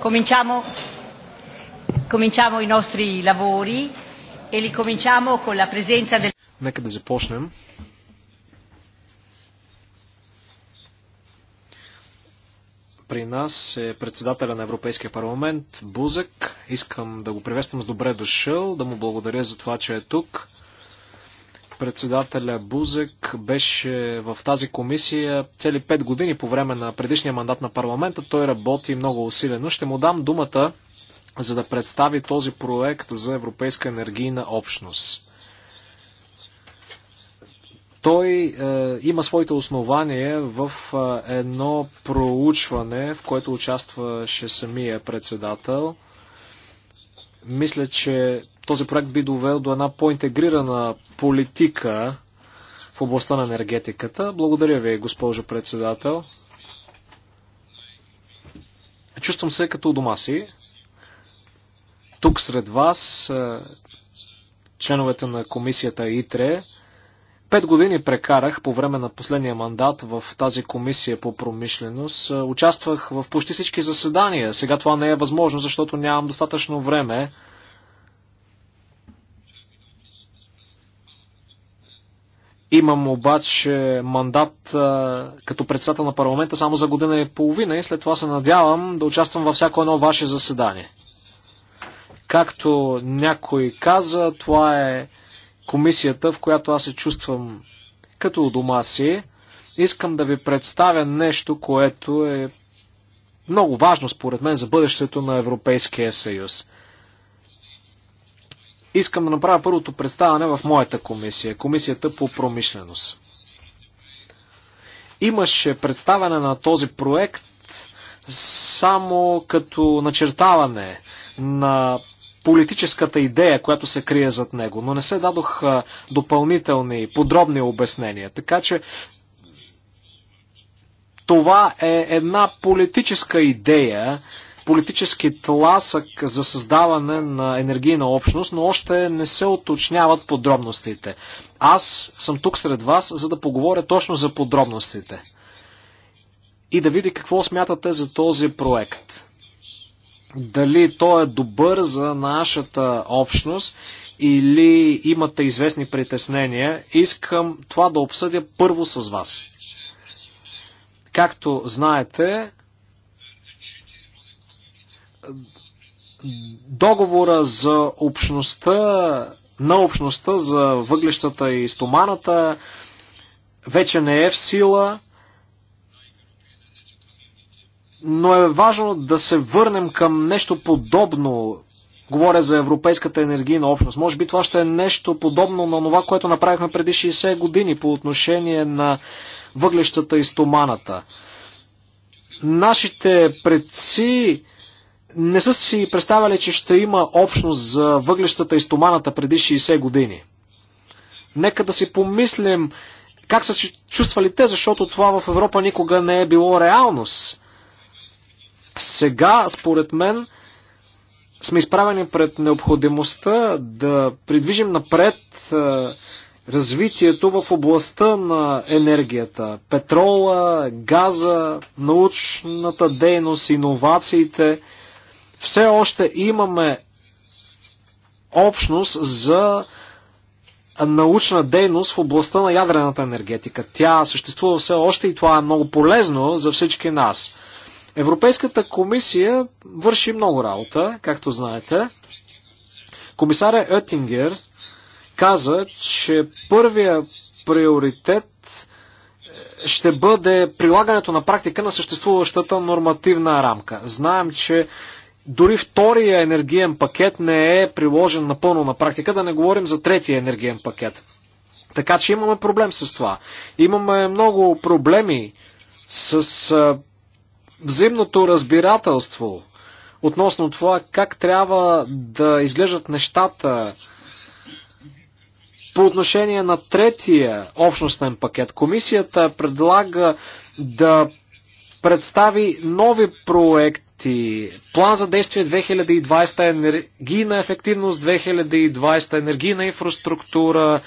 Cominciamo, cominciamo i nostri lavori e li cominciamo con la presenza del... Нека да започнем. При нас е председателя на Европейския парламент Бузък. Искам да го приветствам с добре дошъл, да му благодаря за това, че е тук председателя Бузек беше в тази комисия цели 5 години по време на предишния мандат на парламента. Той работи много усилено. Ще му дам думата, за да представи този проект за Европейска енергийна общност. Той е, има своите основания в е, едно проучване, в което участваше самия председател. Мисля, че този проект би довел до една по-интегрирана политика в областта на енергетиката. Благодаря ви, госпожо председател. Чувствам се като у дома си. Тук сред вас, е, членовете на комисията ИТРЕ, Пет години прекарах по време на последния мандат в тази комисия по промишленост. Е, участвах в почти всички заседания. Сега това не е възможно, защото нямам достатъчно време Имам обаче мандат а, като председател на парламента само за година и половина и след това се надявам да участвам във всяко едно ваше заседание. Както някой каза, това е комисията, в която аз се чувствам като у дома си. Искам да ви представя нещо, което е много важно според мен за бъдещето на Европейския съюз искам да направя първото представяне в моята комисия, комисията по промишленост. Имаше представяне на този проект само като начертаване на политическата идея, която се крие зад него, но не се дадох допълнителни, подробни обяснения. Така че това е една политическа идея, политически тласък за създаване на енергийна общност, но още не се уточняват подробностите. Аз съм тук сред вас, за да поговоря точно за подробностите и да видя какво смятате за този проект. Дали той е добър за нашата общност или имате известни притеснения, искам това да обсъдя първо с вас. Както знаете, договора за общността, на общността за въглещата и стоманата вече не е в сила, но е важно да се върнем към нещо подобно. Говоря за Европейската енергийна общност. Може би това ще е нещо подобно на това, което направихме преди 60 години по отношение на въглещата и стоманата. Нашите предци не са си представяли, че ще има общност за въглещата и стоманата преди 60 години. Нека да си помислим как са чувствали те, защото това в Европа никога не е било реалност. Сега, според мен, сме изправени пред необходимостта да придвижим напред развитието в областта на енергията, петрола, газа, научната дейност, иновациите – все още имаме общност за научна дейност в областта на ядрената енергетика. Тя съществува все още и това е много полезно за всички нас. Европейската комисия върши много работа, както знаете. Комисаря Оттингер каза, че първия приоритет ще бъде прилагането на практика на съществуващата нормативна рамка. Знаем, че дори втория енергиен пакет не е приложен напълно на практика, да не говорим за третия енергиен пакет. Така че имаме проблем с това. Имаме много проблеми с а, взаимното разбирателство относно това как трябва да изглеждат нещата по отношение на третия общностен пакет. Комисията предлага да представи нови проекти приети план за действие 2020 енергийна ефективност, 2020 енергийна инфраструктура,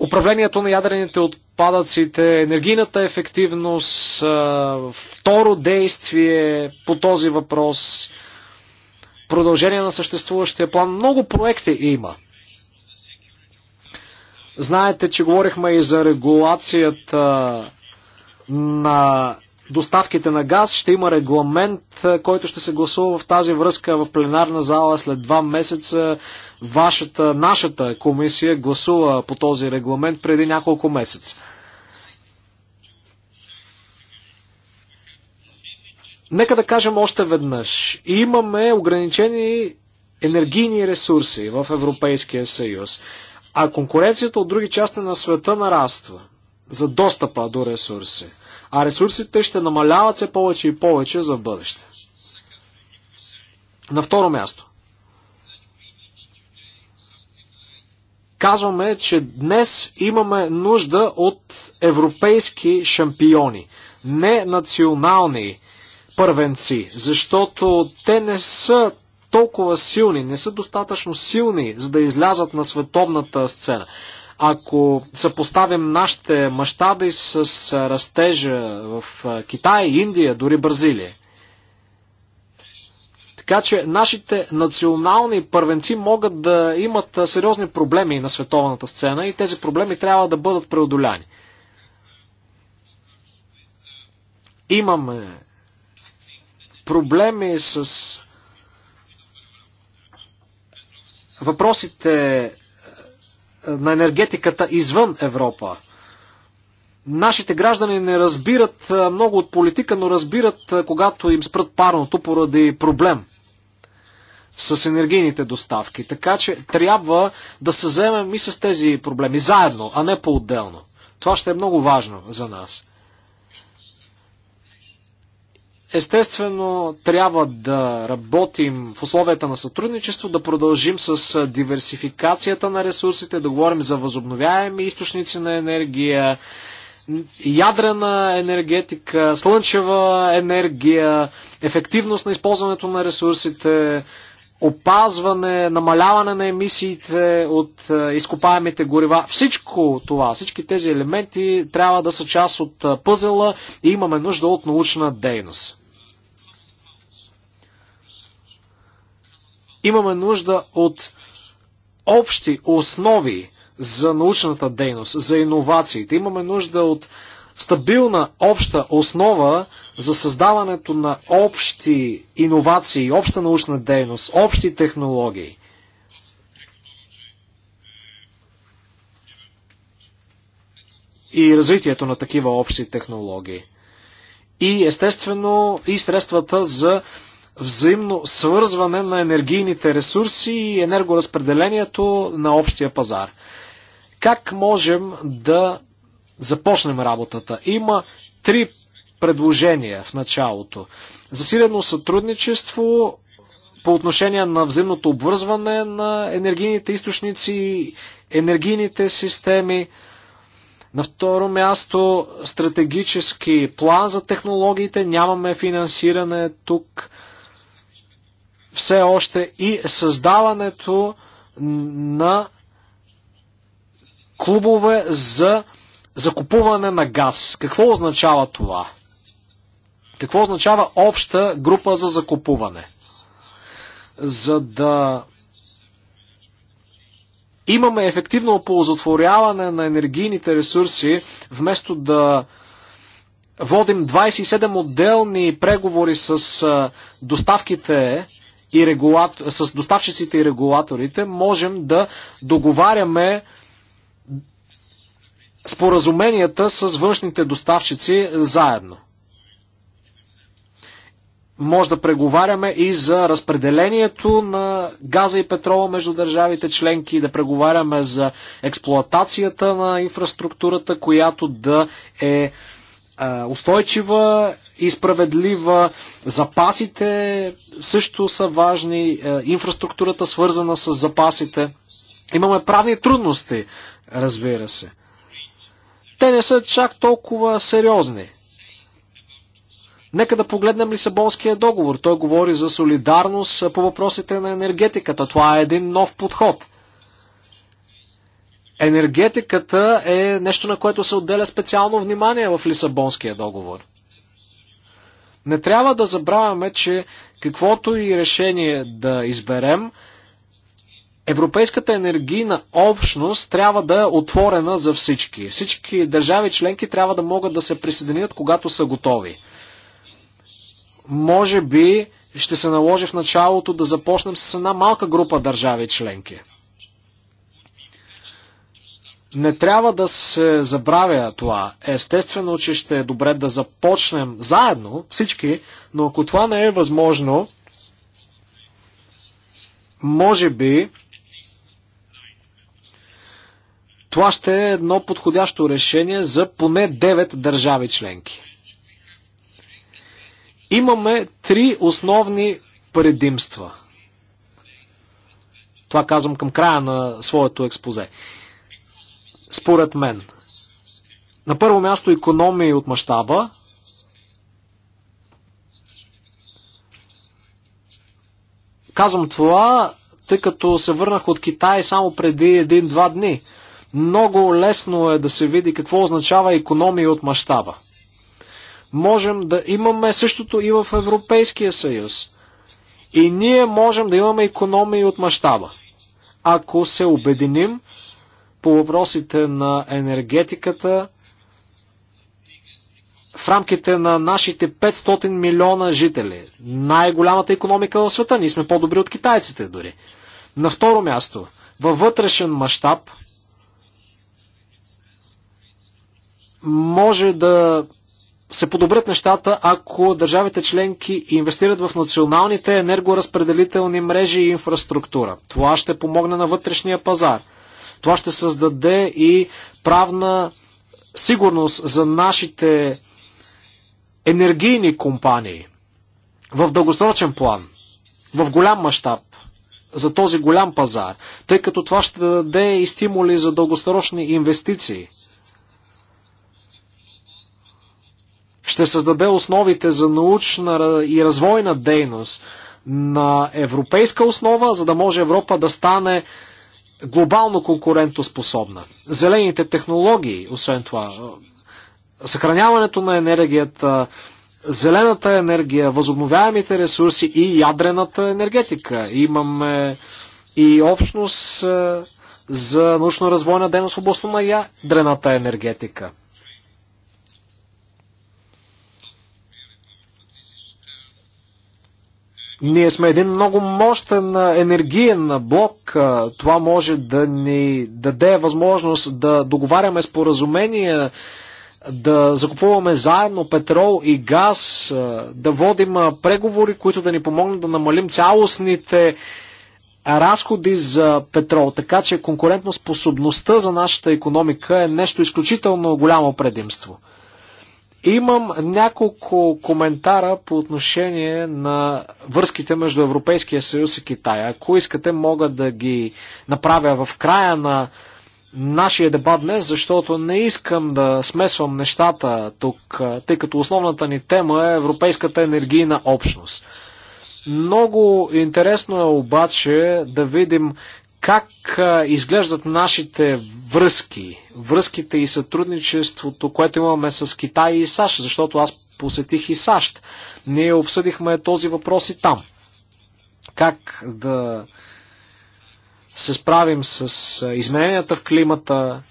управлението на ядрените отпадъците, енергийната ефективност, второ действие по този въпрос, продължение на съществуващия план. Много проекти има. Знаете, че говорихме и за регулацията на доставките на газ. Ще има регламент, който ще се гласува в тази връзка в пленарна зала след два месеца. Вашата, нашата комисия гласува по този регламент преди няколко месеца. Нека да кажем още веднъж. Имаме ограничени енергийни ресурси в Европейския съюз, а конкуренцията от други части на света нараства за достъпа до ресурси. А ресурсите ще намаляват все повече и повече за бъдеще. На второ място. Казваме, че днес имаме нужда от европейски шампиони, не национални първенци, защото те не са толкова силни, не са достатъчно силни, за да излязат на световната сцена. Ако съпоставим нашите мащаби с растежа в Китай, Индия, дори Бразилия. Така че нашите национални първенци могат да имат сериозни проблеми на световната сцена и тези проблеми трябва да бъдат преодоляни. Имаме проблеми с въпросите на енергетиката извън Европа. Нашите граждани не разбират много от политика, но разбират, когато им спрат парното поради проблем с енергийните доставки. Така че трябва да се вземем и с тези проблеми заедно, а не по-отделно. Това ще е много важно за нас. Естествено, трябва да работим в условията на сътрудничество, да продължим с диверсификацията на ресурсите, да говорим за възобновяеми източници на енергия, ядрена енергетика, слънчева енергия, ефективност на използването на ресурсите, опазване, намаляване на емисиите от е, изкопаемите горива. Всичко това, всички тези елементи трябва да са част от е, пъзела и имаме нужда от научна дейност. Имаме нужда от общи основи за научната дейност, за иновациите. Имаме нужда от стабилна обща основа за създаването на общи иновации, обща научна дейност, общи технологии. И развитието на такива общи технологии. И естествено и средствата за взаимно свързване на енергийните ресурси и енергоразпределението на общия пазар. Как можем да започнем работата. Има три предложения в началото. Засилено сътрудничество по отношение на взаимното обвързване на енергийните източници, енергийните системи. На второ място стратегически план за технологиите. Нямаме финансиране тук все още и създаването на клубове за закупуване на газ. Какво означава това? Какво означава обща група за закупуване? За да имаме ефективно оползотворяване на енергийните ресурси, вместо да водим 27 отделни преговори с доставките и регулатор... с доставчиците и регулаторите, можем да договаряме споразуменията с външните доставчици заедно. Може да преговаряме и за разпределението на газа и петрола между държавите членки, да преговаряме за експлоатацията на инфраструктурата, която да е, е устойчива и справедлива. Запасите също са важни, е, инфраструктурата свързана с запасите. Имаме правни трудности, разбира се те не са чак толкова сериозни. Нека да погледнем Лисабонския договор. Той говори за солидарност по въпросите на енергетиката. Това е един нов подход. Енергетиката е нещо, на което се отделя специално внимание в Лисабонския договор. Не трябва да забравяме, че каквото и решение да изберем, Европейската енергийна общност трябва да е отворена за всички. Всички държави членки трябва да могат да се присъединят, когато са готови. Може би ще се наложи в началото да започнем с една малка група държави членки. Не трябва да се забравя това. Естествено, че ще е добре да започнем заедно всички, но ако това не е възможно, може би Това ще е едно подходящо решение за поне 9 държави членки. Имаме три основни предимства. Това казвам към края на своето експозе. Според мен. На първо място економии от мащаба. Казвам това, тъй като се върнах от Китай само преди един-два дни – много лесно е да се види какво означава економия от мащаба. Можем да имаме същото и в Европейския съюз. И ние можем да имаме економии от мащаба. Ако се обединим по въпросите на енергетиката, в рамките на нашите 500 милиона жители. Най-голямата економика в света. Ние сме по-добри от китайците дори. На второ място, във вътрешен мащаб, може да се подобрят нещата, ако държавите членки инвестират в националните енергоразпределителни мрежи и инфраструктура. Това ще помогне на вътрешния пазар. Това ще създаде и правна сигурност за нашите енергийни компании в дългосрочен план, в голям мащаб, за този голям пазар, тъй като това ще даде и стимули за дългосрочни инвестиции – ще създаде основите за научна и развойна дейност на европейска основа, за да може Европа да стане глобално конкурентоспособна. Зелените технологии, освен това, е, съхраняването на енергията, зелената енергия, възобновяемите ресурси и ядрената енергетика. Имаме и общност е, за научно-развойна дейност в областта на ядрената енергетика. Ние сме един много мощен енергиен блок. Това може да ни даде възможност да договаряме споразумения, да закупуваме заедно петрол и газ, да водим преговори, които да ни помогнат да намалим цялостните разходи за петрол. Така че конкурентоспособността за нашата економика е нещо изключително голямо предимство. Имам няколко коментара по отношение на връзките между Европейския съюз и Китай. Ако искате, мога да ги направя в края на нашия дебат днес, защото не искам да смесвам нещата тук, тъй като основната ни тема е Европейската енергийна общност. Много интересно е обаче да видим как изглеждат нашите връзки, връзките и сътрудничеството, което имаме с Китай и САЩ, защото аз посетих и САЩ. Ние обсъдихме този въпрос и там. Как да се справим с измененията в климата,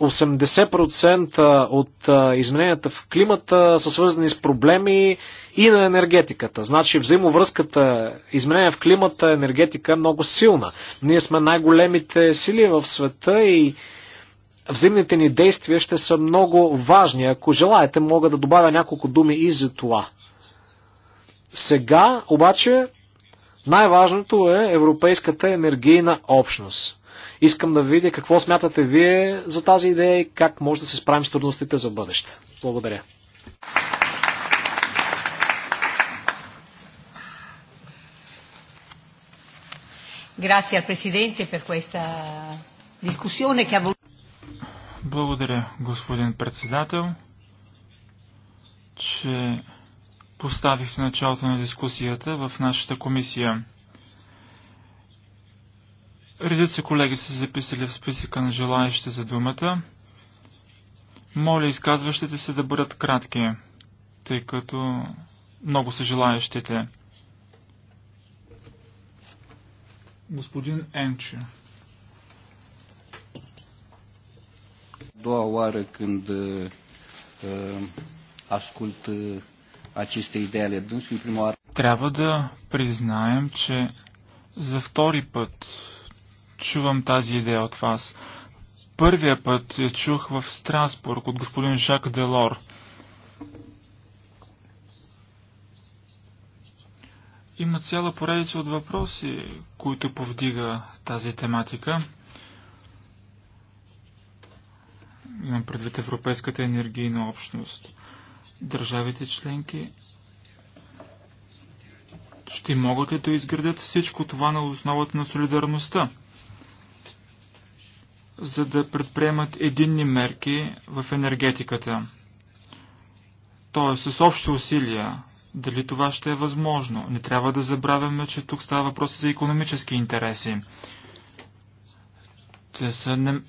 80% от измененията в климата са свързани с проблеми и на енергетиката. Значи взаимовръзката изменения в климата, енергетика е много силна. Ние сме най-големите сили в света и взаимните ни действия ще са много важни. Ако желаете, мога да добавя няколко думи и за това. Сега обаче най-важното е Европейската енергийна общност. Искам да видя какво смятате вие за тази идея и как може да се справим с трудностите за бъдеще. Благодаря. Grazie al Presidente per questa discussione che ha voluto. Благодаря, господин председател, че поставихте началото на дискусията в нашата комисия. Редица колеги са записали в списъка на желаящите за думата. Моля изказващите се да бъдат кратки, тъй като много са желаящите. Господин Енчо. Доа oară când uh, ascult uh, aceste idei ale dânsului, prima oară... Трябва да признаем, че за втори път чувам тази идея от вас. Първия път я чух в Страсбург от господин Жак Делор. Има цяла поредица от въпроси, които повдига тази тематика. Имам предвид Европейската енергийна общност. Държавите членки ще могат ли да изградят всичко това на основата на солидарността? за да предприемат единни мерки в енергетиката. Тоест, с общи усилия, дали това ще е възможно. Не трябва да забравяме, че тук става въпрос за економически интереси. Те са не...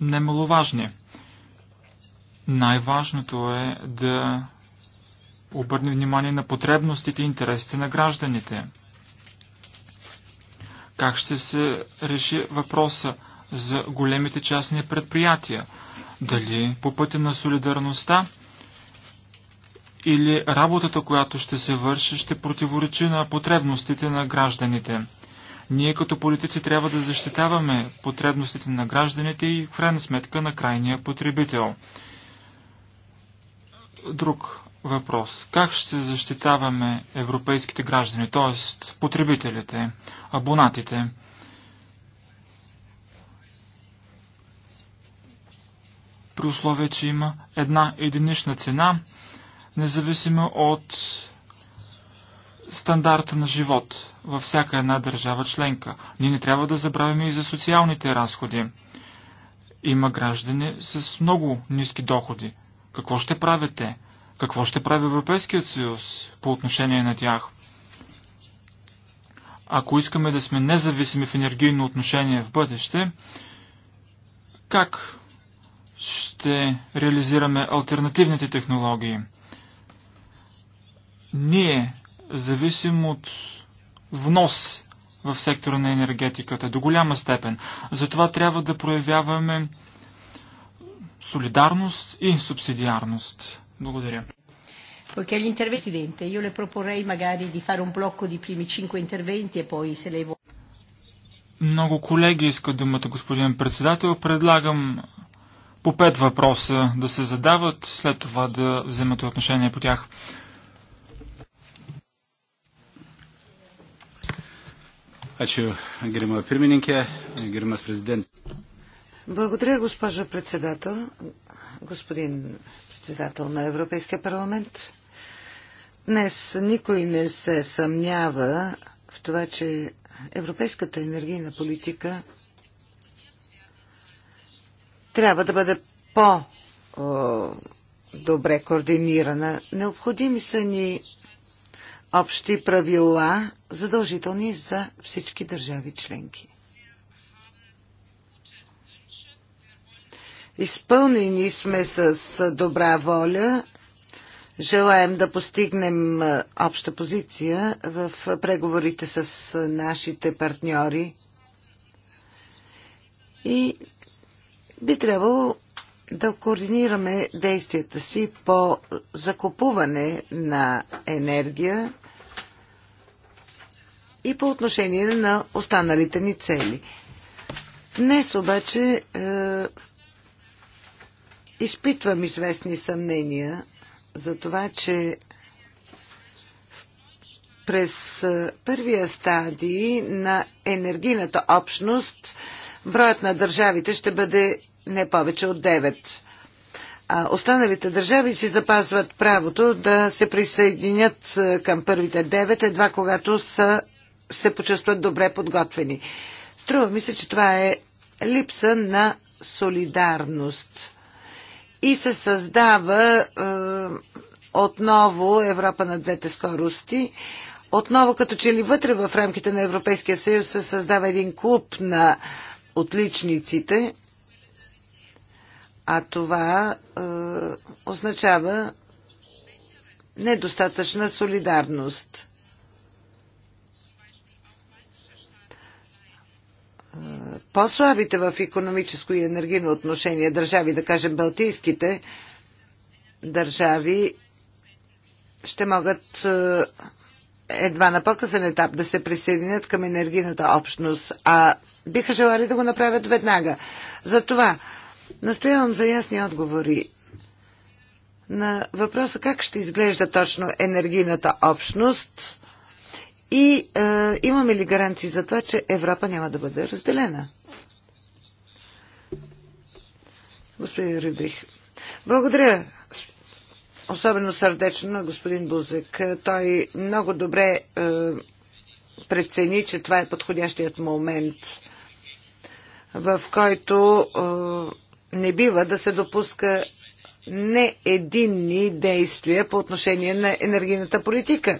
немаловажни. Най-важното е да обърнем внимание на потребностите и интересите на гражданите. Как ще се реши въпроса? за големите частни предприятия. Дали по пътя на солидарността или работата, която ще се върши, ще противоречи на потребностите на гражданите. Ние като политици трябва да защитаваме потребностите на гражданите и в крайна сметка на крайния потребител. Друг въпрос. Как ще защитаваме европейските граждани, т.е. потребителите, абонатите? при условие, че има една единична цена, независимо от стандарта на живот във всяка една държава членка. Ние не трябва да забравяме и за социалните разходи. Има граждани с много ниски доходи. Какво ще правите? Какво ще прави Европейският съюз по отношение на тях? Ако искаме да сме независими в енергийно отношение в бъдеще, как ще реализираме альтернативните технологии. Ние зависим от внос в сектора на енергетиката до голяма степен. Затова трябва да проявяваме солидарност и субсидиарност. Благодаря. Poiché gli interventi, Presidente, io le proporrei magari di fare un blocco di primi cinque interventi e poi se lei vuole. Много колеги искат думата, господин председател. Предлагам по пет въпроса да се задават, след това да вземете отношение по тях. Ačiū, gerima pirmininkė, gerimas президент. Благодаря, госпожо председател, господин председател на Европейския парламент. Днес никой не се съмнява в това, че европейската енергийна политика трябва да бъде по- добре координирана. Необходими са ни общи правила, задължителни за всички държави членки. Изпълнени сме с добра воля. Желаем да постигнем обща позиция в преговорите с нашите партньори. И би трябвало да координираме действията си по закупуване на енергия и по отношение на останалите ни цели. Днес обаче е, изпитвам известни съмнения за това, че през е, първия стадий на енергийната общност броят на държавите ще бъде не повече от 9. А останалите държави си запазват правото да се присъединят към първите 9, едва когато са, се почувстват добре подготвени. Струва ми се, че това е липса на солидарност. И се създава е, отново Европа на двете скорости. Отново като че ли вътре в рамките на Европейския съюз се създава един клуб на отличниците, а това е, означава недостатъчна солидарност. Е, по-слабите в економическо и енергийно отношение държави, да кажем балтийските държави, ще могат е, едва на по-късен етап да се присъединят към енергийната общност, а биха желали да го направят веднага. Затова Настоявам за ясни отговори на въпроса как ще изглежда точно енергийната общност и е, имаме ли гаранции за това, че Европа няма да бъде разделена. Господин Рибих, благодаря особено сърдечно на господин Бузек. Той много добре е, прецени, че това е подходящият момент, в който е, не бива да се допуска не единни действия по отношение на енергийната политика.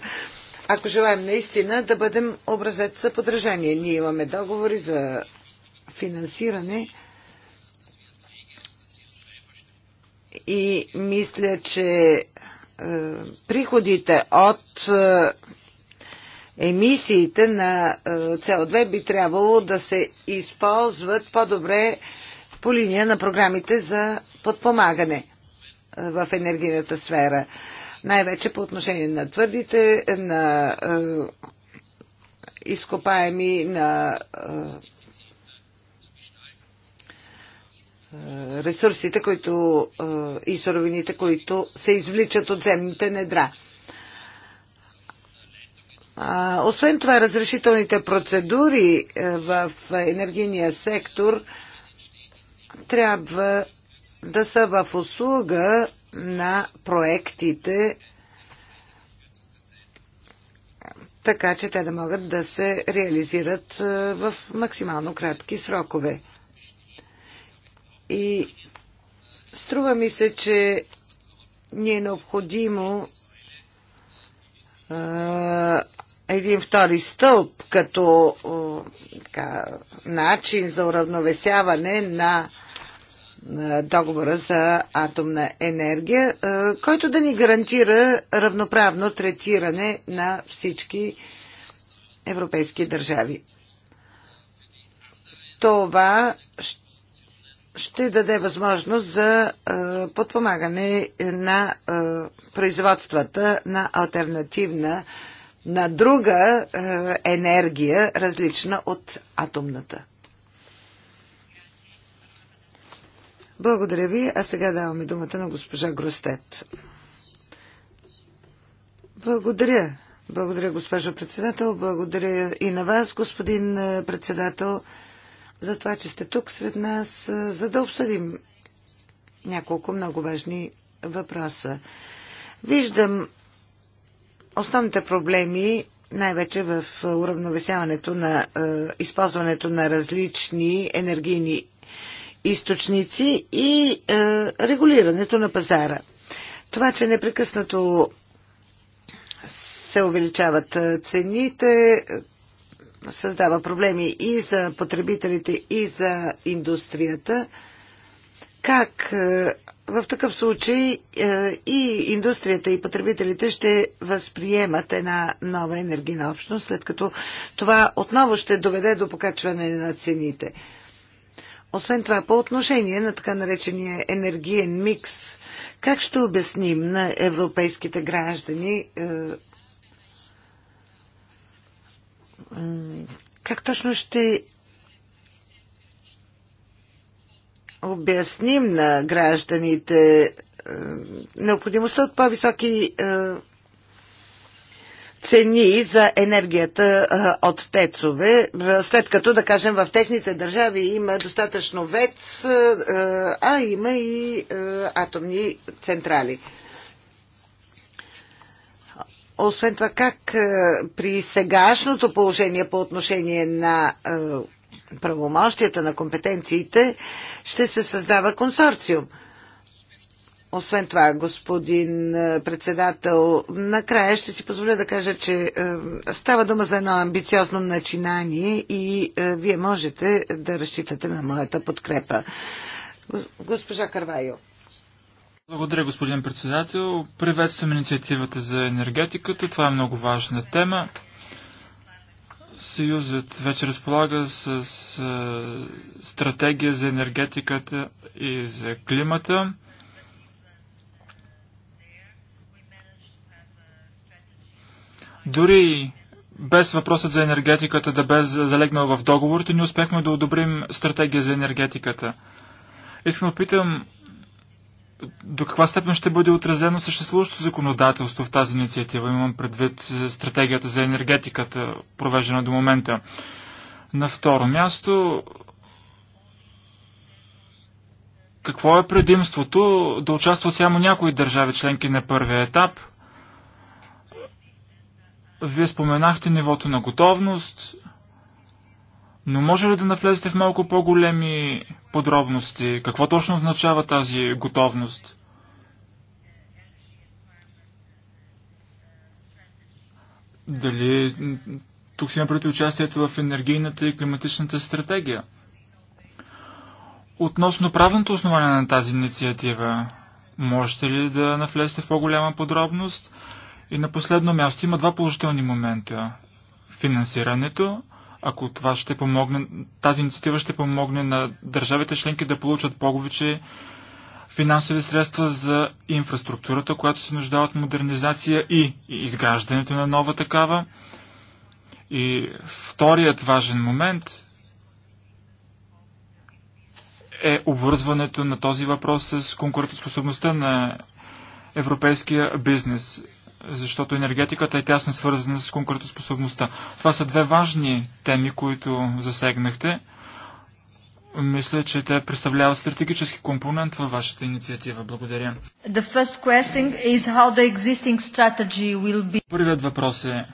Ако желаем наистина да бъдем образец за подражание, ние имаме договори за финансиране и мисля, че е, приходите от е, емисиите на е, CO2 би трябвало да се използват по-добре е, по линия на програмите за подпомагане е, в енергийната сфера. Най-вече по отношение на твърдите, на е, изкопаеми, на е, ресурсите които, и суровините, които се извличат от земните недра. Освен това, разрешителните процедури в енергийния сектор – трябва да са в услуга на проектите, така че те да могат да се реализират е, в максимално кратки срокове. И струва ми се, че ни е необходимо е, един втори стълб като е, така, начин за уравновесяване на е, договора за атомна енергия, е, който да ни гарантира равноправно третиране на всички европейски държави. Това ще даде възможност за е, подпомагане на производствата на альтернативна, на друга енергия, различна от атомната. Благодаря ви, а сега даваме думата на госпожа Гростет. Благодаря. Благодаря, госпожо председател. Благодаря и на вас, господин е, председател, за това, че сте тук сред нас, е, за да обсъдим няколко много важни въпроса. Виждам основните проблеми, най-вече в уравновесяването на е, използването на различни енергийни източници и е, регулирането на пазара. Това, че непрекъснато се увеличават е, цените, е, създава проблеми и за потребителите, и за индустрията. Как е, в такъв случай и индустрията, и потребителите ще възприемат една нова енергийна общност, след като това отново ще доведе до покачване на цените? Освен това, по отношение на така наречения енергиен микс, как ще обясним на европейските граждани е, как точно ще обясним на гражданите е, необходимостта от по-високи е, цени за енергията от тецове, след като, да кажем, в техните държави има достатъчно вец, а има и атомни централи. Освен това, как при сегашното положение по отношение на правомощията на компетенциите ще се създава консорциум – освен това, господин е, председател, накрая ще си позволя да кажа, че е, става дума за едно амбициозно начинание и е, вие можете да разчитате на моята подкрепа. Госпожа Карвайо. Благодаря, господин председател. Приветствам инициативата за енергетиката. Това е много важна тема. Съюзът вече разполага с стратегия за енергетиката и за климата. Дори без въпросът за енергетиката да бе залегнал в договорите, не успяхме да одобрим стратегия за енергетиката. Искам да питам до каква степен ще бъде отразено съществуващото законодателство в тази инициатива? Имам предвид е, стратегията за енергетиката, провеждана до момента. На второ място, какво е предимството да участват само някои държави членки на първия етап, вие споменахте нивото на готовност, но може ли да навлезете в малко по-големи подробности? Какво точно означава тази готовност? Дали тук си преди участието в енергийната и климатичната стратегия? Относно правното основание на тази инициатива, можете ли да навлезете в по-голяма подробност? И на последно място има два положителни момента. Финансирането, ако това ще помогне, тази инициатива ще помогне на държавите членки да получат повече финансови средства за инфраструктурата, която се нуждава от модернизация и изграждането на нова такава. И вторият важен момент е обвързването на този въпрос с конкурентоспособността на европейския бизнес защото енергетиката е тясно свързана с конкурентоспособността. Това са две важни теми, които засегнахте. Мисля, че те представляват стратегически компонент във вашата инициатива. Благодаря. Be... Първият въпрос е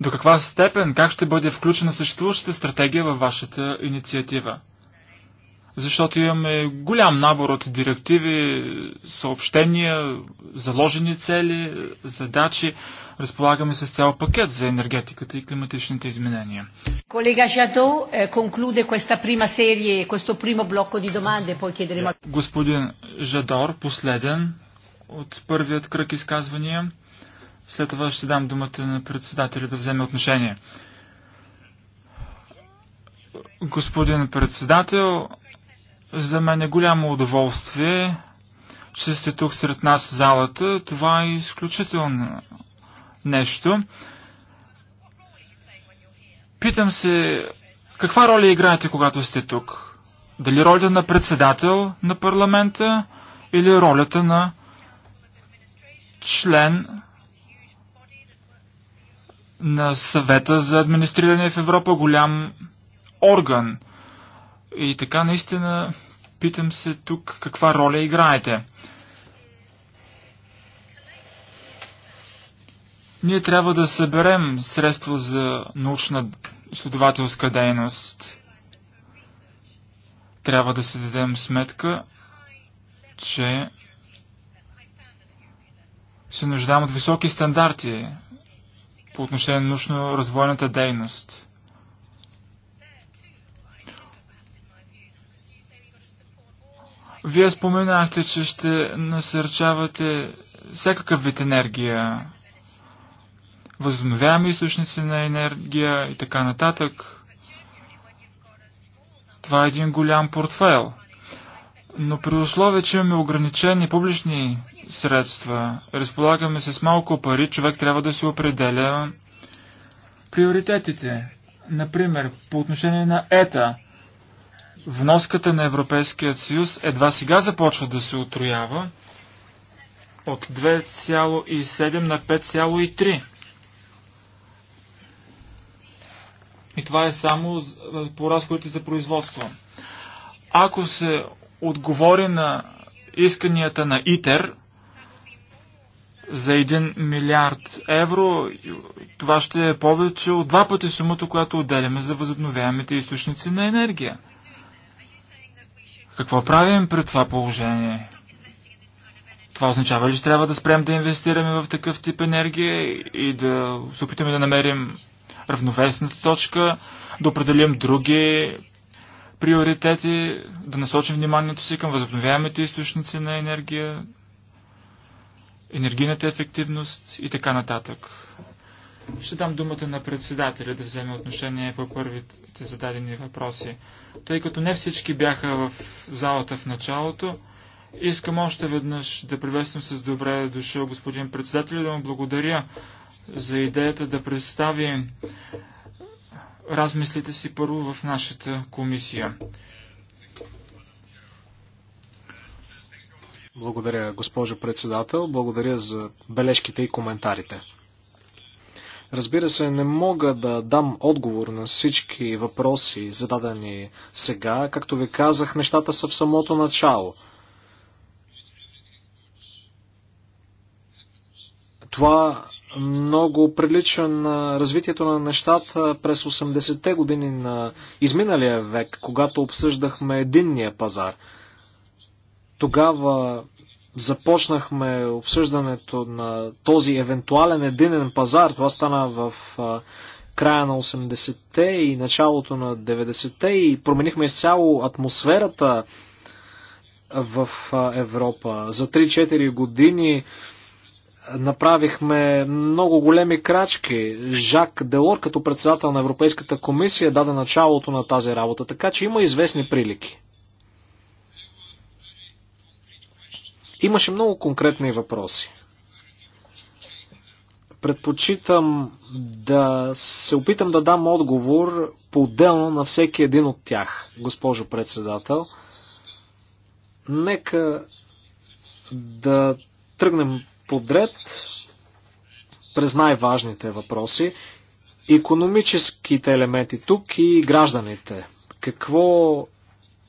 до каква степен, как ще бъде включена съществуващата стратегия във вашата инициатива? защото имаме голям набор от директиви, съобщения, заложени цели, задачи. Разполагаме с цял пакет за енергетиката и климатичните изменения. Колега Жадо, е, конклюде questa prima serie, questo primo blocco di domande, poi chiederemo... Господин Жадор, последен от първият кръг изказвания. След това ще дам думата на председателя да вземе отношение. Господин председател, за мен е голямо удоволствие, че сте тук сред нас в залата. Това е изключително нещо. Питам се, каква роля играете, когато сте тук? Дали ролята на председател на парламента или ролята на член на съвета за администриране в Европа, голям орган – и така наистина питам се тук каква роля играете. Ние трябва да съберем средства за научна изследователска дейност. Трябва да се дадем сметка, че се нуждаем от високи стандарти по отношение на научно-развойната дейност. Вие споменахте, че ще насърчавате всякакъв вид енергия, възобновяеми източници на енергия и така нататък. Това е един голям портфел. Но при условие, че имаме ограничени публични средства, разполагаме с малко пари, човек трябва да се определя приоритетите. Например, по отношение на ета, вноската на Европейският съюз едва сега започва да се отроява от 2,7 на 5,3. И това е само е, по разходите за производство. Ако се отговори на исканията на ИТЕР за 1 милиард евро, това ще е повече от два пъти сумата, която отделяме за възобновяемите източници на енергия. Какво правим при това положение? Това означава ли, че трябва да спрем да инвестираме в такъв тип енергия и да се опитаме да намерим равновесната точка, да определим други приоритети, да насочим вниманието си към възобновяемите източници на енергия, енергийната ефективност и така нататък. Ще дам думата на председателя да вземе отношение по първите зададени въпроси тъй като не всички бяха в залата в началото. Искам още веднъж да приветствам с добре дошъл господин председател и да му благодаря за идеята да представи размислите си първо в нашата комисия. Благодаря, госпожо председател. Благодаря за бележките и коментарите. Разбира се, не мога да дам отговор на всички въпроси, зададени сега. Както ви казах, нещата са в самото начало. Това много прилича на развитието на нещата през 80-те години на изминалия век, когато обсъждахме единния пазар. Тогава започнахме обсъждането на този евентуален единен пазар. Това стана в края на 80-те и началото на 90-те и променихме изцяло атмосферата в Европа. За 3-4 години направихме много големи крачки. Жак Делор като председател на Европейската комисия даде началото на тази работа, така че има известни прилики. Имаше много конкретни въпроси. Предпочитам да се опитам да дам отговор по-отделно на всеки един от тях, госпожо председател. Нека да тръгнем подред през най-важните въпроси. Економическите елементи тук и гражданите. Какво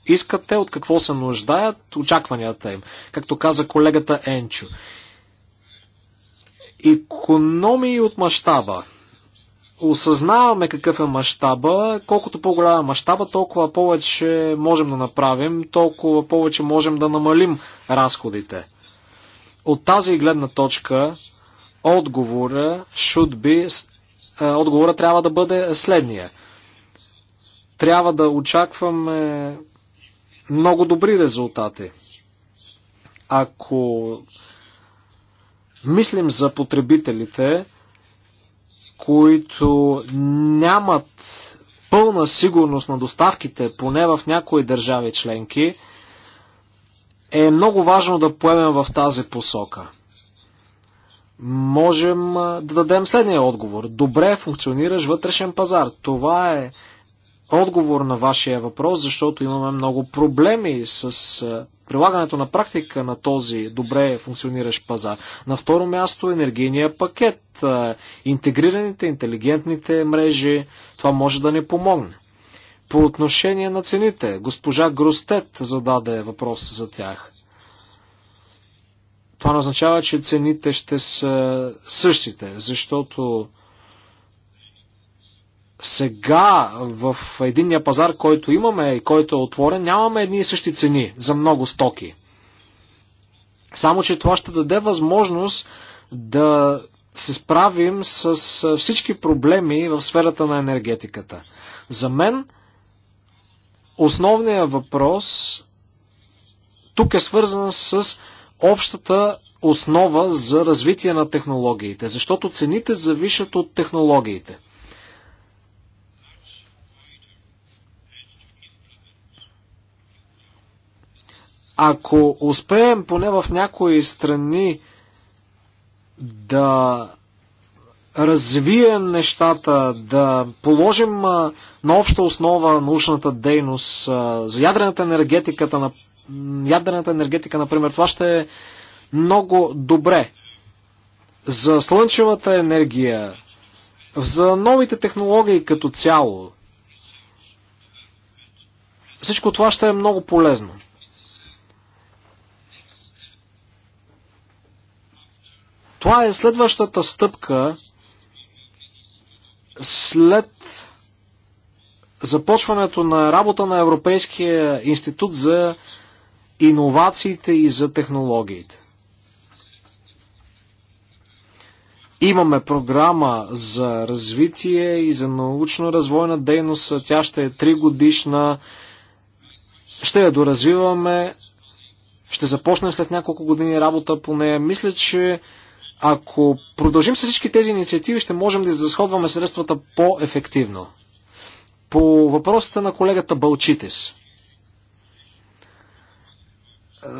искате, от какво се нуждаят, очакванията им, както каза колегата Енчо. Икономии от мащаба. Осъзнаваме какъв е мащаба. Колкото по голяма е мащаба, толкова повече можем да направим, толкова повече можем да намалим разходите. От тази гледна точка, отговора should be, е, отговора трябва да бъде следния. Трябва да очакваме много добри резултати. Ако мислим за потребителите, които нямат пълна сигурност на доставките, поне в някои държави членки, е много важно да поемем в тази посока. Можем да дадем следния отговор. Добре функционираш вътрешен пазар. Това е отговор на вашия въпрос, защото имаме много проблеми с е, прилагането на практика на този добре функциониращ пазар. На второ място енергийния пакет, е, интегрираните интелигентните мрежи, това може да ни помогне. По отношение на цените, госпожа Гростет зададе въпрос за тях. Това означава, че цените ще са същите, защото сега в единния пазар, който имаме и който е отворен, нямаме едни и същи цени за много стоки. Само, че това ще даде възможност да се справим с всички проблеми в сферата на енергетиката. За мен основният въпрос тук е свързан с общата основа за развитие на технологиите, защото цените завишат от технологиите. Ако успеем поне в някои страни да развием нещата, да положим на обща основа научната дейност за ядрената енергетиката, на ядрената енергетика, например, това ще е много добре за слънчевата енергия, за новите технологии като цяло. Всичко това ще е много полезно. Това е следващата стъпка след започването на работа на Европейския институт за иновациите и за технологиите. Имаме програма за развитие и за научно-развойна дейност. Тя ще е 3 годишна. Ще я доразвиваме. Ще започнем след няколко години работа по нея. Мисля, че ако продължим с всички тези инициативи, ще можем да изразходваме средствата по-ефективно. По въпросата на колегата Балчитис.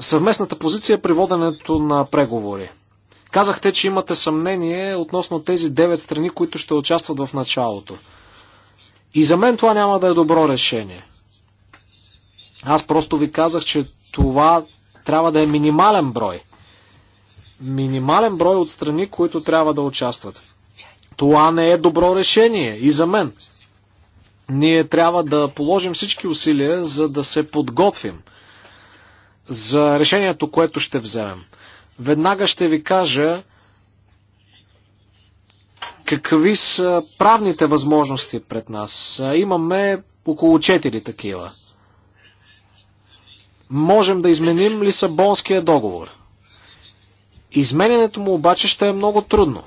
Съвместната позиция при воденето на преговори. Казахте, че имате съмнение относно тези 9 страни, които ще участват в началото. И за мен това няма да е добро решение. Аз просто ви казах, че това трябва да е минимален брой минимален брой от страни, които трябва да участват. Това не е добро решение и за мен. Ние трябва да положим всички усилия, за да се подготвим за решението, което ще вземем. Веднага ще ви кажа какви са правните възможности пред нас. Имаме около 4 такива. Можем да изменим Лисабонския договор – Изменянето му обаче ще е много трудно.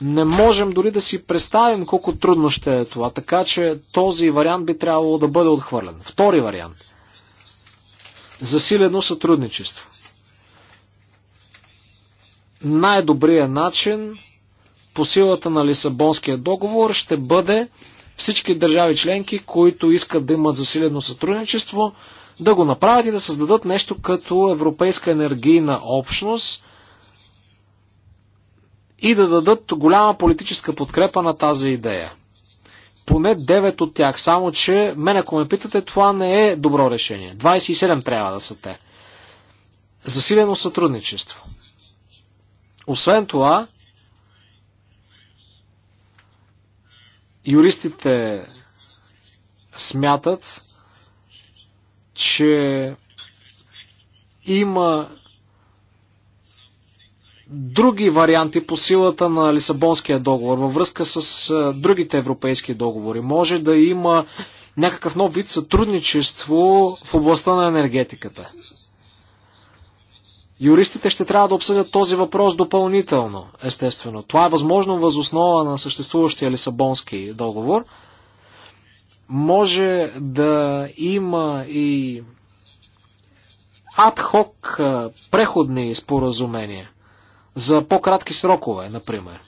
Не можем дори да си представим колко трудно ще е това, така че този вариант би трябвало да бъде отхвърлен. Втори вариант. Засилено сътрудничество. Най-добрият начин по силата на Лисабонския договор ще бъде всички държави членки, които искат да имат засилено сътрудничество, да го направят и да създадат нещо като Европейска енергийна общност, и да дадат голяма политическа подкрепа на тази идея. Поне 9 от тях, само че мен ако ме питате, това не е добро решение. 27 трябва да са те. Засилено сътрудничество. Освен това, юристите смятат, че има други варианти по силата на Лисабонския договор, във връзка с другите европейски договори. Може да има някакъв нов вид сътрудничество в областта на енергетиката. Юристите ще трябва да обсъдят този въпрос допълнително, естествено. Това е възможно възоснова на съществуващия Лисабонски договор. Може да има и адхок преходни споразумения за по-кратки срокове, например,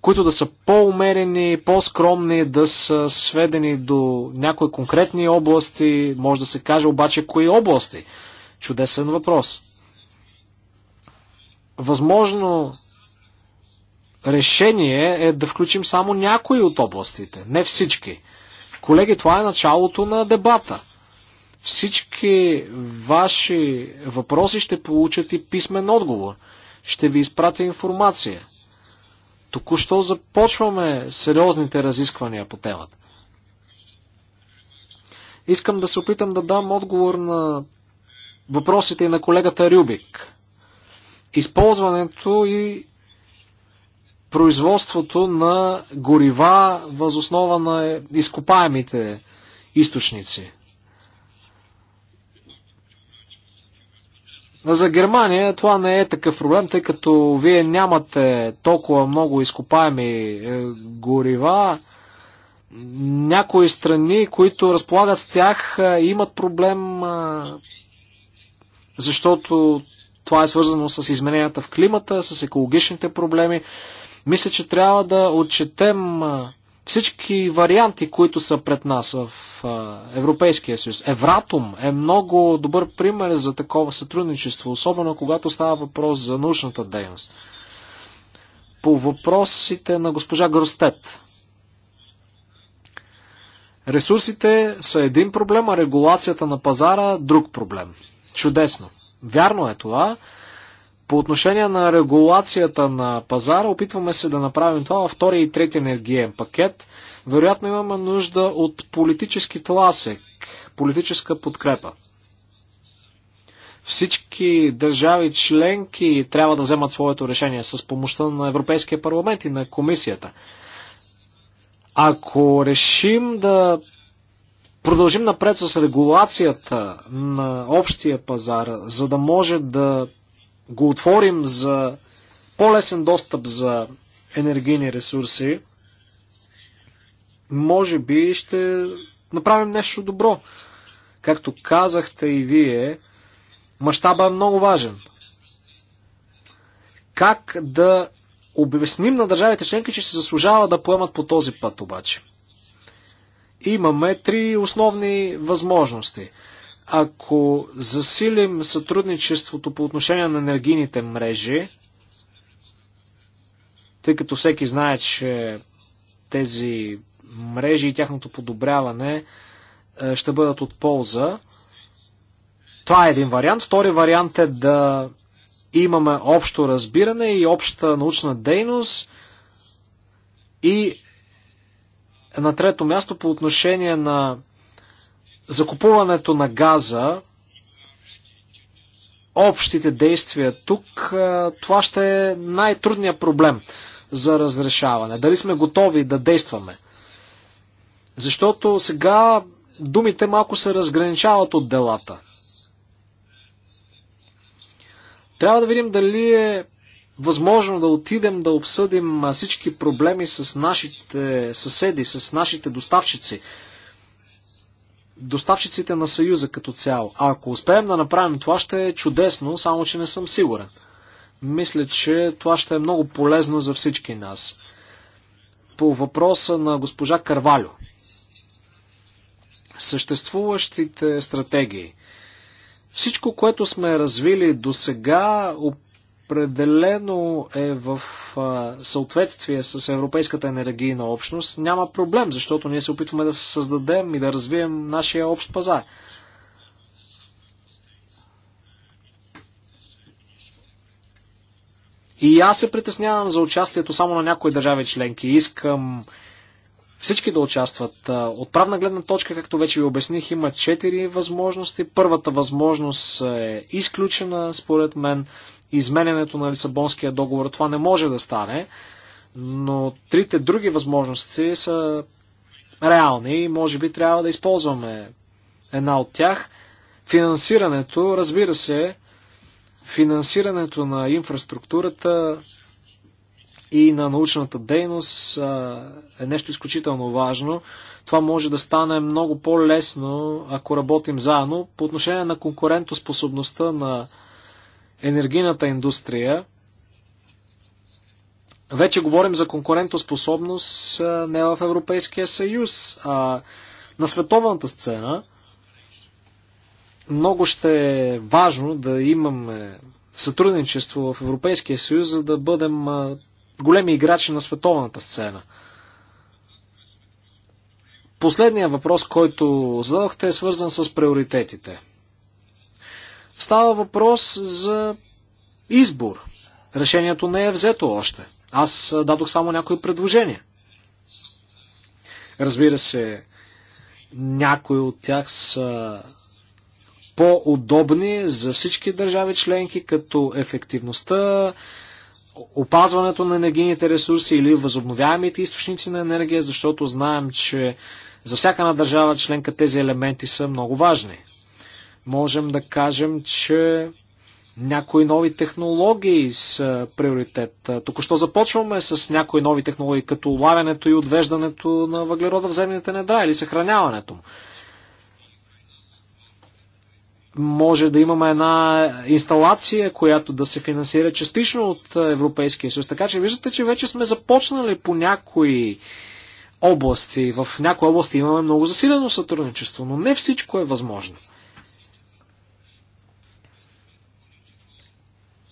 които да са по-умерени, по-скромни, да са сведени до някои конкретни области, може да се каже обаче кои области. Чудесен въпрос. Възможно решение е да включим само някои от областите, не всички. Колеги, това е началото на дебата. Всички ваши въпроси ще получат и писмен отговор. Ще ви изпратя информация. Току-що започваме сериозните разисквания по темата. Искам да се опитам да дам отговор на въпросите и на колегата Рюбик. Използването и производството на горива възоснова на изкопаемите източници. За Германия това не е такъв проблем, тъй като вие нямате толкова много изкопаеми е, горива. Някои страни, които разполагат с тях, е, имат проблем, е, защото това е свързано с измененията в климата, с екологичните проблеми. Мисля, че трябва да отчетем всички варианти, които са пред нас в Европейския съюз. Евратум е много добър пример за такова сътрудничество, особено когато става въпрос за научната дейност. По въпросите на госпожа Гростет. Ресурсите са един проблем, а регулацията на пазара друг проблем. Чудесно. Вярно е това. По отношение на регулацията на пазара, опитваме се да направим това във втория и трети енергиен пакет. Вероятно имаме нужда от политически тласък, политическа подкрепа. Всички държави членки трябва да вземат своето решение с помощта на Европейския парламент и на комисията. Ако решим да продължим напред с регулацията на общия пазар, за да може да го отворим за по-лесен достъп за енергийни ресурси, може би ще направим нещо добро. Както казахте и вие, мащаба е много важен. Как да обясним на държавите членки, че се заслужава да поемат по този път обаче? Имаме три основни възможности – ако засилим сътрудничеството по отношение на енергийните мрежи, тъй като всеки знае, че тези мрежи и тяхното подобряване е, ще бъдат от полза. Това е един вариант. Втори вариант е да имаме общо разбиране и обща научна дейност. И на трето място по отношение на закупуването на газа, общите действия тук, това ще е най-трудният проблем за разрешаване. Дали сме готови да действаме? Защото сега думите малко се разграничават от делата. Трябва да видим дали е възможно да отидем да обсъдим всички проблеми с нашите съседи, с нашите доставчици доставчиците на Съюза като цяло. А ако успеем да направим това, ще е чудесно, само че не съм сигурен. Мисля, че това ще е много полезно за всички нас. По въпроса на госпожа Карвалю. Съществуващите стратегии. Всичко, което сме развили до сега, определено е в съответствие с Европейската енергийна общност, няма проблем, защото ние се опитваме да създадем и да развием нашия общ пазар. И аз се притеснявам за участието само на някои държави членки. Искам всички да участват. От правна гледна точка, както вече ви обясних, има четири възможности. Първата възможност е изключена, според мен изменянето на Лисабонския договор. Това не може да стане, но трите други възможности са реални и може би трябва да използваме една от тях. Финансирането, разбира се, финансирането на инфраструктурата и на научната дейност е нещо изключително важно. Това може да стане много по-лесно, ако работим заедно. По отношение на конкурентоспособността на енергийната индустрия. Вече говорим за конкурентоспособност не в Европейския съюз, а на световната сцена. Много ще е важно да имаме сътрудничество в Европейския съюз, за да бъдем големи играчи на световната сцена. Последният въпрос, който зададохте, е свързан с приоритетите. Става въпрос за избор. Решението не е взето още. Аз дадох само някои предложения. Разбира се, някои от тях са по-удобни за всички държави членки, като ефективността, опазването на енергийните ресурси или възобновяемите източници на енергия, защото знаем, че за всяка една държава членка тези елементи са много важни. Можем да кажем, че някои нови технологии с приоритет. Току-що започваме с някои нови технологии, като улавянето и отвеждането на въглерода в земните недра или съхраняването му. Може да имаме една инсталация, която да се финансира частично от Европейския съюз. Така че виждате, че вече сме започнали по някои области. В някои области имаме много засилено сътрудничество, но не всичко е възможно.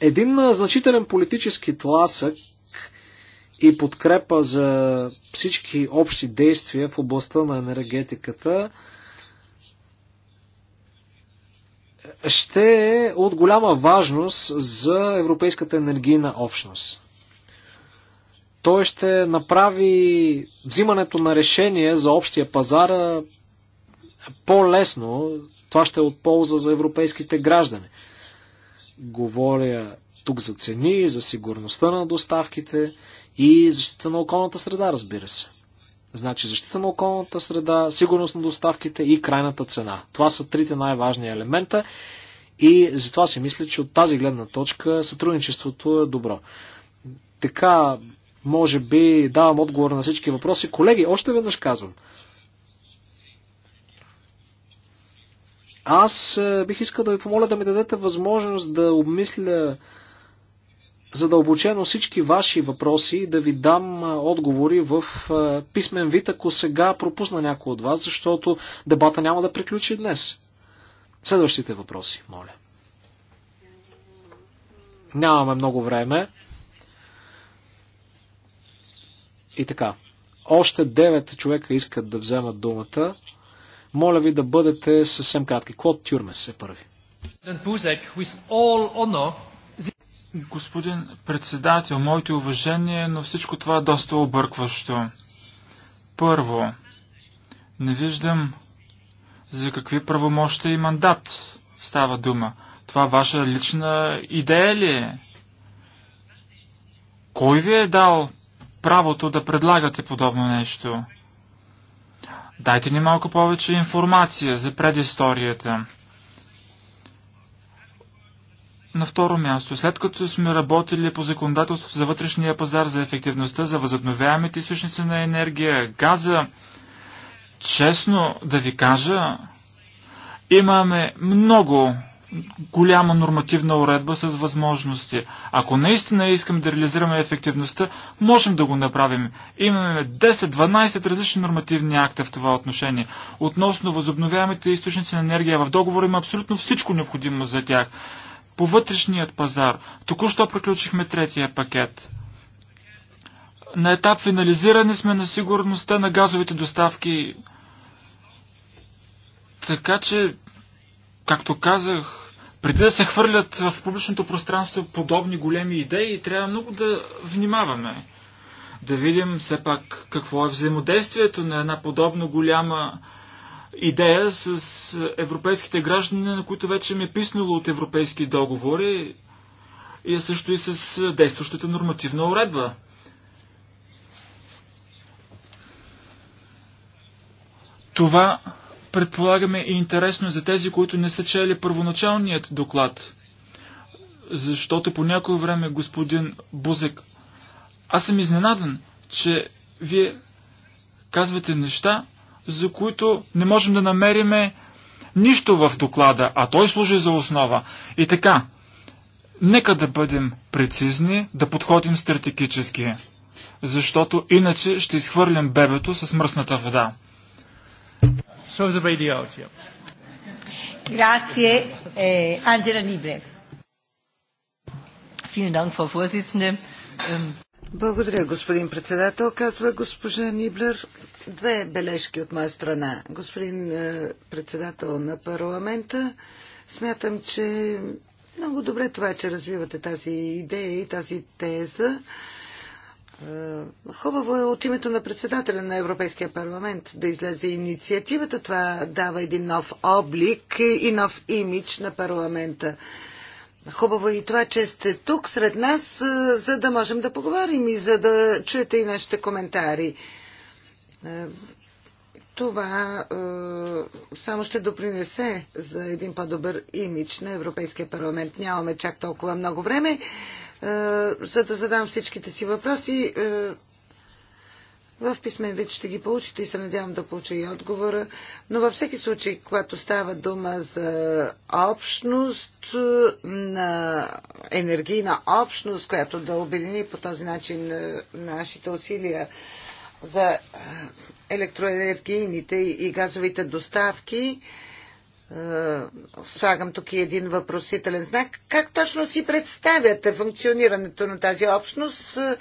Един значителен политически тласък и подкрепа за всички общи действия в областта на енергетиката ще е от голяма важност за Европейската енергийна общност. Той ще направи взимането на решение за общия пазар по-лесно. Това ще е от полза за европейските граждани. Говоря тук за цени, за сигурността на доставките и защита на околната среда, разбира се. Значи защита на околната среда, сигурност на доставките и крайната цена. Това са трите най-важни елемента и затова си мисля, че от тази гледна точка сътрудничеството е добро. Така, може би, давам отговор на всички въпроси. Колеги, още веднъж казвам. Аз е, бих искал да ви помоля да ми дадете възможност да обмисля задълбочено всички ваши въпроси и да ви дам е, отговори в е, писмен вид, ако сега пропусна някой от вас, защото дебата няма да приключи днес. Следващите въпроси, моля. Нямаме много време. И така. Още 9 човека искат да вземат думата. Моля ви да бъдете съвсем кратки. Клод Тюрмес е първи. Господин председател, моите уважения, но всичко това е доста объркващо. Първо, не виждам за какви правомощия и мандат става дума. Това ваша лична идея ли е? Кой ви е дал правото да предлагате подобно нещо? Дайте ни малко повече информация за предисторията. На второ място, след като сме работили по законодателството за вътрешния пазар, за ефективността, за възобновяемите източници на енергия, газа, честно да ви кажа, имаме много голяма нормативна уредба с възможности. Ако наистина искаме да реализираме ефективността, можем да го направим. Имаме 10-12 различни нормативни акта в това отношение. Относно възобновяемите източници на енергия, в договора има абсолютно всичко необходимо за тях. По вътрешният пазар, току-що приключихме третия пакет. На етап финализиране сме на сигурността на газовите доставки. Така че Както казах, преди да се хвърлят в публичното пространство подобни големи идеи, трябва много да внимаваме. Да видим все пак какво е взаимодействието на една подобно голяма идея с европейските граждани, на които вече ми е писнало от европейски договори и е също и с действащата нормативна уредба. Това предполагаме е интересно за тези, които не са чели първоначалният доклад. Защото по някое време, господин Бузек, аз съм изненадан, че вие казвате неща, за които не можем да намериме нищо в доклада, а той служи за основа. И така, нека да бъдем прецизни, да подходим стратегически, защото иначе ще изхвърлям бебето с мръсната вода out, yeah. Grazie, eh, Angela Niebler. Vielen Dank, Frau Vorsitzende. Ähm, Благодаря, господин председател. Казва госпожа Ниблер. Две бележки от моя страна. Господин е, председател на парламента, смятам, че много добре това, е, че развивате тази идея и тази теза. Е, хубаво е от името на председателя на Европейския парламент да излезе инициативата. Това дава един нов облик и нов имидж на парламента. Хубаво е и това, че сте тук сред нас, е, за да можем да поговорим и за да чуете и нашите коментари. Е, това е, само ще допринесе за един по-добър имидж на Европейския парламент. Нямаме чак толкова много време. Е, за да задам всичките си въпроси. Е, в писмен вид ще ги получите и се надявам да получа и отговора. Но във всеки случай, когато става дума за общност, е, на енергийна общност, която да обедини по този начин нашите усилия за електроенергийните и газовите доставки, е, слагам тук и един въпросителен знак. Как точно си представяте функционирането на тази общност е,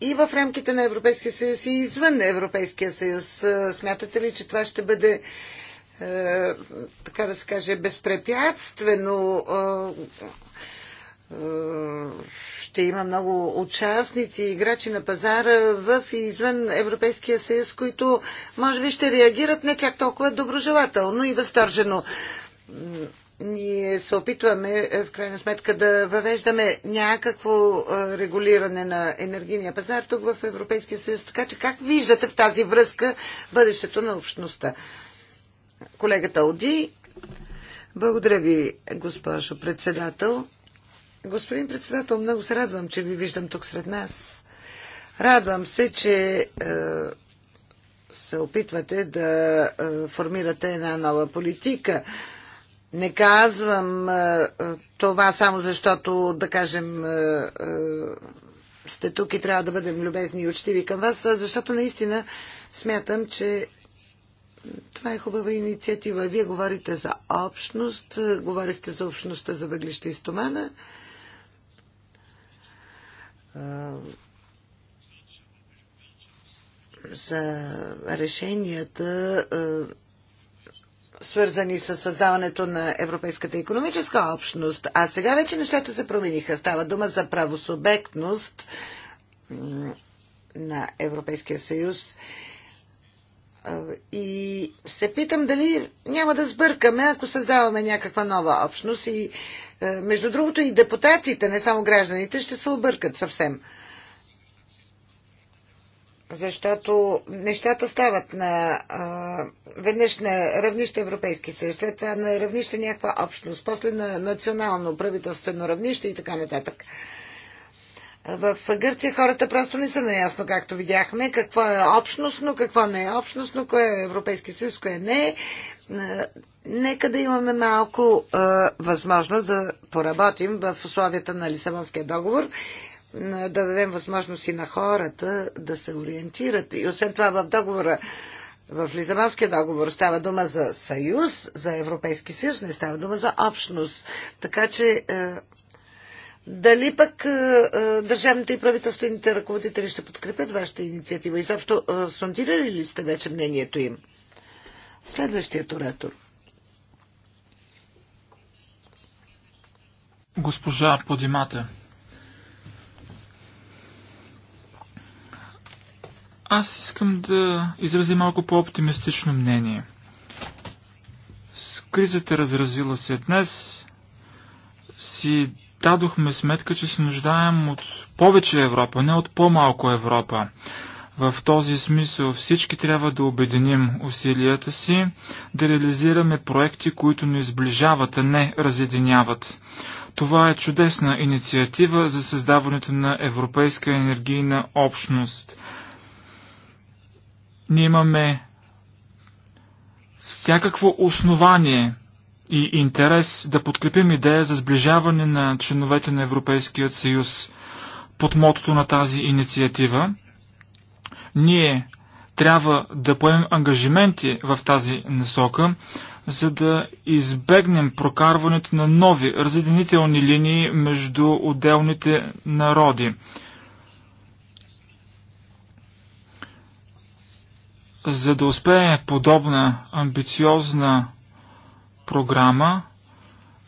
и в рамките на Европейския съюз и извън Европейския съюз? Е, смятате ли, че това ще бъде така да се каже, безпрепятствено е, ще има много участници, играчи на пазара в и извън Европейския съюз, които може би ще реагират не чак толкова доброжелателно и възторжено. Ние се опитваме е, в крайна сметка да въвеждаме някакво е, регулиране на енергийния пазар тук в Европейския съюз. Така че как виждате в тази връзка бъдещето на общността? Колегата Оди. Благодаря ви, госпожо председател. Господин председател, много се радвам, че ви виждам тук сред нас. Радвам се, че е, се опитвате да е, формирате една нова политика. Не казвам е, е това само защото, да кажем, е, е, сте тук и трябва да бъдем любезни и учтиви към вас, защото наистина смятам, че това е хубава инициатива. Вие говорите за общност, говорихте за общността за въглища и стомана за е, решенията, е, свързани с създаването на Европейската економическа общност. А сега вече нещата се промениха. Става дума за правосубектност на Европейския съюз и се питам дали няма да сбъркаме, ако създаваме някаква нова общност. И е, между другото и депутатите, не само гражданите, ще се объркат съвсем. Защото нещата стават на, а, веднъж на равнище Европейски съюз, след това на равнище някаква общност, после на национално правителствено равнище и така нататък. В Гърция хората просто не са наясно, както видяхме, какво е общностно, какво не е общностно, кое е Европейски съюз, кое не е. е. Нека да имаме малко а, е, възможност да поработим в условията на Лисабонския договор, е, да дадем възможност и на хората да се ориентират. И освен това в договора в Лизабонския договор става дума за съюз, за Европейски съюз, не става дума за общност. Така че дали пък е, е, държавните и правителствените ръководители ще подкрепят вашата инициатива? Изобщо е, сондирали ли сте вече мнението им? Следващият оратор. Госпожа Подимата. Аз искам да изразя малко по-оптимистично мнение. С кризата разразила се днес, си дадохме сметка, че се нуждаем от повече Европа, не от по-малко Европа. В този смисъл всички трябва да обединим усилията си, да реализираме проекти, които ни сближават, а не разединяват. Това е чудесна инициатива за създаването на Европейска енергийна общност. Ние имаме всякакво основание и интерес да подкрепим идея за сближаване на членовете на Европейският съюз под мотото на тази инициатива. Ние трябва да поемем ангажименти в тази насока, за да избегнем прокарването на нови разединителни линии между отделните народи. За да успее подобна амбициозна програма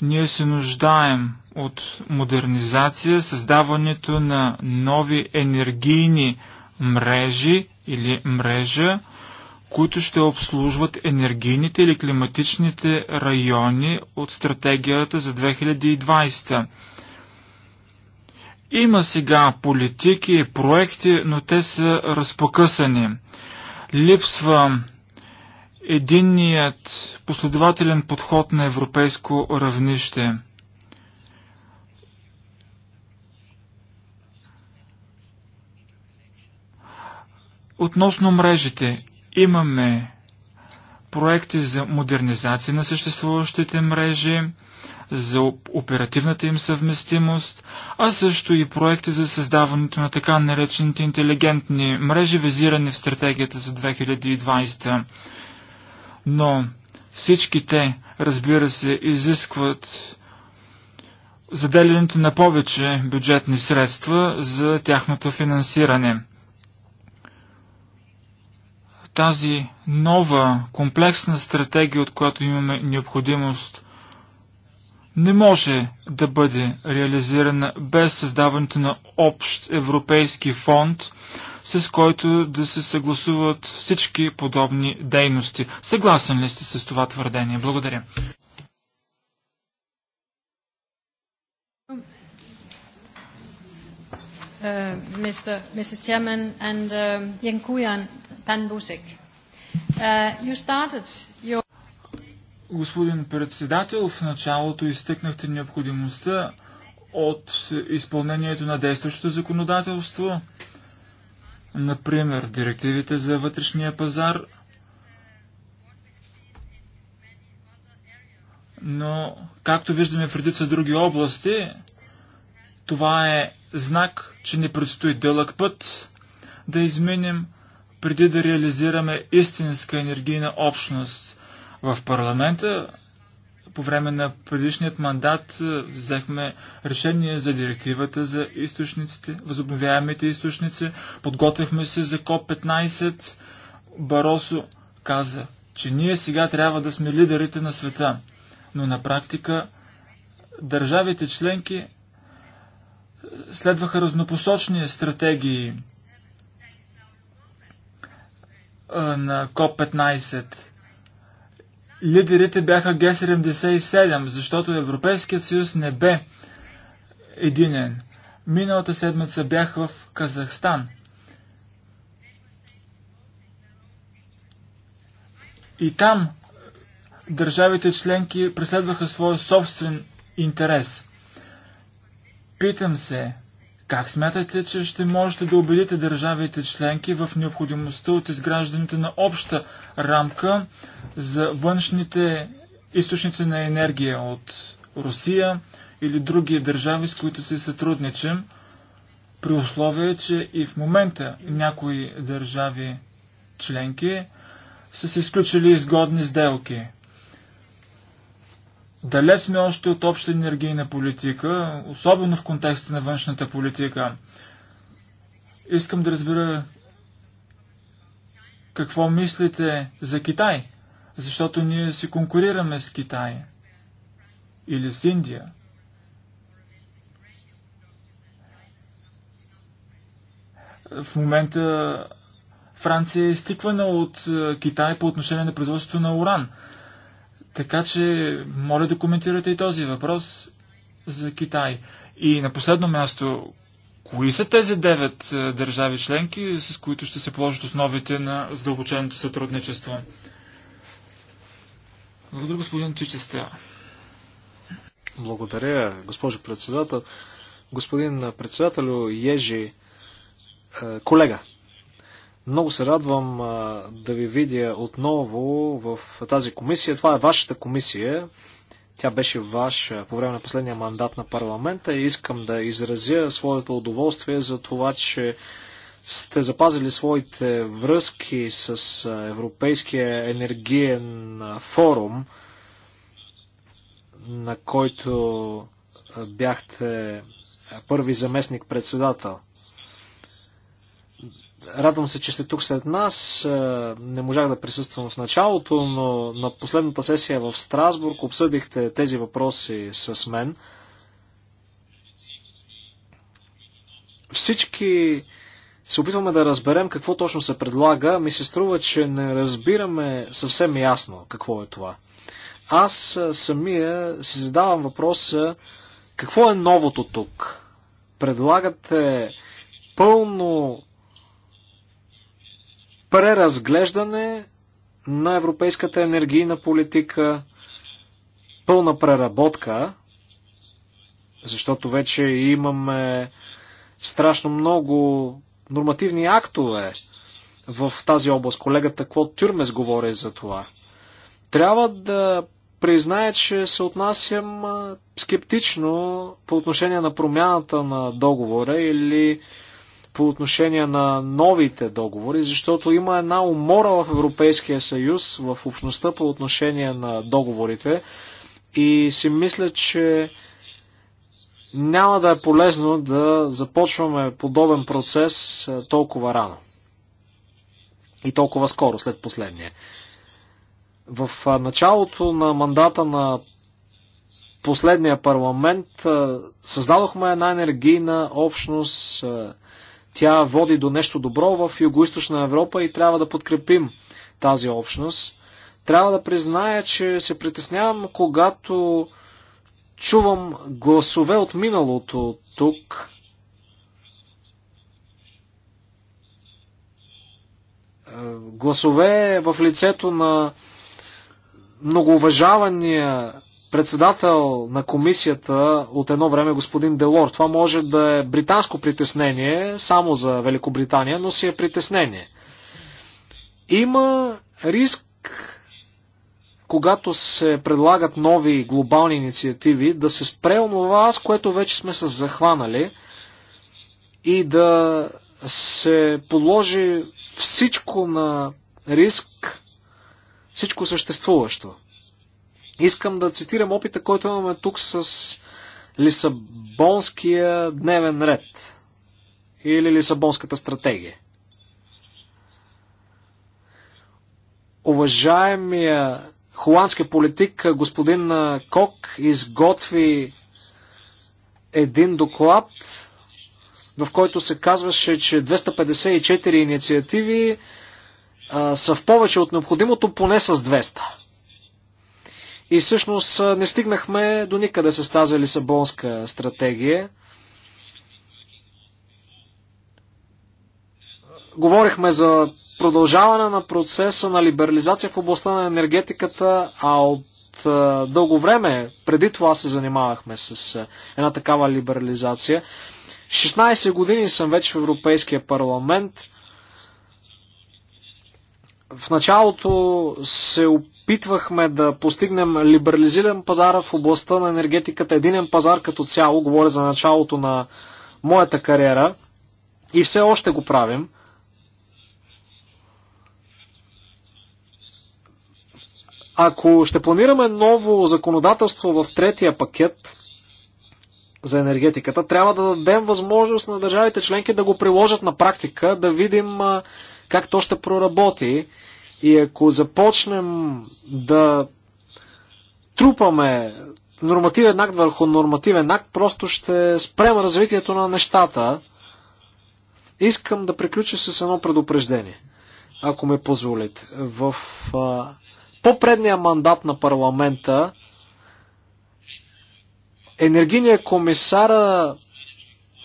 ние се нуждаем от модернизация, създаването на нови енергийни мрежи или мрежа, които ще обслужват енергийните или климатичните райони от стратегията за 2020. Има сега политики и проекти, но те са разпокъсани. Липсва единният последователен подход на европейско равнище. Относно мрежите, имаме проекти за модернизация на съществуващите мрежи, за оперативната им съвместимост, а също и проекти за създаването на така наречените интелигентни мрежи, визирани в стратегията за 2020 но всички те, разбира се, изискват заделянето на повече бюджетни средства за тяхното финансиране. Тази нова комплексна стратегия, от която имаме необходимост, не може да бъде реализирана без създаването на общ европейски фонд – с който да се съгласуват всички подобни дейности. Съгласен ли сте с това твърдение? Благодаря. Uh, um, uh, Господин председател, в началото изтъкнахте необходимостта от изпълнението на действащото законодателство. Например, директивите за вътрешния пазар, но както виждаме в редица други области, това е знак, че ни предстои дълъг път да изменим преди да реализираме истинска енергийна общност. В парламента по време на предишният мандат е, взехме решение за директивата за източниците, възобновяемите източници. Подготвихме се за КОП-15. Баросо каза, че ние сега трябва да сме лидерите на света. Но на практика държавите членки е, следваха разнопосочни стратегии е, на КОП-15 лидерите бяха Г-77, защото Европейският съюз не бе единен. Миналата седмица бях в Казахстан. И там държавите членки преследваха своя собствен интерес. Питам се, как смятате, че ще можете да убедите държавите членки в необходимостта от изграждането на обща рамка за външните източници на енергия от Русия или други държави, с които се сътрудничим, при условие, че и в момента някои държави членки са се изключили изгодни сделки. Далеч сме още от обща енергийна политика, особено в контекста на външната политика. Искам да разбера какво мислите за Китай, защото ние си конкурираме с Китай или с Индия. В момента Франция е изтиквана от е, Китай по отношение на производството на уран. Така че, моля да коментирате и този въпрос за Китай. И на последно място, Кои са тези девет е, държави членки, с които ще се положат основите на задълбоченото сътрудничество? Благодаря, господин Чичестя. Благодаря, госпожо председател. Господин председател, Ежи, е, колега, много се радвам е, да ви видя отново в тази комисия. Това е вашата комисия. Тя беше ваша е, по време на последния мандат на парламента и искам да изразя своето удоволствие за това, че сте запазили своите връзки с е, Европейския енергиен е, форум, на който бяхте първи заместник председател. Радвам се, че сте тук след нас. Е, не можах да присъствам в началото, но на последната сесия в Страсбург обсъдихте тези въпроси с мен. Всички се опитваме да разберем какво точно се предлага. Ми се струва, че не разбираме съвсем ясно какво е това. Аз е, самия си задавам въпроса какво е новото тук? Предлагате пълно преразглеждане на европейската енергийна политика, пълна преработка, защото вече имаме страшно много нормативни актове в тази област. Колегата Клод Тюрмес говори за това. Трябва да призная, че се отнасям скептично по отношение на промяната на договора или по отношение на новите договори, защото има една умора в Европейския съюз, в общността по отношение на договорите и си мисля, че няма да е полезно да започваме подобен процес толкова рано и толкова скоро след последния. В началото на мандата на последния парламент създадохме една енергийна общност, тя води до нещо добро в Юго-Источна Европа и трябва да подкрепим тази общност. Трябва да призная, че се притеснявам, когато чувам гласове от миналото тук. Гласове в лицето на многоуважавания председател на комисията от едно време господин Делор. Това може да е британско притеснение, само за Великобритания, но си е притеснение. Има риск, когато се предлагат нови глобални инициативи, да се спре онова, с което вече сме се захванали и да се подложи всичко на риск, всичко съществуващо. Искам да цитирам опита, който имаме тук с Лисабонския дневен ред или Лисабонската стратегия. Уважаемия холандски политик господин Кок изготви един доклад, в който се казваше, че 254 инициативи а, са в повече от необходимото поне с 200. И всъщност не стигнахме до никъде с тази Лисабонска стратегия. Говорихме за продължаване на процеса на либерализация в областта на енергетиката, а от дълго време преди това се занимавахме с една такава либерализация. 16 години съм вече в Европейския парламент. В началото се опитвам опитвахме да постигнем либерализиран пазар в областта на енергетиката, единен пазар като цяло, говоря за началото на моята кариера и все още го правим. Ако ще планираме ново законодателство в третия пакет за енергетиката, трябва да дадем възможност на държавите членки да го приложат на практика, да видим как то ще проработи и ако започнем да трупаме нормативен акт върху нормативен акт, просто ще спрем развитието на нещата. Искам да приключа с едно предупреждение, ако ме позволите. В а, попредния мандат на парламента енергийният комисара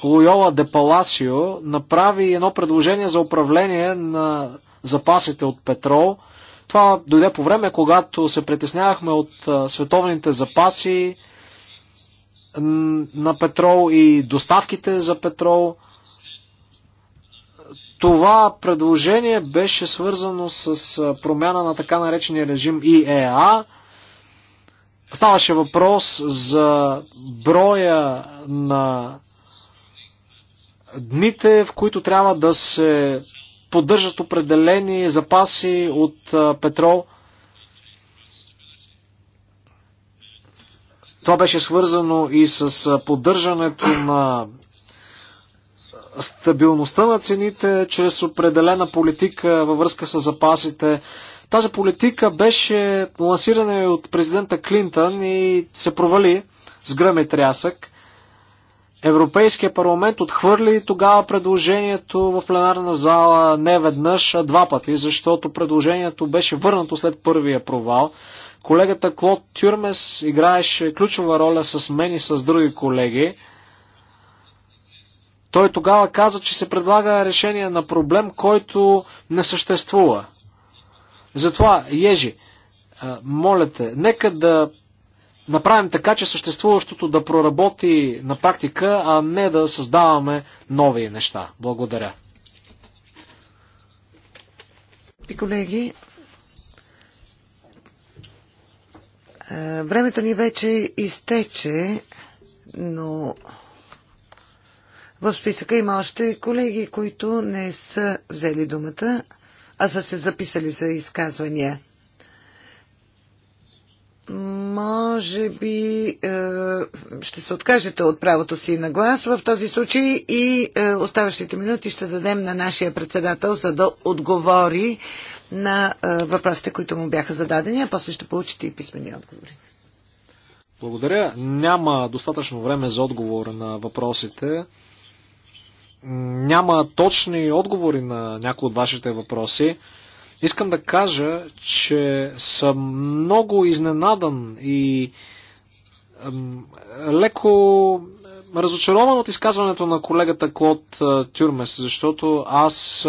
Лойола де Паласио направи едно предложение за управление на запасите от петрол. Това дойде по време, когато се притеснявахме от световните запаси на петрол и доставките за петрол. Това предложение беше свързано с промяна на така наречения режим ИЕА. Ставаше въпрос за броя на дните, в които трябва да се поддържат определени запаси от петрол. Това беше свързано и с поддържането на стабилността на цените чрез определена политика във връзка с запасите. Тази политика беше лансирана от президента Клинтън и се провали с гръм и трясък. Европейския парламент отхвърли тогава предложението в пленарна зала не веднъж, а два пъти, защото предложението беше върнато след първия провал. Колегата Клод Тюрмес играеше ключова роля с мен и с други колеги. Той тогава каза, че се предлага решение на проблем, който не съществува. Затова, Ежи, моля те, нека да направим така, че съществуващото да проработи на практика, а не да създаваме нови неща. Благодаря. И колеги, е, времето ни вече изтече, но в списъка има още колеги, които не са взели думата, а са се записали за изказвания може би е, ще се откажете от правото си на глас в този случай и е, оставащите минути ще дадем на нашия председател, за да отговори на е, въпросите, които му бяха зададени, а после ще получите и писмени отговори. Благодаря. Няма достатъчно време за отговор на въпросите. Няма точни отговори на някои от вашите въпроси. Искам да кажа, че съм много изненадан и леко разочарован от изказването на колегата Клод Тюрмес, защото аз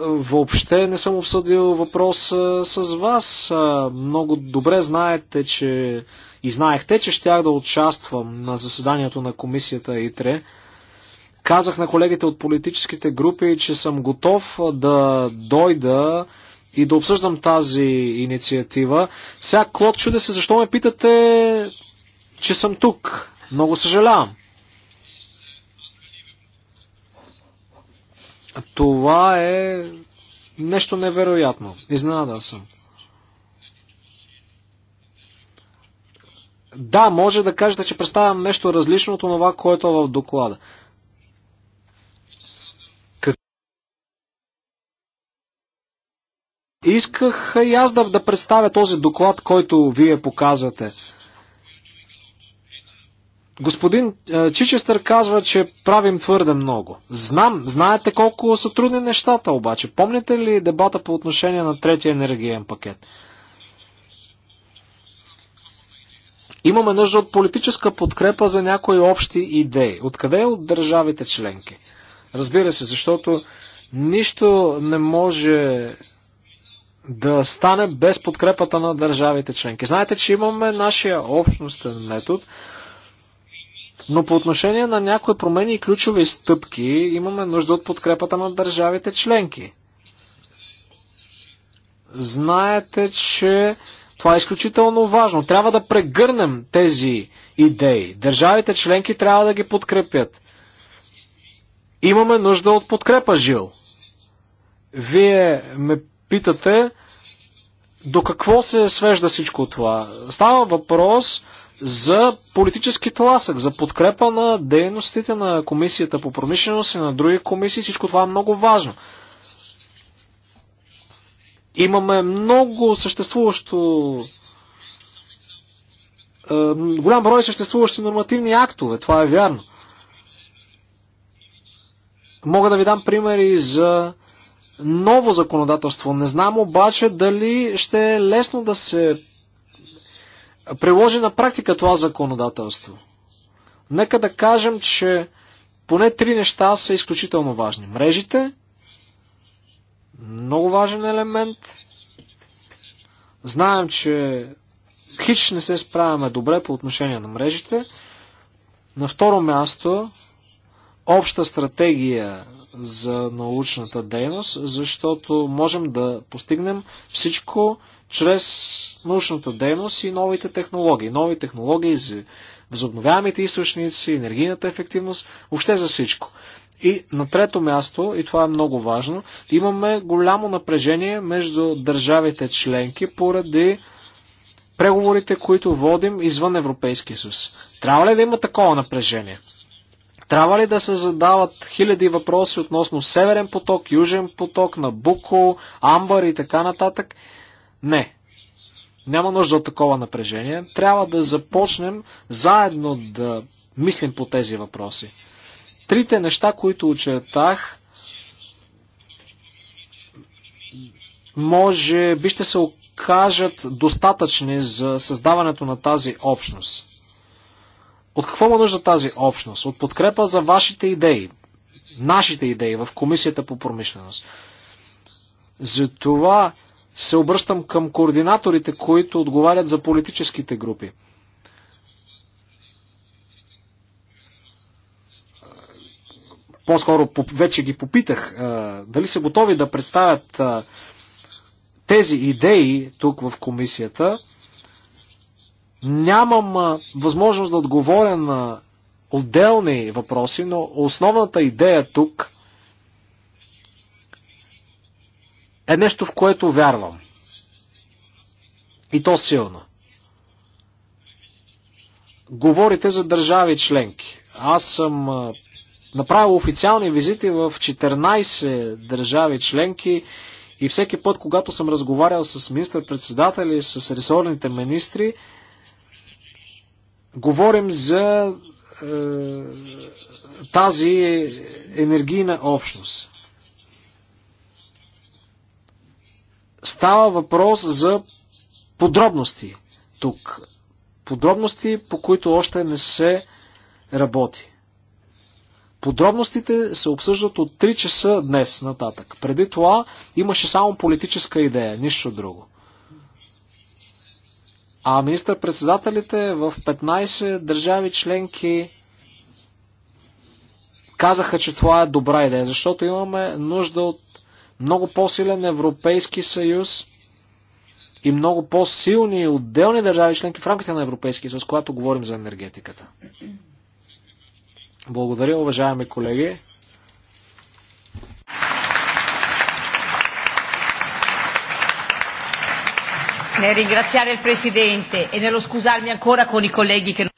въобще не съм обсъдил въпрос с вас. Много добре знаете, че и знаехте, че щях да участвам на заседанието на комисията ИТРЕ. Казах на колегите от политическите групи, че съм готов да дойда и да обсъждам тази инициатива. Сега, Клод, чуде се, защо ме питате, че съм тук. Много съжалявам. Това е нещо невероятно. Изненада съм. Да, може да кажете, че представям нещо различно от това, което е в доклада. Исках и аз да, да представя този доклад, който вие показвате. Господин е, Чичестър казва, че правим твърде много. Знам, знаете колко са трудни нещата, обаче. Помните ли дебата по отношение на третия енергиен пакет? Имаме нужда от политическа подкрепа за някои общи идеи. Откъде от държавите членки? Разбира се, защото нищо не може да стане без подкрепата на държавите членки. Знаете, че имаме нашия общностен метод, но по отношение на някои промени и ключови стъпки имаме нужда от подкрепата на държавите членки. Знаете, че това е изключително важно. Трябва да прегърнем тези идеи. Държавите членки трябва да ги подкрепят. Имаме нужда от подкрепа, Жил. Вие ме питате до какво се свежда всичко това. Става въпрос за политически тласък, за подкрепа на дейностите на комисията по промишленост и на други комисии. Всичко това е много важно. Имаме много съществуващо е, голям брой съществуващи нормативни актове. Това е вярно. Мога да ви дам примери за ново законодателство. Не знам обаче дали ще е лесно да се приложи на практика това законодателство. Нека да кажем, че поне три неща са изключително важни. Мрежите, много важен елемент. Знаем, че хич не се справяме добре по отношение на мрежите. На второ място, обща стратегия за научната дейност, защото можем да постигнем всичко чрез научната дейност и новите технологии. Нови технологии за възобновяемите източници, енергийната ефективност, въобще за всичко. И на трето място, и това е много важно, имаме голямо напрежение между държавите членки поради преговорите, които водим извън Европейския съюз. Трябва ли да има такова напрежение? Трябва ли да се задават хиляди въпроси относно Северен поток, Южен поток, Набуко, Амбър и така нататък? Не. Няма нужда от такова напрежение. Трябва да започнем заедно да мислим по тези въпроси. Трите неща, които очертах, може би ще се окажат достатъчни за създаването на тази общност. От какво му нужда тази общност? От подкрепа за вашите идеи, нашите идеи в Комисията по промишленост. Затова се обръщам към координаторите, които отговарят за политическите групи. По-скоро вече ги попитах дали са готови да представят тези идеи тук в комисията. Нямам възможност да отговоря на отделни въпроси, но основната идея тук е нещо, в което вярвам. И то силно. Говорите за държави членки. Аз съм направил официални визити в 14 държави членки и всеки път, когато съм разговарял с министър-председатели, с ресорните министри, Говорим за е, тази енергийна общност. Става въпрос за подробности тук. Подробности, по които още не се работи. Подробностите се обсъждат от 3 часа днес нататък. Преди това имаше само политическа идея, нищо друго. А министър-председателите в 15 държави членки казаха, че това е добра идея, защото имаме нужда от много по-силен Европейски съюз и много по-силни отделни държави членки в рамките на Европейския съюз, когато говорим за енергетиката. Благодаря, уважаеми колеги. Nel ringraziare il Presidente e nello scusarmi ancora con i colleghi che...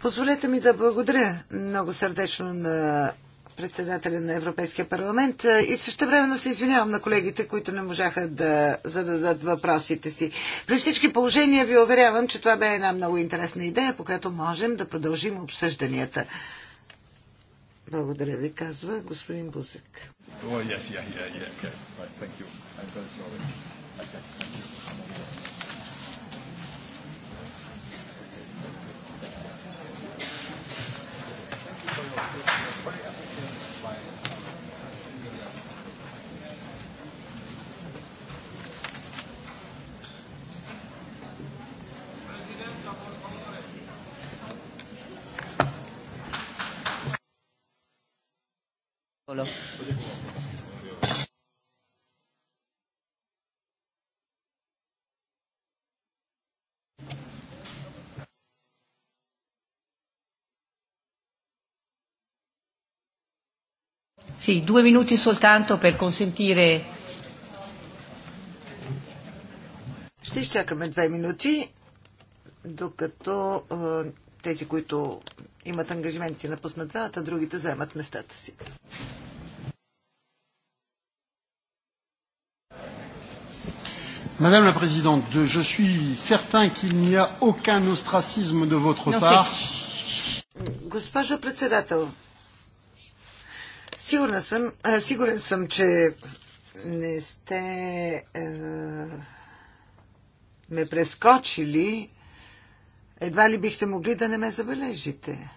Позволете ми да благодаря много сърдечно на председателя на Европейския парламент и също времено се извинявам на колегите, които не можаха да зададат въпросите си. При всички положения ви уверявам, че това бе една много интересна идея, по която можем да продължим обсъжданията. Благодаря ви, казва господин Бузек. Oh, yes, yeah, yeah, yeah, right, thank you. I'm Sì, due minuti soltanto per consentire. Ще изчакаме две минути, докато е, тези, които имат ангажименти напуснат залата, другите заемат местата си. Madame la Présidente, je suis certain qu'il n'y a aucun ostracisme de votre part. Госпожо председател, Сигурна съм, а, сигурен съм, че не сте а, ме прескочили. Едва ли бихте могли да не ме забележите.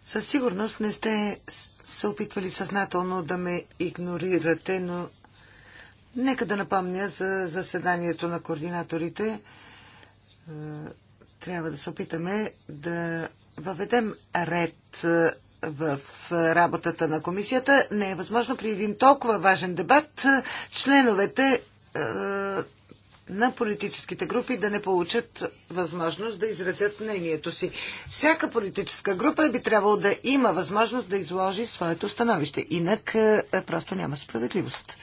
Със сигурност не сте се опитвали съзнателно да ме игнорирате, но Нека да напомня за заседанието на координаторите. Е, трябва да се опитаме да въведем ред е, в работата на комисията. Не е възможно при един толкова важен дебат е, членовете на политическите групи да не получат възможност да изразят мнението си. Всяка политическа група би трябвало да има възможност да изложи своето становище. Инак просто няма справедливост.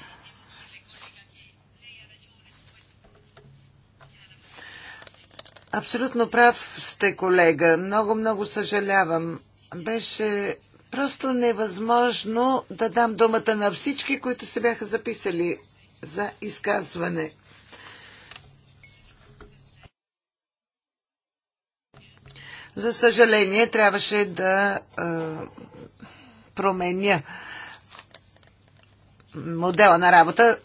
Абсолютно прав сте, колега. Много, много съжалявам. Беше просто невъзможно да дам думата на всички, които се бяха записали за изказване. За съжаление, трябваше да а, променя модела на работа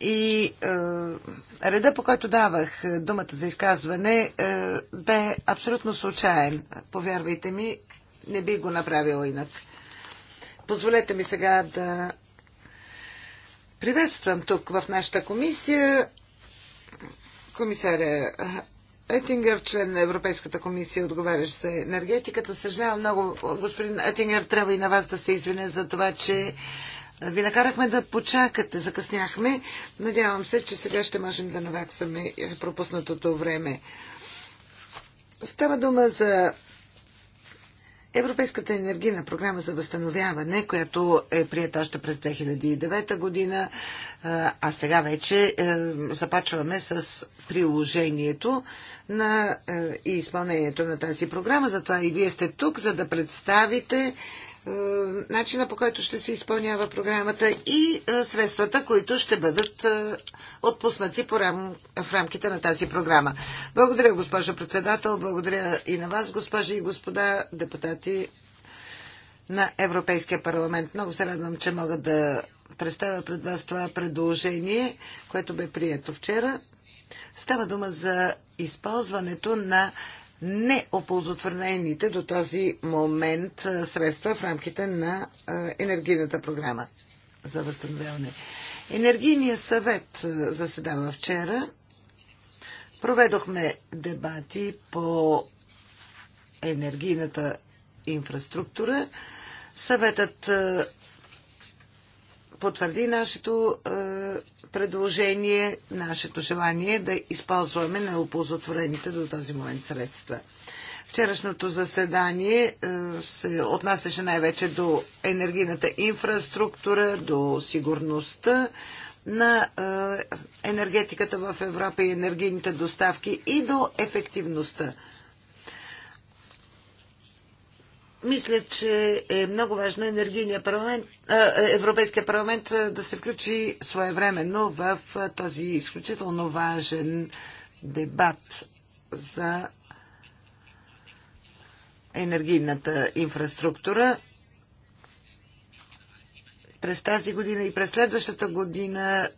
и а, реда, по който давах е, думата за изказване, е, бе абсолютно случайен. Повярвайте ми, не би го направила инак. Позволете ми сега да приветствам тук в нашата комисия комисаря Етингер, член на Европейската комисия, отговарящ за енергетиката. Съжалявам много, господин Етингер, трябва и на вас да се извиня за това, че ви накарахме да почакате, закъсняхме. Надявам се, че сега ще можем да наваксаме пропуснатото време. Става дума за Европейската енергийна програма за възстановяване, която е прията още през 2009 година, а сега вече е, започваме с приложението на, е, и изпълнението на тази програма. Затова и вие сте тук, за да представите е, начина по който ще се изпълнява програмата и е, средствата, които ще бъдат е, отпуснати в рамките на тази програма. Благодаря, госпожа председател, благодаря и на вас, госпожи и господа депутати на Европейския парламент. Много се радвам, че мога да представя пред вас това предложение, което бе прието вчера. Става дума за използването на неоползотворените до този момент средства в рамките на енергийната програма за възстановяване. Енергийният съвет заседава вчера. Проведохме дебати по енергийната инфраструктура. Съветът потвърди нашето е, предложение, нашето желание да използваме неоползотворените до този момент средства. Вчерашното заседание е, се отнасяше най-вече до енергийната инфраструктура, до сигурността на е, енергетиката в Европа и енергийните доставки и до ефективността Мисля, че е много важно енергийния парламент, Европейския парламент да се включи своевременно в този изключително важен дебат за енергийната инфраструктура. През тази година и през следващата година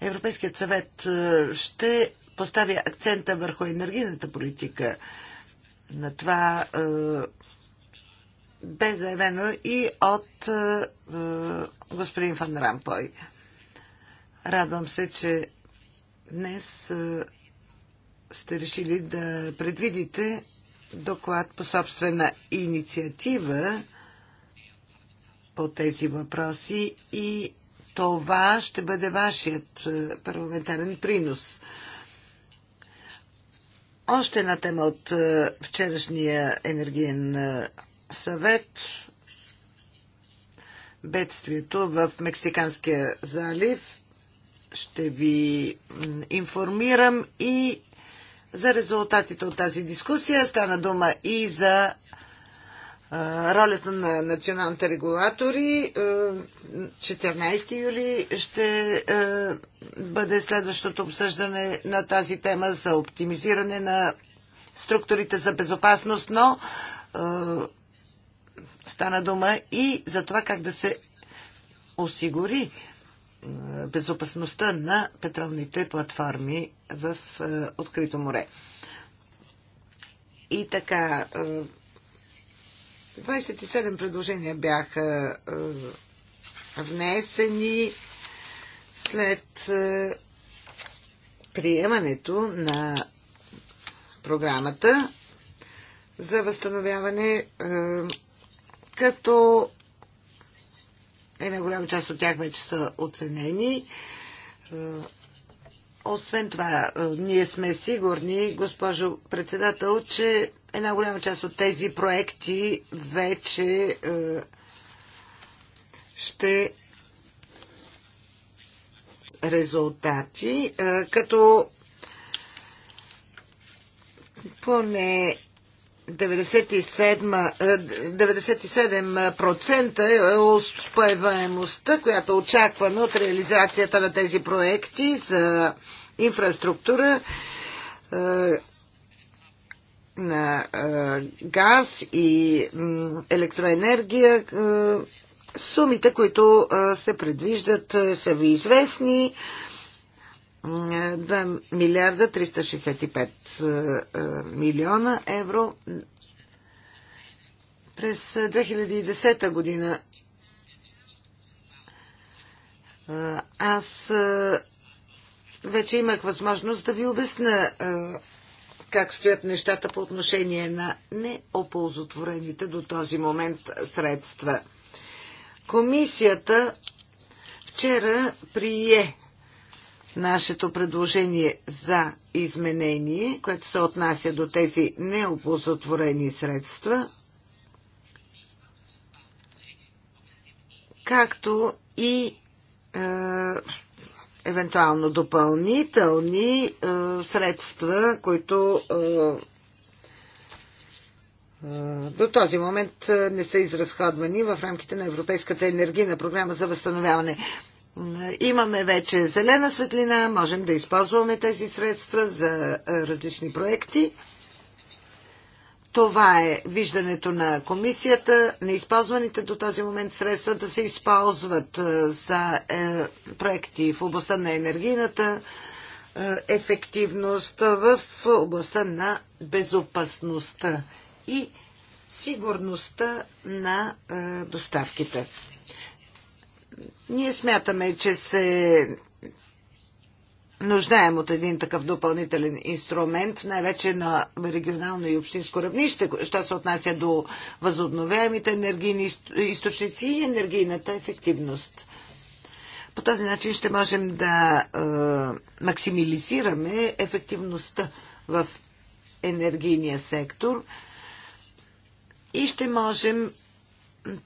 Европейският съвет ще поставя акцента върху енергийната политика – на това е, бе заявено и от е, е, господин Фан Рампой. Радвам се, че днес сте решили да предвидите доклад по собствена инициатива по тези въпроси и това ще бъде вашият парламентарен принос още една тема от е, вчерашния енергиен е, съвет бедствието в Мексиканския залив. Ще ви информирам и за резултатите от тази дискусия. Стана дума и за ролята на националните регулатори. 14 юли ще бъде следващото обсъждане на тази тема за оптимизиране на структурите за безопасност, но стана дума и за това как да се осигури безопасността на петровните платформи в открито море. И така, 27 предложения бяха е, внесени след е, приемането на програмата за възстановяване, е, като една голяма част от тях вече са оценени. Освен това, ние сме сигурни, госпожо председател, че една голяма част от тези проекти вече е, ще резултати, е, като поне 97% е, е успеваемостта, която очакваме от реализацията на тези проекти за инфраструктура е, на газ и електроенергия, сумите, които се предвиждат, са ви известни. 2 милиарда 365 милиона евро. През 2010 година аз вече имах възможност да ви обясня как стоят нещата по отношение на неоползотворените до този момент средства. Комисията вчера прие нашето предложение за изменение, което се отнася до тези неоползотворени средства, както и е, евентуално допълнителни е, средства, които е, е до този момент е, не са изразходвани в рамките на Европейската енергийна програма за възстановяване. Е, имаме вече зелена светлина, можем да използваме тези средства за различни проекти. Това е виждането на комисията. Неизползваните до този момент средства да се използват е, за е, проекти в областта на енергийната е, ефективност, в областта на безопасността и сигурността на доставките. Ние смятаме, че се нуждаем от един такъв допълнителен инструмент, най-вече на регионално и общинско равнище, що се отнася до възобновяемите енергийни източници и енергийната ефективност. По този начин ще можем да е, максимализираме ефективността в енергийния сектор и ще можем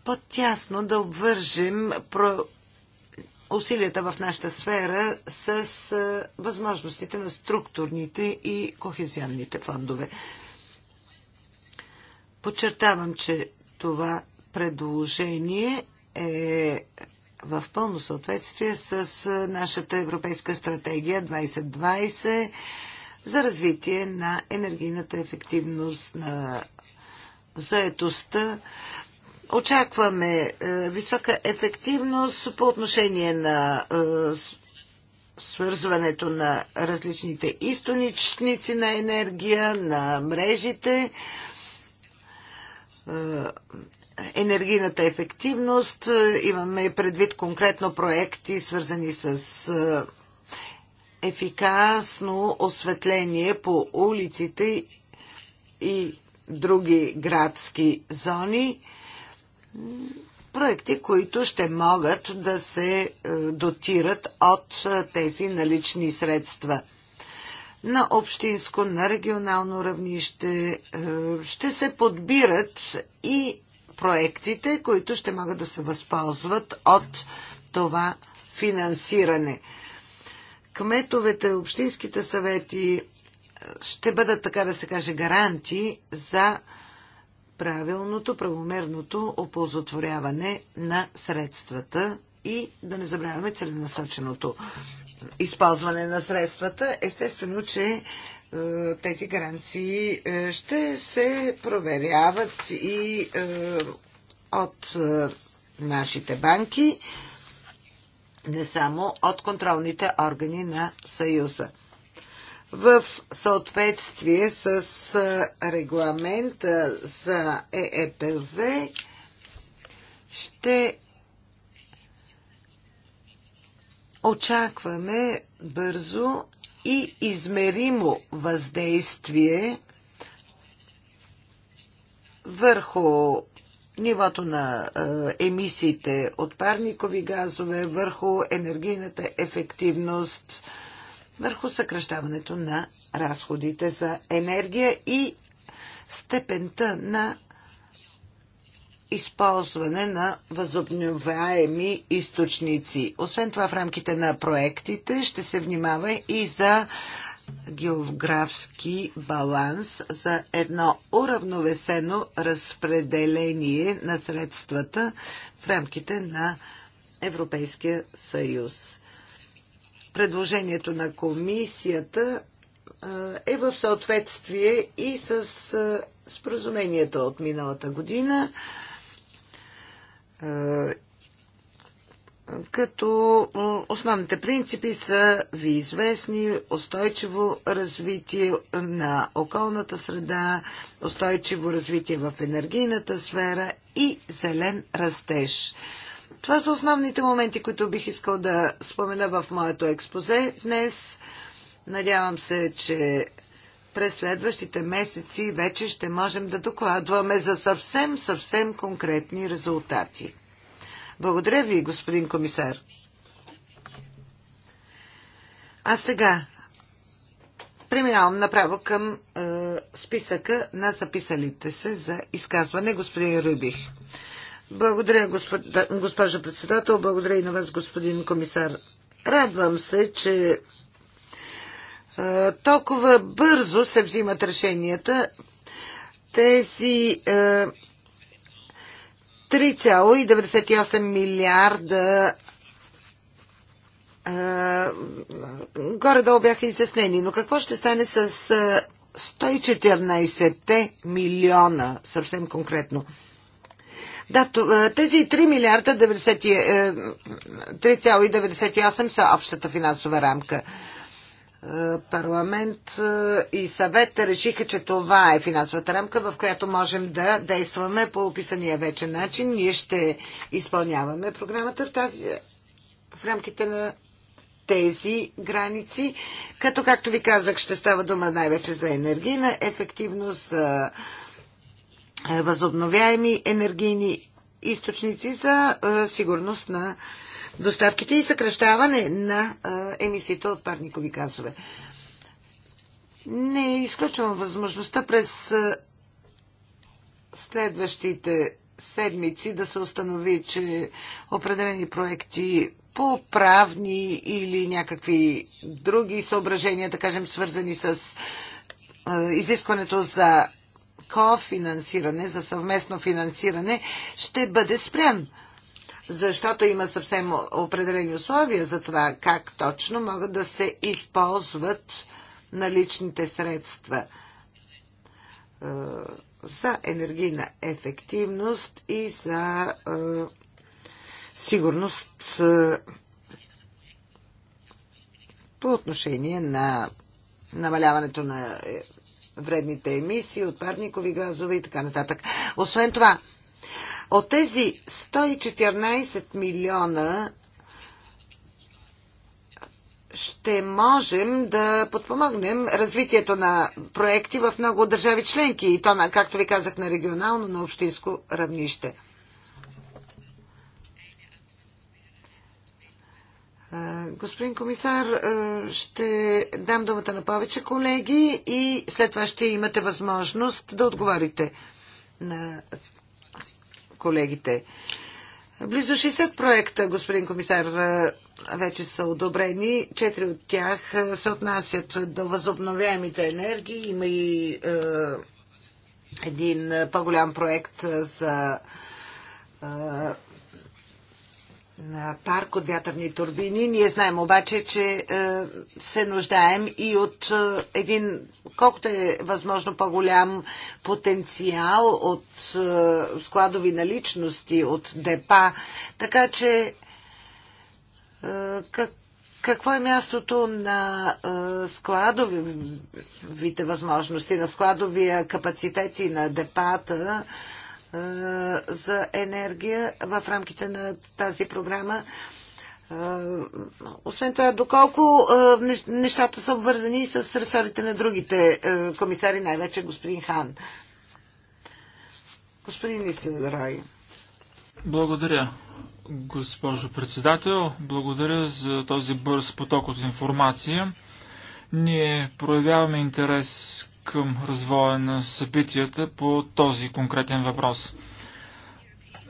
по-тясно да обвържем про усилията в нашата сфера с възможностите на структурните и кохезионните фондове. Подчертавам, че това предложение е в пълно съответствие с нашата Европейска стратегия 2020 за развитие на енергийната ефективност на заетостта. Очакваме е, висока ефективност по отношение на е, свързването на различните източници на енергия, на мрежите, е, енергийната ефективност. Имаме предвид конкретно проекти, свързани с ефикасно осветление по улиците и други градски зони проекти, които ще могат да се е, дотират от е, тези налични средства. На общинско, на регионално равнище е, ще се подбират и проектите, които ще могат да се възползват от това финансиране. Кметовете, общинските съвети ще бъдат, така да се каже, гаранти за правилното, правомерното оползотворяване на средствата и да не забравяме целенасоченото използване на средствата. Естествено, че е, тези гаранции е, ще се проверяват и е, от нашите банки, не само от контролните органи на Съюза в съответствие с регламента за ЕЕПВ ще очакваме бързо и измеримо въздействие върху нивото на емисиите от парникови газове, върху енергийната ефективност, върху съкръщаването на разходите за енергия и степента на използване на възобновяеми източници. Освен това, в рамките на проектите ще се внимава и за географски баланс за едно уравновесено разпределение на средствата в рамките на Европейския съюз предложението на комисията е в съответствие и с споразуменията от миналата година, като основните принципи са ви известни устойчиво развитие на околната среда, устойчиво развитие в енергийната сфера и зелен растеж. Това са основните моменти, които бих искал да спомена в моето експозе днес. Надявам се, че през следващите месеци вече ще можем да докладваме за съвсем, съвсем конкретни резултати. Благодаря ви, господин комисар. А сега преминавам направо към е, списъка на записалите се за изказване господин Рубих. Благодаря, госпожо председател. Благодаря и на вас, господин комисар. Радвам се, че толкова бързо се взимат решенията. Тези 3,98 милиарда горе-долу бяха изяснени. Но какво ще стане с 114 милиона, съвсем конкретно? Да, е, тези 3 милиарда 3,98 е, са общата финансова рамка. Е, парламент и съвет решиха, че това е финансовата рамка, в която можем да действаме по описания вече начин. Ние ще изпълняваме програмата в, тази, в рамките на тези граници, като, както ви казах, ще става дума най-вече за енергийна ефективност, за е, възобновяеми енергийни източници за е, сигурност на доставките и съкръщаване на е, емисиите от парникови газове. Не изключвам възможността през следващите седмици да се установи, че определени проекти по правни или някакви други съображения, да кажем, свързани с изискването за кофинансиране, за съвместно финансиране, ще бъде спрян. Защото има съвсем определени условия за това как точно могат да се използват наличните средства е, за енергийна ефективност и за е, сигурност е, по отношение на намаляването на вредните емисии от парникови газове и така нататък. Освен това, от тези 114 милиона ще можем да подпомогнем развитието на проекти в много държави членки и то, както ви казах, на регионално, на общинско равнище. Господин комисар, ще дам думата на повече колеги и след това ще имате възможност да отговорите на колегите. Близо 60 проекта, господин комисар, вече са одобрени. Четири от тях се отнасят до възобновяемите енергии. Има и е, един по-голям проект за е, на парк от вятърни турбини. Ние знаем обаче, че е, се нуждаем и от е, един, колкото е възможно по-голям потенциал от е, складови наличности, от депа. Така че как какво е мястото на складовите възможности, на складовия капацитет и на депата за енергия в рамките на тази програма. Освен това, доколко нещата са обвързани с ресорите на другите комисари, най-вече господин Хан. Господин Истиндрай. Благодаря, госпожо председател. Благодаря за този бърз поток от информация. Ние проявяваме интерес към развоя на събитията по този конкретен въпрос.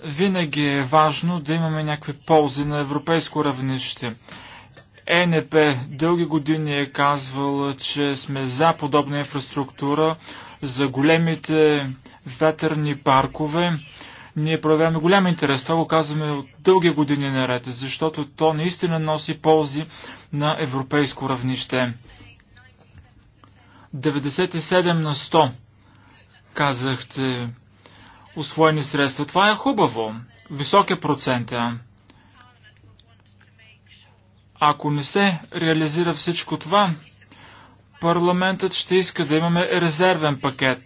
Винаги е важно да имаме някакви ползи на европейско равнище. ЕНП дълги години е казвал, че сме за подобна инфраструктура, за големите ветърни паркове. Ние проявяваме голям интерес. Това го казваме от дълги години наред, защото то наистина носи ползи на европейско равнище. 97 на 100, казахте, освоени средства. Това е хубаво. Висок е процента. Ако не се реализира всичко това, парламентът ще иска да имаме резервен пакет,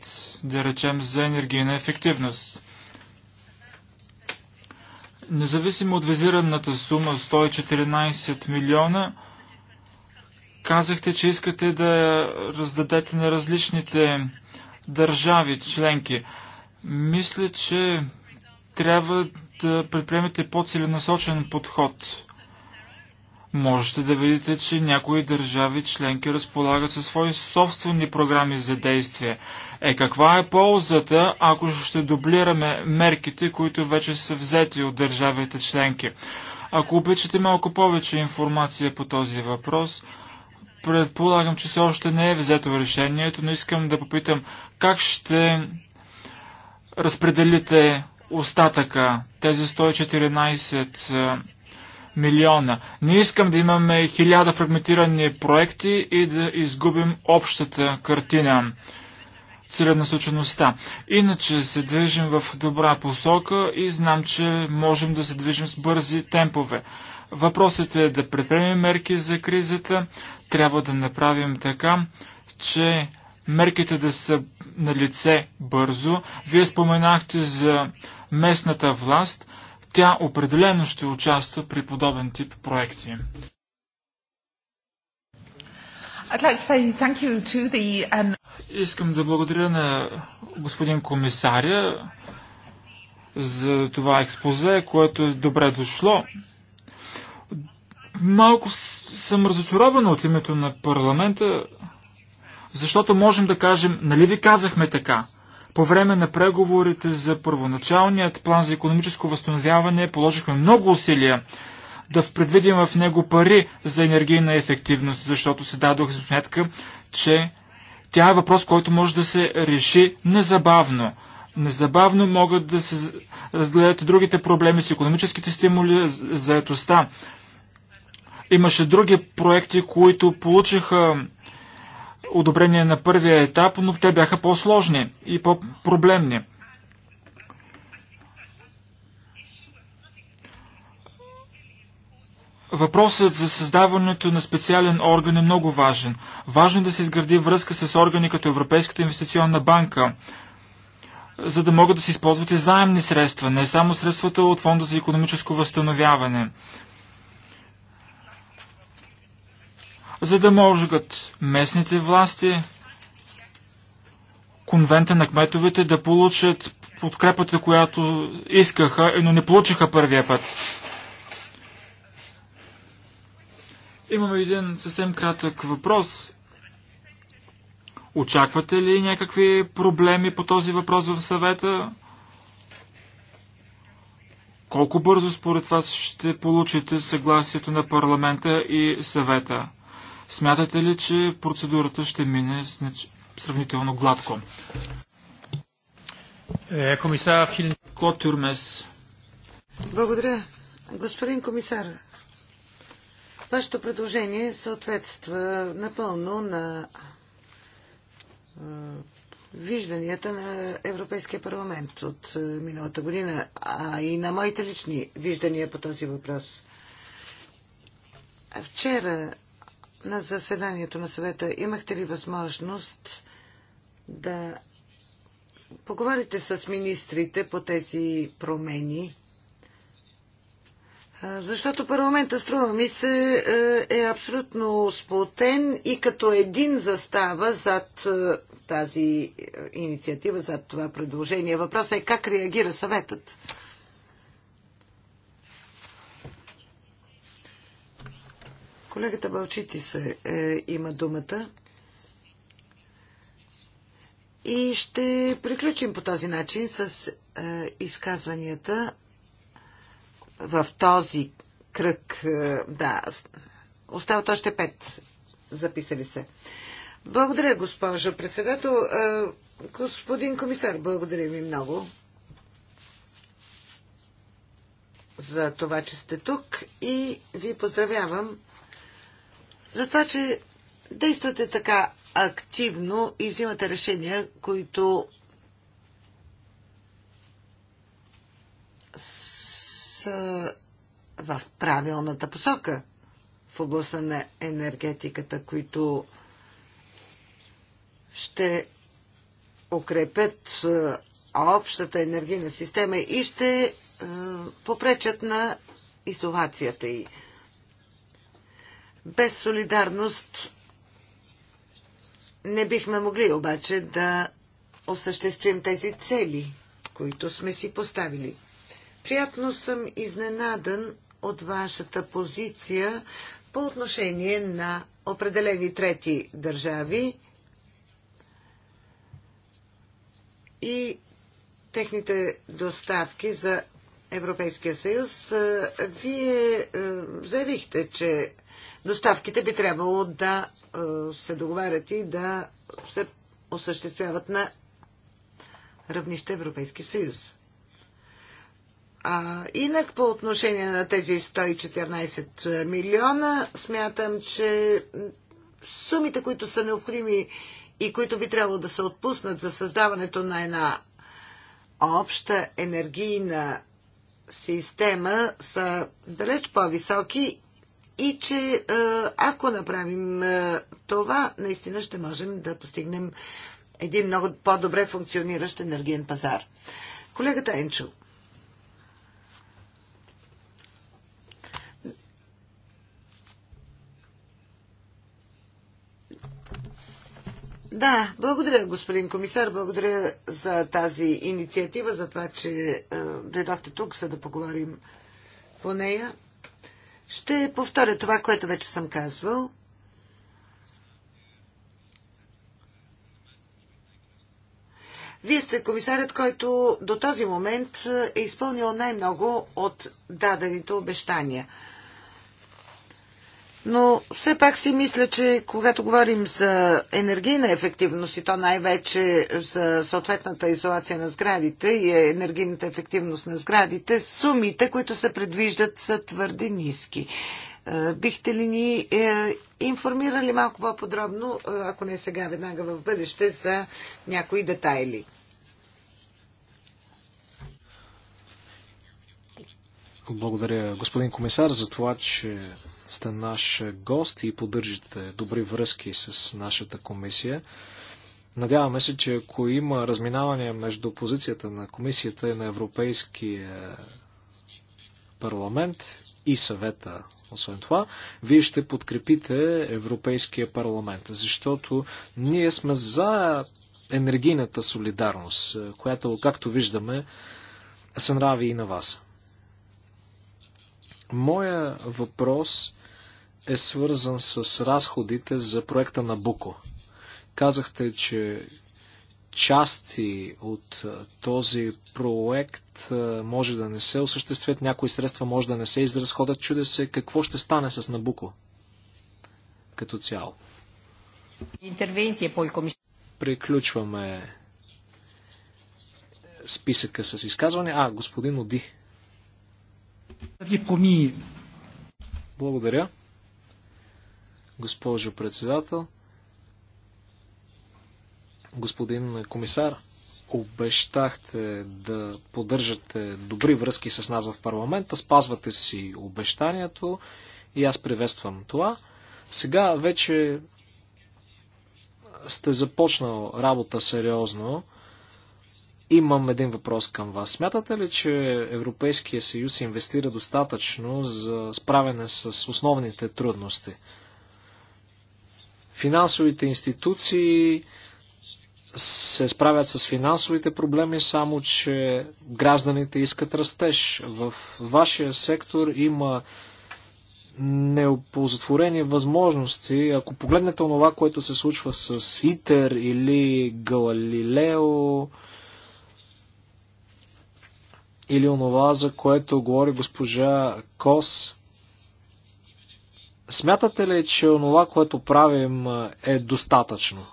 да речем за енергийна ефективност. Независимо от визираната сума 114 милиона, Казахте, че искате да раздадете на различните държави членки. Мисля, че трябва да предприемете по-целенасочен подход. Можете да видите, че някои държави членки разполагат със свои собствени програми за действие. Е, каква е ползата, ако ще дублираме мерките, които вече са взети от държавите членки? Ако обичате малко повече информация по този въпрос, Предполагам, че все още не е взето решението, но искам да попитам как ще разпределите остатъка, тези 114 милиона. Не искам да имаме хиляда фрагментирани проекти и да изгубим общата картина, целенасочеността. Иначе се движим в добра посока и знам, че можем да се движим с бързи темпове. Въпросът е да предприемем мерки за кризата. Трябва да направим така, че мерките да са на лице бързо. Вие споменахте за местната власт. Тя определено ще участва при подобен тип проекти. Um, Искам да благодаря на господин комисаря за това експозе, което е добре дошло Малко съм разочарован от името на парламента, защото можем да кажем, нали ви казахме така? По време на преговорите за първоначалният план за економическо възстановяване положихме много усилия да предвидим в него пари за енергийна ефективност, защото се дадох сметка, че тя е въпрос, който може да се реши незабавно. Незабавно могат да се разгледат другите проблеми с економическите стимули, за етоста. Имаше други проекти, които получиха одобрение на първия етап, но те бяха по-сложни и по-проблемни. Въпросът за създаването на специален орган е много важен. Важно е да се изгради връзка с органи като Европейската инвестиционна банка, за да могат да се използват и заемни средства, не само средствата от Фонда за економическо възстановяване. за да могат местните власти, конвента на кметовете да получат подкрепата, която искаха, но не получиха първия път. Имаме един съвсем кратък въпрос. Очаквате ли някакви проблеми по този въпрос в съвета? Колко бързо според вас ще получите съгласието на парламента и съвета? Смятате ли, че процедурата ще мине сравнително гладко? Е, комисар Филин. Клод Тюрмес. Благодаря. Господин комисар, вашето предложение съответства напълно на е, вижданията на Европейския парламент от е, миналата година, а и на моите лични виждания по този въпрос. Вчера на заседанието на съвета имахте ли възможност да поговорите с министрите по тези промени? Защото парламента, струва ми се, е, е абсолютно сплотен и като един застава зад е, тази инициатива, зад това предложение. Въпросът е как реагира съветът. Колегата Балчити се е, има думата. И ще приключим по този начин с е, изказванията в този кръг. Е, да, остават още пет записали се. Благодаря, госпожо председател. Е, господин комисар, благодаря ви много за това, че сте тук и ви поздравявам за това, че действате така активно и взимате решения, които са в правилната посока в областта на енергетиката, които ще укрепят общата енергийна система и ще попречат на изолацията й. И без солидарност не бихме могли обаче да осъществим тези цели, които сме си поставили. Приятно съм изненадан от вашата позиция по отношение на определени трети държави и техните доставки за Европейския съюз. Вие е, заявихте, че доставките би трябвало да е, се договарят и да се осъществяват на равнище Европейски съюз. А, инак по отношение на тези 114 милиона, смятам, че сумите, които са необходими и които би трябвало да се отпуснат за създаването на една обща енергийна система, са далеч по-високи и че ако направим това, наистина ще можем да постигнем един много по-добре функциониращ енергиен пазар. Колегата Енчо. Да, благодаря, господин комисар. Благодаря за тази инициатива, за това, че дойдохте тук, за да поговорим по нея. Ще повторя това, което вече съм казвал. Вие сте комисарят, който до този момент е изпълнил най-много от дадените обещания – но все пак си мисля, че когато говорим за енергийна ефективност и то най-вече за съответната изолация на сградите и енергийната ефективност на сградите, сумите, които се предвиждат, са твърде ниски. Е, бихте ли ни е, информирали малко по-подробно, е, ако не сега, веднага в бъдеще, за някои детайли? Благодаря, господин комисар, за това, че сте наш гост и поддържате добри връзки с нашата комисия. Надяваме се, че ако има разминаване между позицията на комисията и на Европейския парламент и съвета, освен това, вие ще подкрепите Европейския парламент, защото ние сме за енергийната солидарност, която, както виждаме, се нрави и на вас. Моя въпрос е свързан с разходите за проекта на Буко. Казахте, че части от този проект може да не се осъществят, някои средства може да не се изразходят. Чуде се какво ще стане с Набуко като цяло. Приключваме списъка с изказване. А, господин Оди. Благодаря госпожо председател. Господин комисар, обещахте да поддържате добри връзки с нас в парламента, спазвате си обещанието и аз приветствам това. Сега вече сте започнал работа сериозно. Имам един въпрос към вас. Смятате ли, че Европейския съюз инвестира достатъчно за справяне с основните трудности? Финансовите институции се справят с финансовите проблеми, само че гражданите искат растеж. В вашия сектор има неоползотворени възможности. Ако погледнете това, което се случва с ИТЕР или Галилео, или онова, за което говори госпожа Кос, Смятате ли, че онова, което правим е достатъчно?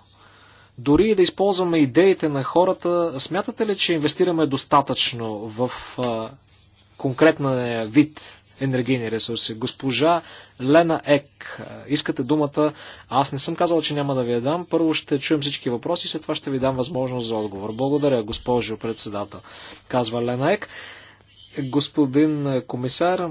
Дори и да използваме идеите на хората, смятате ли, че инвестираме достатъчно в а, конкретна вид енергийни ресурси? Госпожа Лена Ек, искате думата? Аз не съм казал, че няма да ви я дам. Първо ще чуем всички въпроси, след това ще ви дам възможност за отговор. Благодаря, госпожо председател, казва Лена Ек. Господин комисар,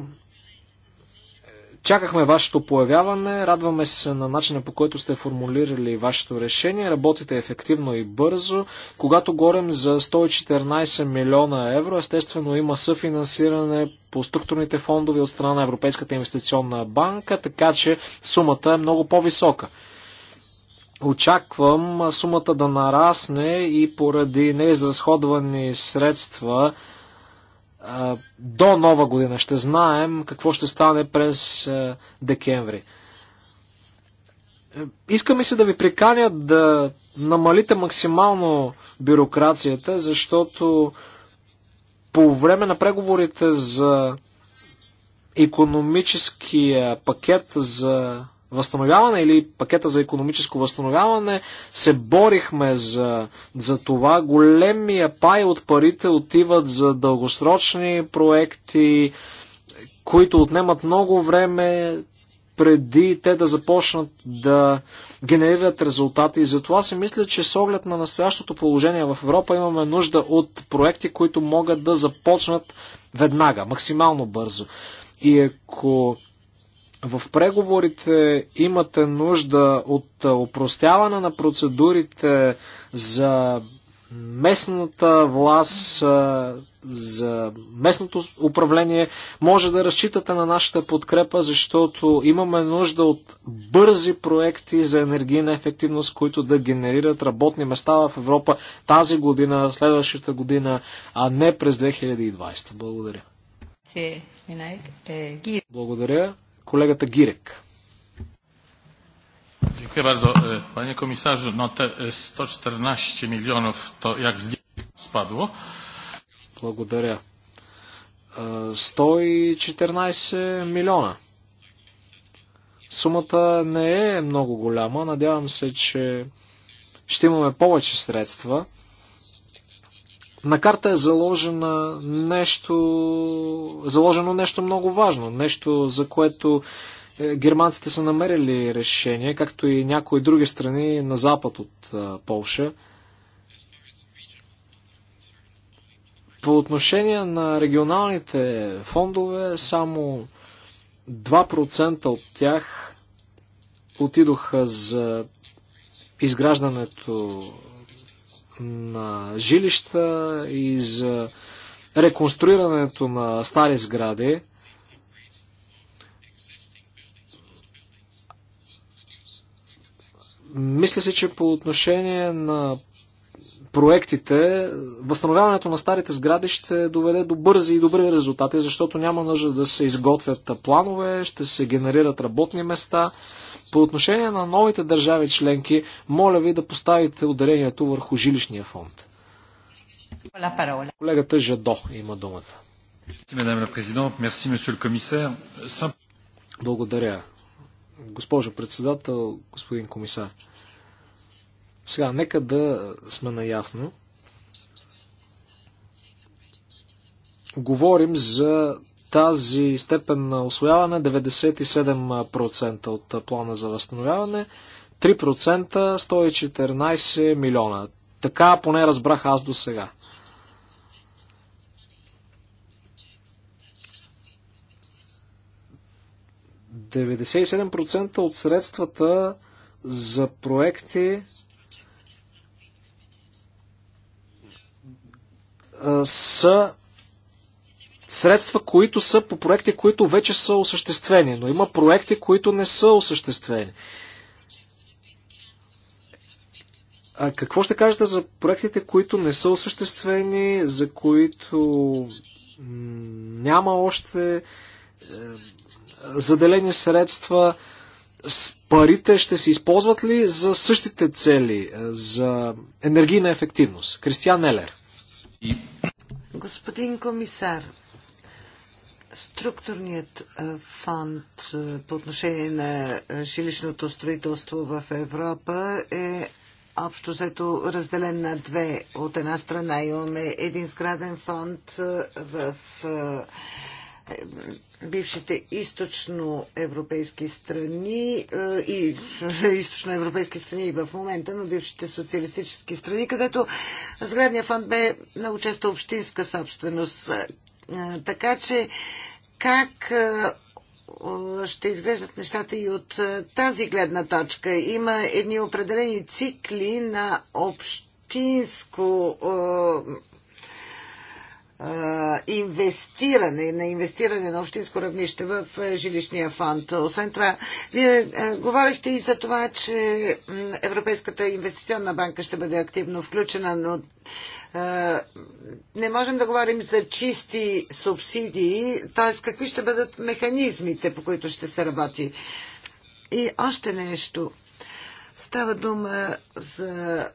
Чакахме вашето появяване, радваме се на начина по който сте формулирали вашето решение, работите ефективно и бързо. Когато говорим за 114 милиона евро, естествено има съфинансиране по структурните фондове от страна на Европейската инвестиционна банка, така че сумата е много по-висока. Очаквам сумата да нарасне и поради неизразходвани средства до нова година. Ще знаем какво ще стане през декември. Искаме се да ви приканя да намалите максимално бюрокрацията, защото по време на преговорите за економическия пакет за възстановяване или пакета за економическо възстановяване се борихме за, за това. Големия пай от парите отиват за дългосрочни проекти, които отнемат много време преди те да започнат да генерират резултати. И затова си мисля, че с оглед на настоящото положение в Европа имаме нужда от проекти, които могат да започнат веднага, максимално бързо. И ако в преговорите имате нужда от упростяване на процедурите за местната власт, за местното управление, може да разчитате на нашата подкрепа, защото имаме нужда от бързи проекти за енергийна ефективност, които да генерират работни места в Европа тази година, следващата година, а не през 2020. Благодаря. Е, Благодаря. Колегата Гирек. Dziękuję bardzo. E, panie komisarzu, no te 114 e, milionów to jak z spadło. Благодаря. 114 е, милиона. Сумата не е много голяма. Надявам се, че ще имаме повече средства. На карта е заложено нещо, заложено нещо много важно, нещо за което е, германците са намерили решение, както и някои други страни на запад от е, Полша. По отношение на регионалните фондове, само 2% от тях отидоха за изграждането на жилища и за реконструирането на стари сгради. Мисля се, че по отношение на проектите, възстановяването на старите сгради ще доведе до бързи и добри резултати, защото няма нужда да се изготвят планове, ще се генерират работни места. По отношение на новите държави членки, моля ви да поставите ударението върху жилищния фонд. Колегата Жадо има думата. Благодаря. Госпожо председател, господин комисар. Сега, нека да сме наясно. Говорим за тази степен на освояване 97% от плана за възстановяване, 3% 114 милиона. Така поне разбрах аз до сега. от средствата за проекти са средства, които са по проекти, които вече са осъществени, но има проекти, които не са осъществени. А какво ще кажете за проектите, които не са осъществени, за които няма още е, заделени средства? Парите ще се използват ли за същите цели, е, за енергийна ефективност? Кристиан Елер. Господин комисар, Структурният фонд по отношение на жилищното строителство в Европа е общо взето разделен на две. От една страна имаме един сграден фонд в бившите източноевропейски страни и източноевропейски страни и в момента, но бившите социалистически страни, където сградния фонд бе много често общинска собственост. Така че как ще изглеждат нещата и от тази гледна точка. Има едни определени цикли на общинско инвестиране, на инвестиране на общинско равнище в жилищния фонд. Освен това, вие говорихте и за това, че Европейската инвестиционна банка ще бъде активно включена, но не можем да говорим за чисти субсидии, т.е. какви ще бъдат механизмите, по които ще се работи. И още нещо. Става дума за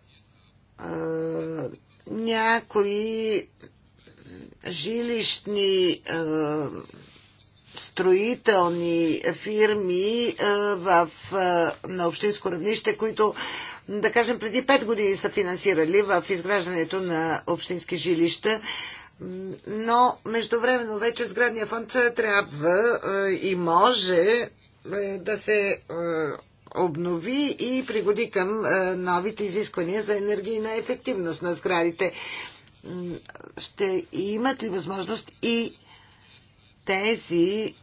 някои жилищни строителни фирми в, на общинско равнище, които, да кажем, преди 5 години са финансирали в изграждането на общински жилища. Но междувременно вече сградния фонд трябва и може да се обнови и пригоди към новите изисквания за енергийна ефективност на сградите ще имат ли възможност и тези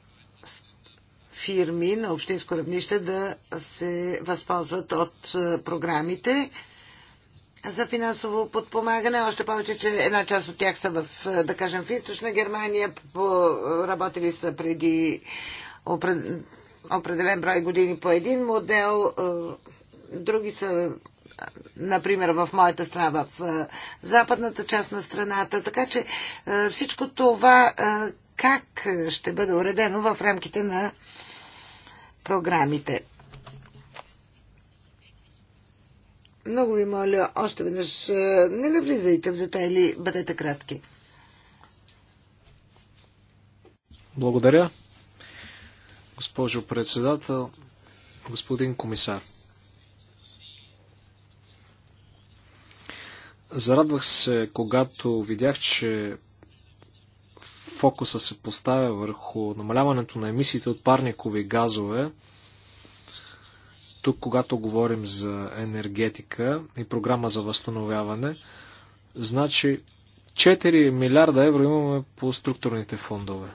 фирми на общинско равнище да се възползват от програмите за финансово подпомагане. Още повече, че една част от тях са в, да кажем, в източна Германия, работили са преди определен брой години по един модел, други са например, в моята страна, в е, западната част на страната. Така че е, всичко това е, как ще бъде уредено в рамките на програмите. Много ви моля, още веднъж не навлизайте в детайли, бъдете кратки. Благодаря. Госпожо председател, господин комисар. Зарадвах се, когато видях, че фокуса се поставя върху намаляването на емисиите от парникови газове. Тук, когато говорим за енергетика и програма за възстановяване, значи 4 милиарда евро имаме по структурните фондове.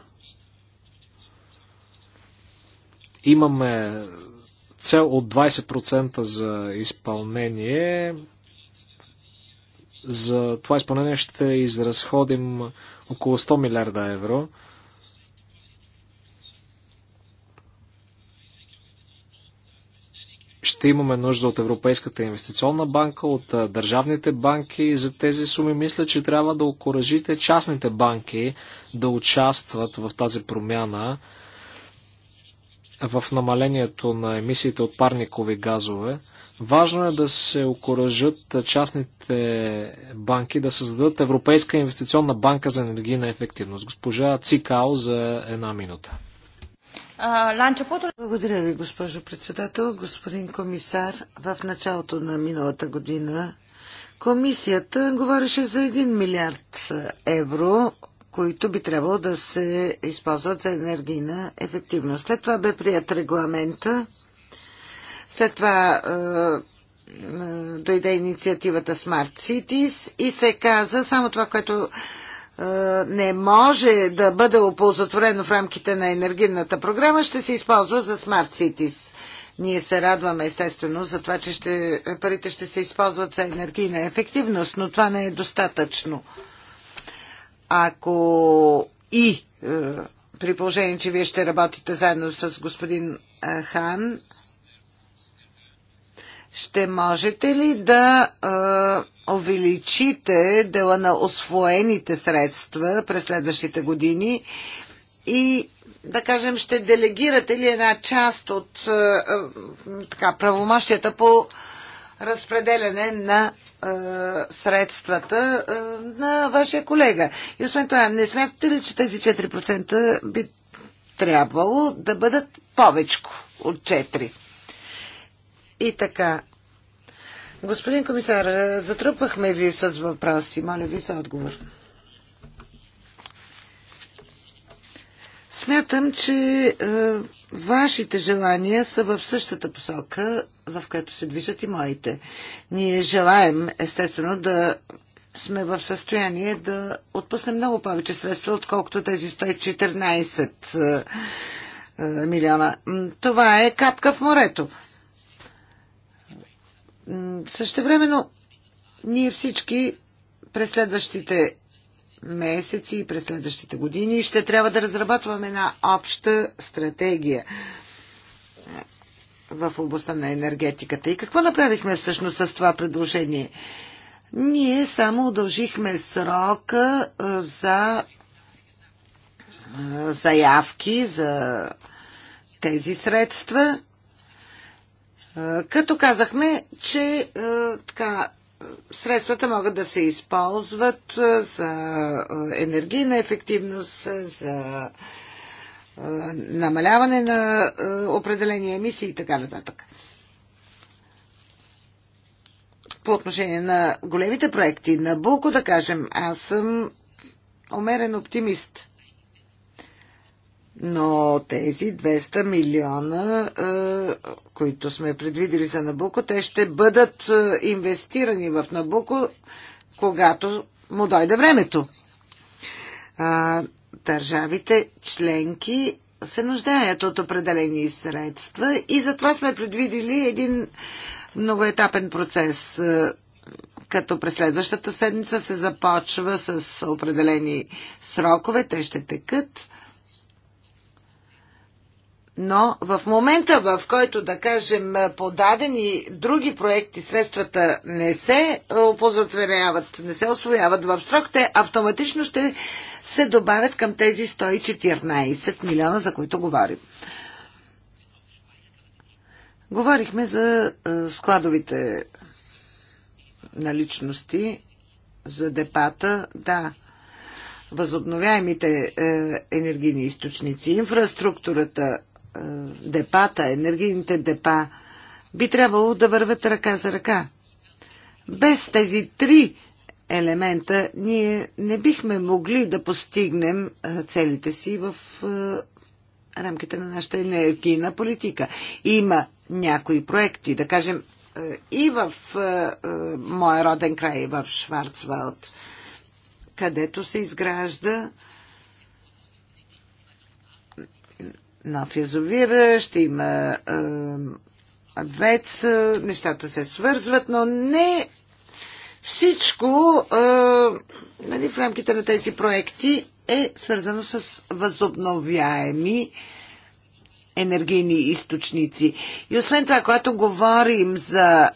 Имаме цел от 20% за изпълнение, за това изпълнение ще изразходим около 100 милиарда евро. ще имаме нужда от Европейската инвестиционна банка, от държавните банки. За тези суми мисля, че трябва да окоръжите частните банки да участват в тази промяна в намалението на емисиите от парникови газове. Важно е да се окоръжат частните банки да създадат Европейска инвестиционна банка за енергийна ефективност. Госпожа Цикао за една минута. Благодаря ви, госпожо председател. Господин комисар, в началото на миналата година комисията говореше за 1 милиард евро които би трябвало да се използват за енергийна ефективност. След това бе прият регламента. След това е, е, дойде инициативата Smart Cities и се каза само това, което е, не може да бъде оползотворено в рамките на енергийната програма, ще се използва за Smart Cities. Ние се радваме естествено за това, че ще, парите ще се използват за енергийна ефективност, но това не е достатъчно ако и е, при положение, че вие ще работите заедно с господин е, Хан, ще можете ли да а, е, увеличите дела на освоените средства през следващите години и да кажем, ще делегирате ли една част от а, така, правомощията по разпределяне на е, средствата е, на вашия колега. И освен това, не смятате ли, че тези 4% би трябвало да бъдат повечко от 4? И така. Господин комисар, е, затрупахме ви с въпроси. Моля ви за отговор. Смятам, че вашите желания са в същата посока в която се движат и моите. Ние желаем, естествено, да сме в състояние да отпуснем много повече средства, отколкото тези 114 е, е, милиона. Това е капка в морето. Същевременно, ние всички през следващите месеци и през следващите години ще трябва да разработваме една обща стратегия – в областта на енергетиката. И какво направихме всъщност с това предложение? Ние само удължихме срока за заявки за тези средства, като казахме, че така, средствата могат да се използват за енергийна ефективност, за намаляване на определени емисии и така нататък. По отношение на големите проекти, на Булко да кажем, аз съм умерен оптимист. Но тези 200 милиона, които сме предвидели за Набуко, те ще бъдат инвестирани в Набуко, когато му дойде времето държавите членки се нуждаят от определени средства и затова сме предвидили един многоетапен процес, е, като през следващата седмица се започва с определени срокове, те ще текат но в момента, в който, да кажем, подадени други проекти, средствата не се е, опозотверяват, не се освояват в срок, те автоматично ще се добавят към тези 114 милиона, за които говорим. Говорихме за е, складовите наличности, за депата, да, възобновяемите е, енергийни източници, инфраструктурата, депата, енергийните депа, би трябвало да върват ръка за ръка. Без тези три елемента ние не бихме могли да постигнем целите си в рамките на нашата енергийна политика. Има някои проекти, да кажем, и в моя роден край, в Шварцвалд, където се изгражда нов язовир, ще има е, вец, нещата се свързват, но не всичко е, нали, в рамките на тези проекти е свързано с възобновяеми енергийни източници. И освен това, когато говорим за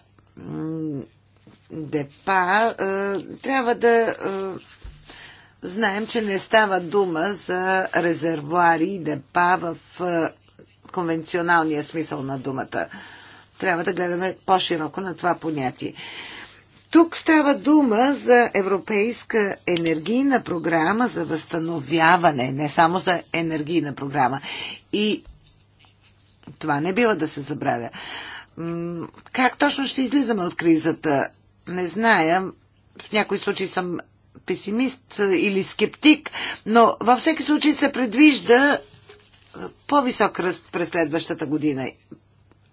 депа, е, трябва да е, Знаем, че не става дума за резервуари и депа в е, конвенционалния смисъл на думата. Трябва да гледаме по-широко на това понятие. Тук става дума за Европейска енергийна програма за възстановяване, не само за енергийна програма. И това не бива да се забравя. Как точно ще излизаме от кризата? Не зная. В някои случаи съм песимист или скептик, но във всеки случай се предвижда по-висок ръст през следващата година.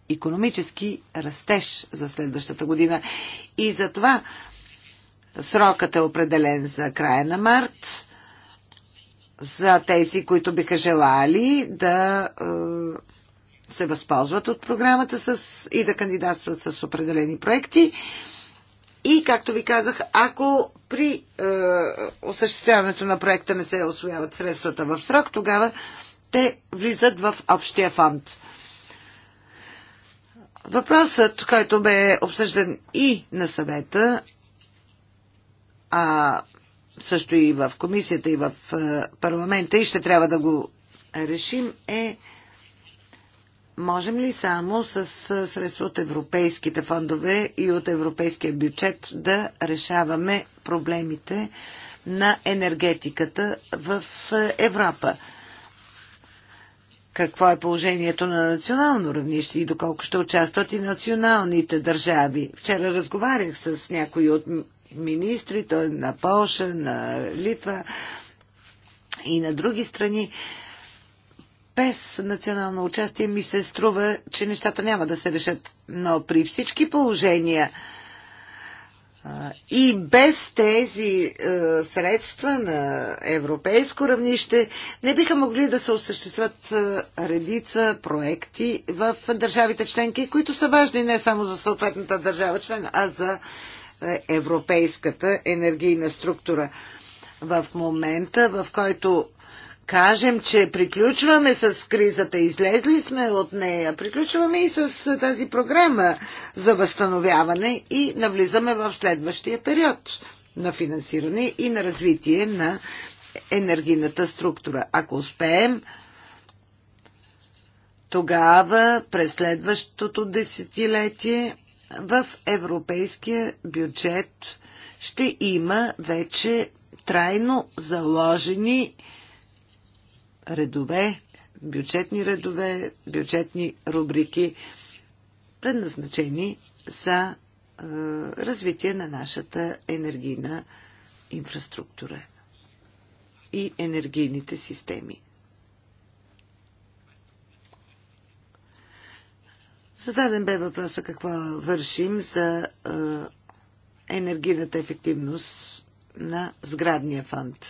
Економически растеж за следващата година. И затова срокът е определен за края на март за тези, които биха желали да е, се възползват от програмата с, и да кандидатстват с определени проекти. И, както ви казах, ако при е, осъществяването на проекта не се освояват средствата в срок, тогава те влизат в общия фонд. Въпросът, който бе обсъждан и на съвета, а също и в комисията, и в е, парламента, и ще трябва да го решим, е можем ли само с средства от европейските фондове и от европейския бюджет да решаваме проблемите на енергетиката в е, Европа? Какво е положението на национално равнище и доколко ще участват и националните държави? Вчера разговарях с някои от министрите на Полша, на Литва и на други страни без национално участие ми се струва, че нещата няма да се решат. Но при всички положения и без тези средства на европейско равнище не биха могли да се осъществят редица проекти в държавите членки, които са важни не само за съответната държава член, а за европейската енергийна структура. В момента, в който кажем, че приключваме с кризата, излезли сме от нея, приключваме и с тази програма за възстановяване и навлизаме в следващия период на финансиране и на развитие на енергийната структура. Ако успеем, тогава през следващото десетилетие в европейския бюджет ще има вече трайно заложени редове, бюджетни редове, бюджетни рубрики, предназначени за е, развитие на нашата енергийна инфраструктура и енергийните системи. Зададен бе въпроса какво вършим за е, енергийната ефективност на сградния фонд.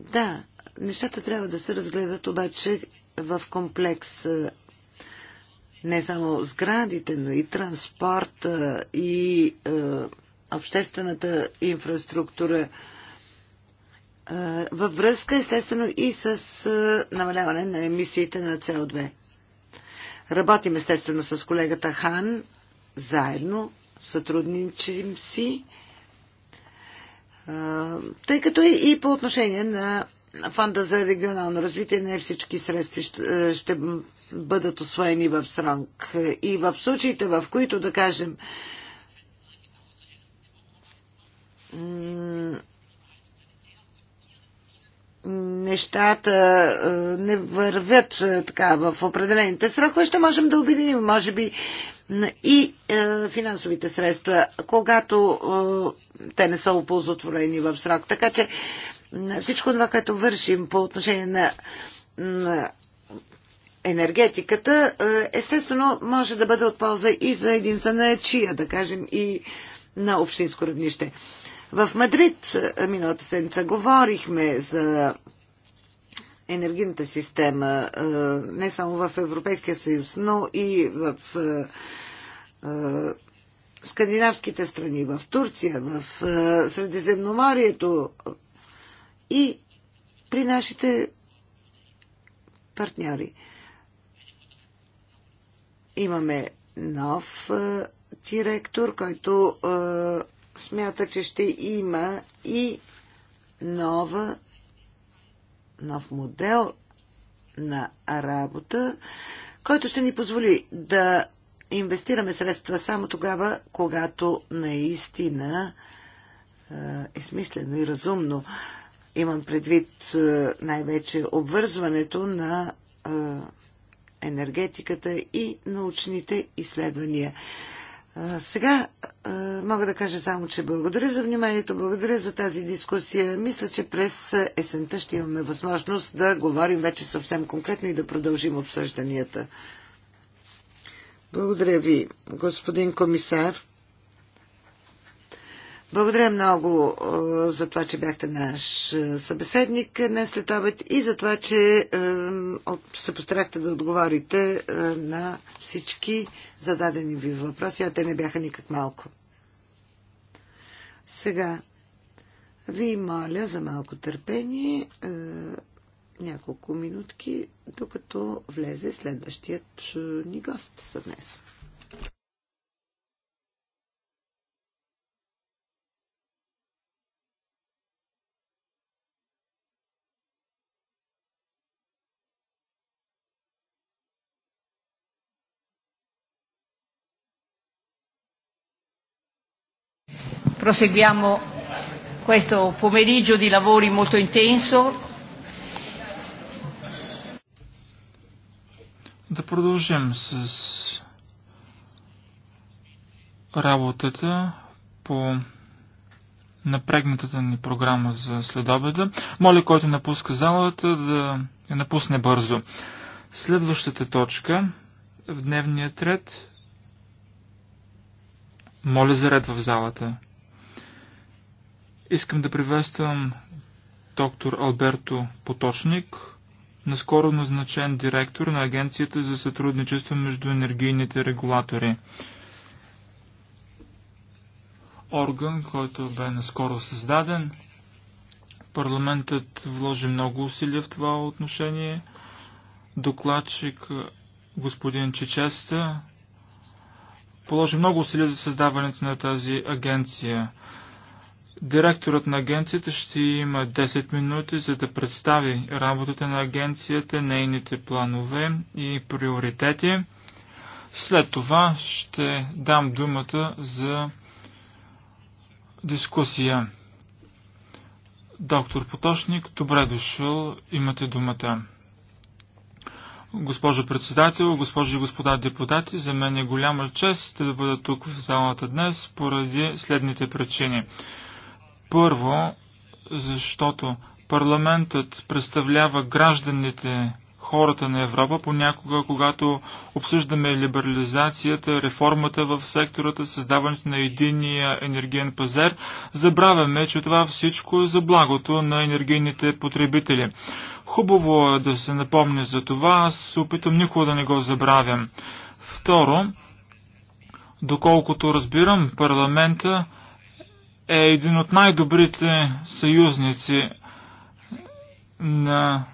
Да, нещата трябва да се разгледат обаче в комплекс не само сградите, но и транспорта и е, обществената инфраструктура е, във връзка естествено и с е, намаляване на емисиите на СО2. Работим естествено с колегата Хан, заедно, сътрудничим си тъй като е и по отношение на Фонда за регионално развитие не всички средства ще, ще бъдат освоени в срок. И в случаите, в които, да кажем, нещата не вървят така в определените срокове, ще можем да обединим, може би, и е, финансовите средства, когато е, те не са оползотворени в срок. Така че всичко това, което вършим по отношение на, на енергетиката, е, естествено може да бъде от полза и за един занаячия, да кажем, и на общинско равнище. В Мадрид е, миналата седмица говорихме за енергийната система не само в Европейския съюз, но и в скандинавските страни, в Турция, в Средиземноморието и при нашите партньори. Имаме нов директор, който смята, че ще има и нова нов модел на работа, който ще ни позволи да инвестираме средства само тогава, когато наистина е смислено и разумно. Имам предвид най-вече обвързването на енергетиката и научните изследвания. Сега мога да кажа само, че благодаря за вниманието, благодаря за тази дискусия. Мисля, че през есента ще имаме възможност да говорим вече съвсем конкретно и да продължим обсъжданията. Благодаря ви, господин комисар. Благодаря много за това, че бяхте наш събеседник днес след обед и за това, че се постарахте да отговорите на всички зададени ви въпроси, а те не бяха никак малко. Сега ви моля за малко търпение, няколко минутки, докато влезе следващият ни гост за днес. Proseguiamo questo pomeriggio di lavori molto intenso. Да продължим с работата по напрегнатата ни програма за следобеда. Моля, който напуска залата, да я напусне бързо. Следващата точка в дневния ред. Моля за ред в залата. Искам да приветствам доктор Алберто Поточник, наскоро назначен директор на Агенцията за сътрудничество между енергийните регулатори. Орган, който бе наскоро създаден. Парламентът вложи много усилия в това отношение. Докладчик господин Чечеста положи много усилия за създаването на тази агенция. Директорът на агенцията ще има 10 минути, за да представи работата на агенцията, нейните планове и приоритети. След това ще дам думата за дискусия. Доктор Поточник, добре дошъл, имате думата. Госпожо председател, госпожи и господа депутати, за мен е голяма чест да бъда тук в залата днес поради следните причини. Първо, защото парламентът представлява гражданите, хората на Европа, понякога, когато обсъждаме либерализацията, реформата в сектората, създаването на единия енергиен пазар, забравяме, че това всичко е за благото на енергийните потребители. Хубаво е да се напомня за това, аз се опитам никога да не го забравям. Второ, доколкото разбирам, парламента е един от най-добрите съюзници на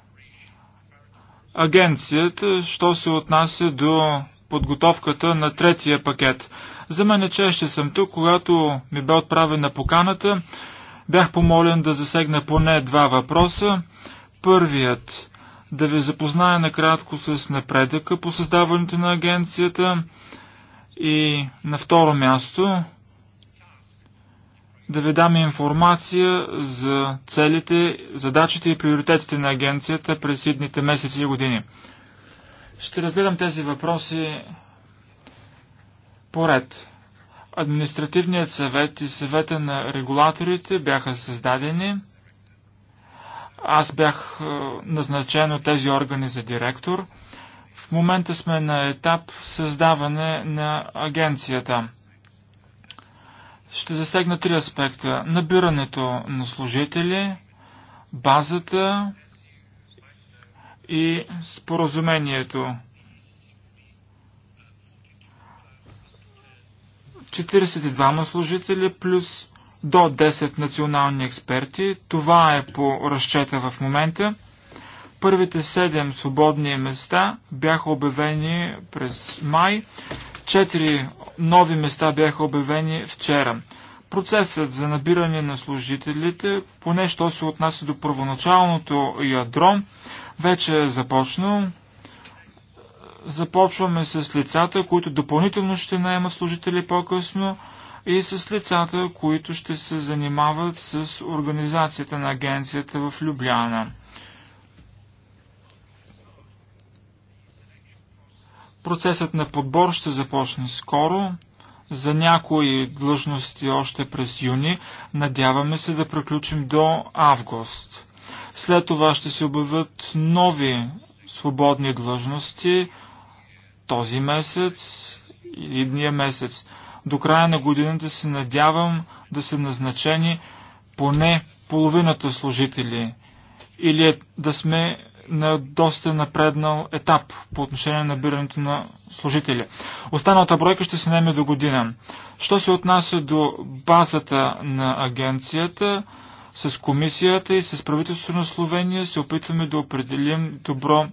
агенцията, що се отнася до подготовката на третия пакет. За мен е чеще съм тук, когато ми бе отправена поканата, бях помолен да засегна поне два въпроса. Първият да ви запозная накратко с напредъка по създаването на агенцията и на второ място да ви дам информация за целите, задачите и приоритетите на агенцията през идните месеци и години. Ще разгледам тези въпроси поред. Административният съвет и съвета на регулаторите бяха създадени. Аз бях е, назначен от тези органи за директор. В момента сме на етап създаване на агенцията – ще засегна три аспекта. Набирането на служители, базата и споразумението. 42 служители плюс до 10 национални експерти. Това е по разчета в момента. Първите 7 свободни места бяха обявени през май. 4 Нови места бяха обявени вчера. Процесът за набиране на служителите, поне що се отнася до първоначалното ядро, вече е започнал. Започваме с лицата, които допълнително ще наемат служители по-късно и с лицата, които ще се занимават с организацията на агенцията в Любляна. Процесът на подбор ще започне скоро. За някои длъжности още през юни. Надяваме се да приключим до август. След това ще се обявят нови свободни длъжности този месец и идния месец. До края на годината се надявам да са назначени поне половината служители или да сме на доста напреднал етап по отношение на набирането на служители. Останалата бройка ще се наеме до година. Що се отнася до базата на агенцията, с комисията и с правителството на Словения се опитваме да определим добро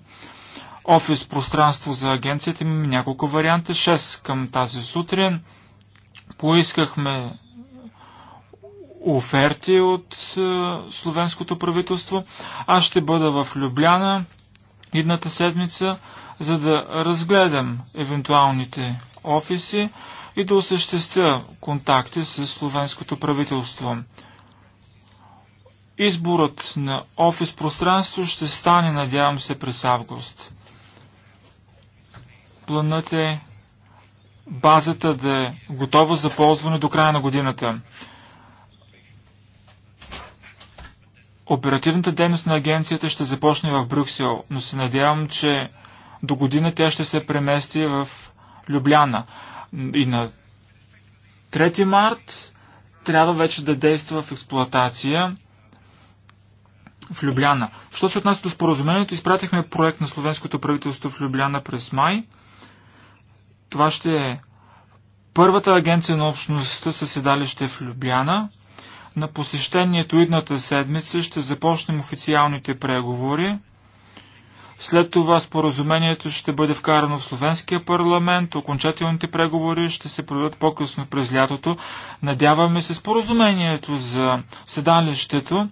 офис пространство за агенцията. Имаме няколко варианта, 6 към тази сутрин. Поискахме оферти от е, словенското правителство. Аз ще бъда в Любляна едната седмица, за да разгледам евентуалните офиси и да осъществя контакти с словенското правителство. Изборът на офис пространство ще стане, надявам се, през август. Планът е базата да е готова за ползване до края на годината. Оперативната дейност на агенцията ще започне в Брюксел, но се надявам, че до година тя ще се премести в Любляна. И на 3 март трябва вече да действа в експлоатация в Любляна. Що се отнася до споразумението, изпратихме проект на словенското правителство в Любляна през май. Това ще е първата агенция на общността със седалище в Любляна – на посещението идната седмица ще започнем официалните преговори. След това споразумението ще бъде вкарано в Словенския парламент. Окончателните преговори ще се проведат по-късно през лятото. Надяваме се споразумението за седалището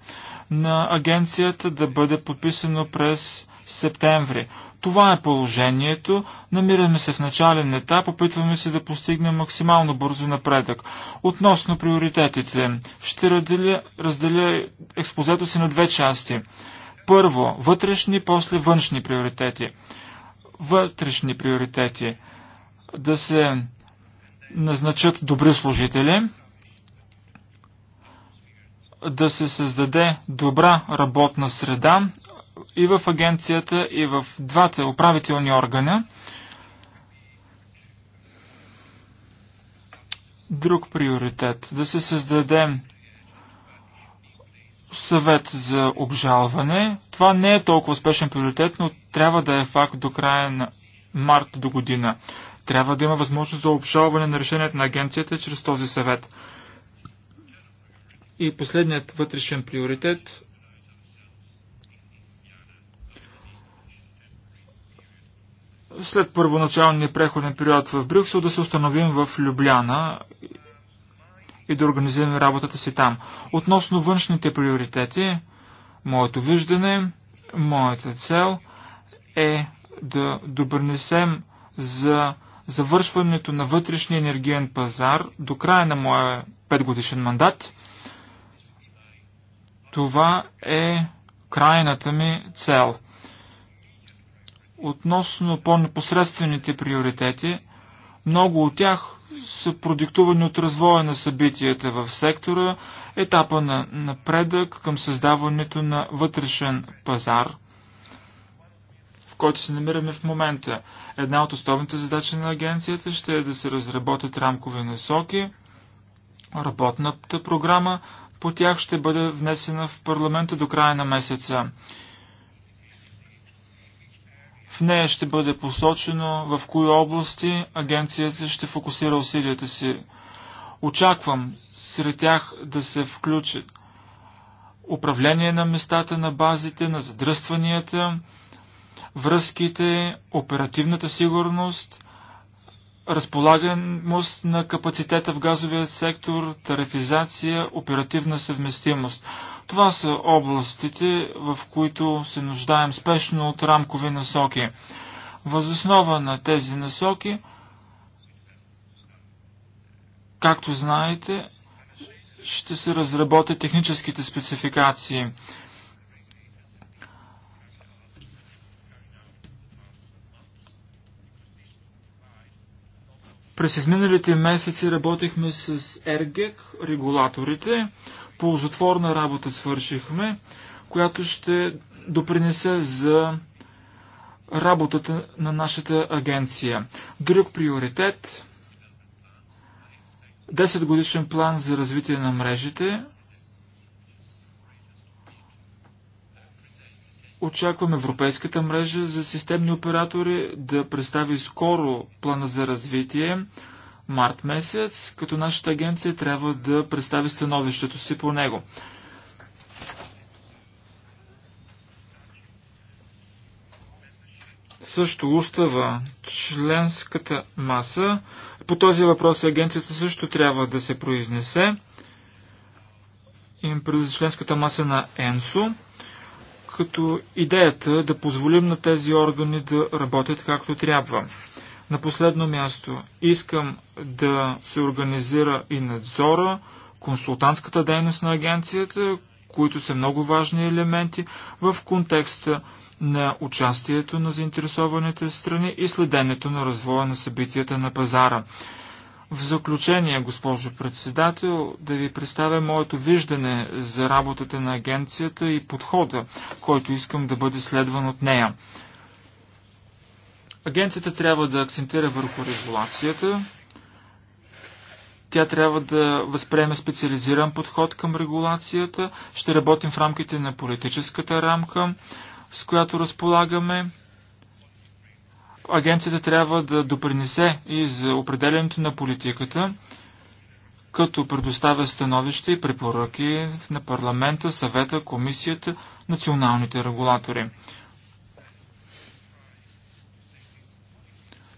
на агенцията да бъде подписано през септември. Това е положението. Намираме се в начален етап, опитваме се да постигнем максимално бързо напредък. Относно приоритетите, ще разделя, разделя експозето си на две части. Първо, вътрешни, после външни приоритети. Вътрешни приоритети. Да се назначат добри служители, да се създаде добра работна среда, и в агенцията, и в двата управителни органа. Друг приоритет да се създадем съвет за обжалване. Това не е толкова спешен приоритет, но трябва да е факт до края на март до година. Трябва да има възможност за обжалване на решението на агенцията чрез този съвет. И последният вътрешен приоритет след първоначалния преходен период в Брюксел да се установим в Любляна и да организираме работата си там. Относно външните приоритети, моето виждане, моята цел е да добърнесем за завършването на вътрешния енергиен пазар до края на моя петгодишен годишен мандат. Това е крайната ми цел – Относно по-непосредствените приоритети, много от тях са продиктувани от развоя на събитията в сектора, етапа на напредък към създаването на вътрешен пазар, в който се намираме в момента. Една от основните задачи на агенцията ще е да се разработят рамкови насоки. Работната програма по тях ще бъде внесена в парламента до края на месеца. В нея ще бъде посочено в кои области агенцията ще фокусира усилията си. Очаквам сред тях да се включат управление на местата на базите, на задръстванията, връзките, оперативната сигурност, разполагаемост на капацитета в газовия сектор, тарифизация, оперативна съвместимост. Това са областите, в които се нуждаем спешно от рамкови насоки. Възоснова на тези насоки, както знаете, ще се разработят техническите спецификации. През изминалите месеци работихме с РГЕК, регулаторите ползотворна работа свършихме, която ще допринесе за работата на нашата агенция. Друг приоритет 10 годишен план за развитие на мрежите. очакваме Европейската мрежа за системни оператори да представи скоро плана за развитие март месец, като нашата агенция трябва да представи становището си по него. Също устава членската маса. По този въпрос агенцията също трябва да се произнесе. Им през членската маса на ЕНСО като идеята е да позволим на тези органи да работят както трябва. На последно място искам да се организира и надзора, консултантската дейност на агенцията, които са много важни елементи в контекста на участието на заинтересованите страни и следенето на развоя на събитията на пазара. В заключение, госпожо председател, да ви представя моето виждане за работата на агенцията и подхода, който искам да бъде следван от нея. Агенцията трябва да акцентира върху регулацията. Тя трябва да възприеме специализиран подход към регулацията. Ще работим в рамките на политическата рамка, с която разполагаме. Агенцията трябва да допринесе и за определенето на политиката, като предоставя становища и препоръки на парламента, съвета, комисията, националните регулатори.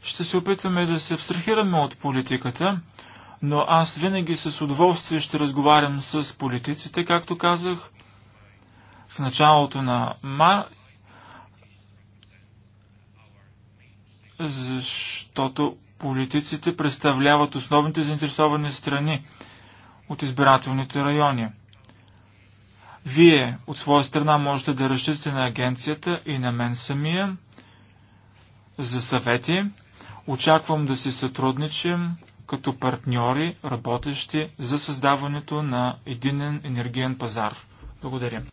Ще се опитваме да се абстрахираме от политиката, но аз винаги с удоволствие ще разговарям с политиците, както казах в началото на май, защото политиците представляват основните заинтересовани страни от избирателните райони. Вие от своя страна можете да разчитате на агенцията и на мен самия за съвети. Очаквам да си сътрудничим като партньори, работещи за създаването на единен енергиен пазар. Благодаря.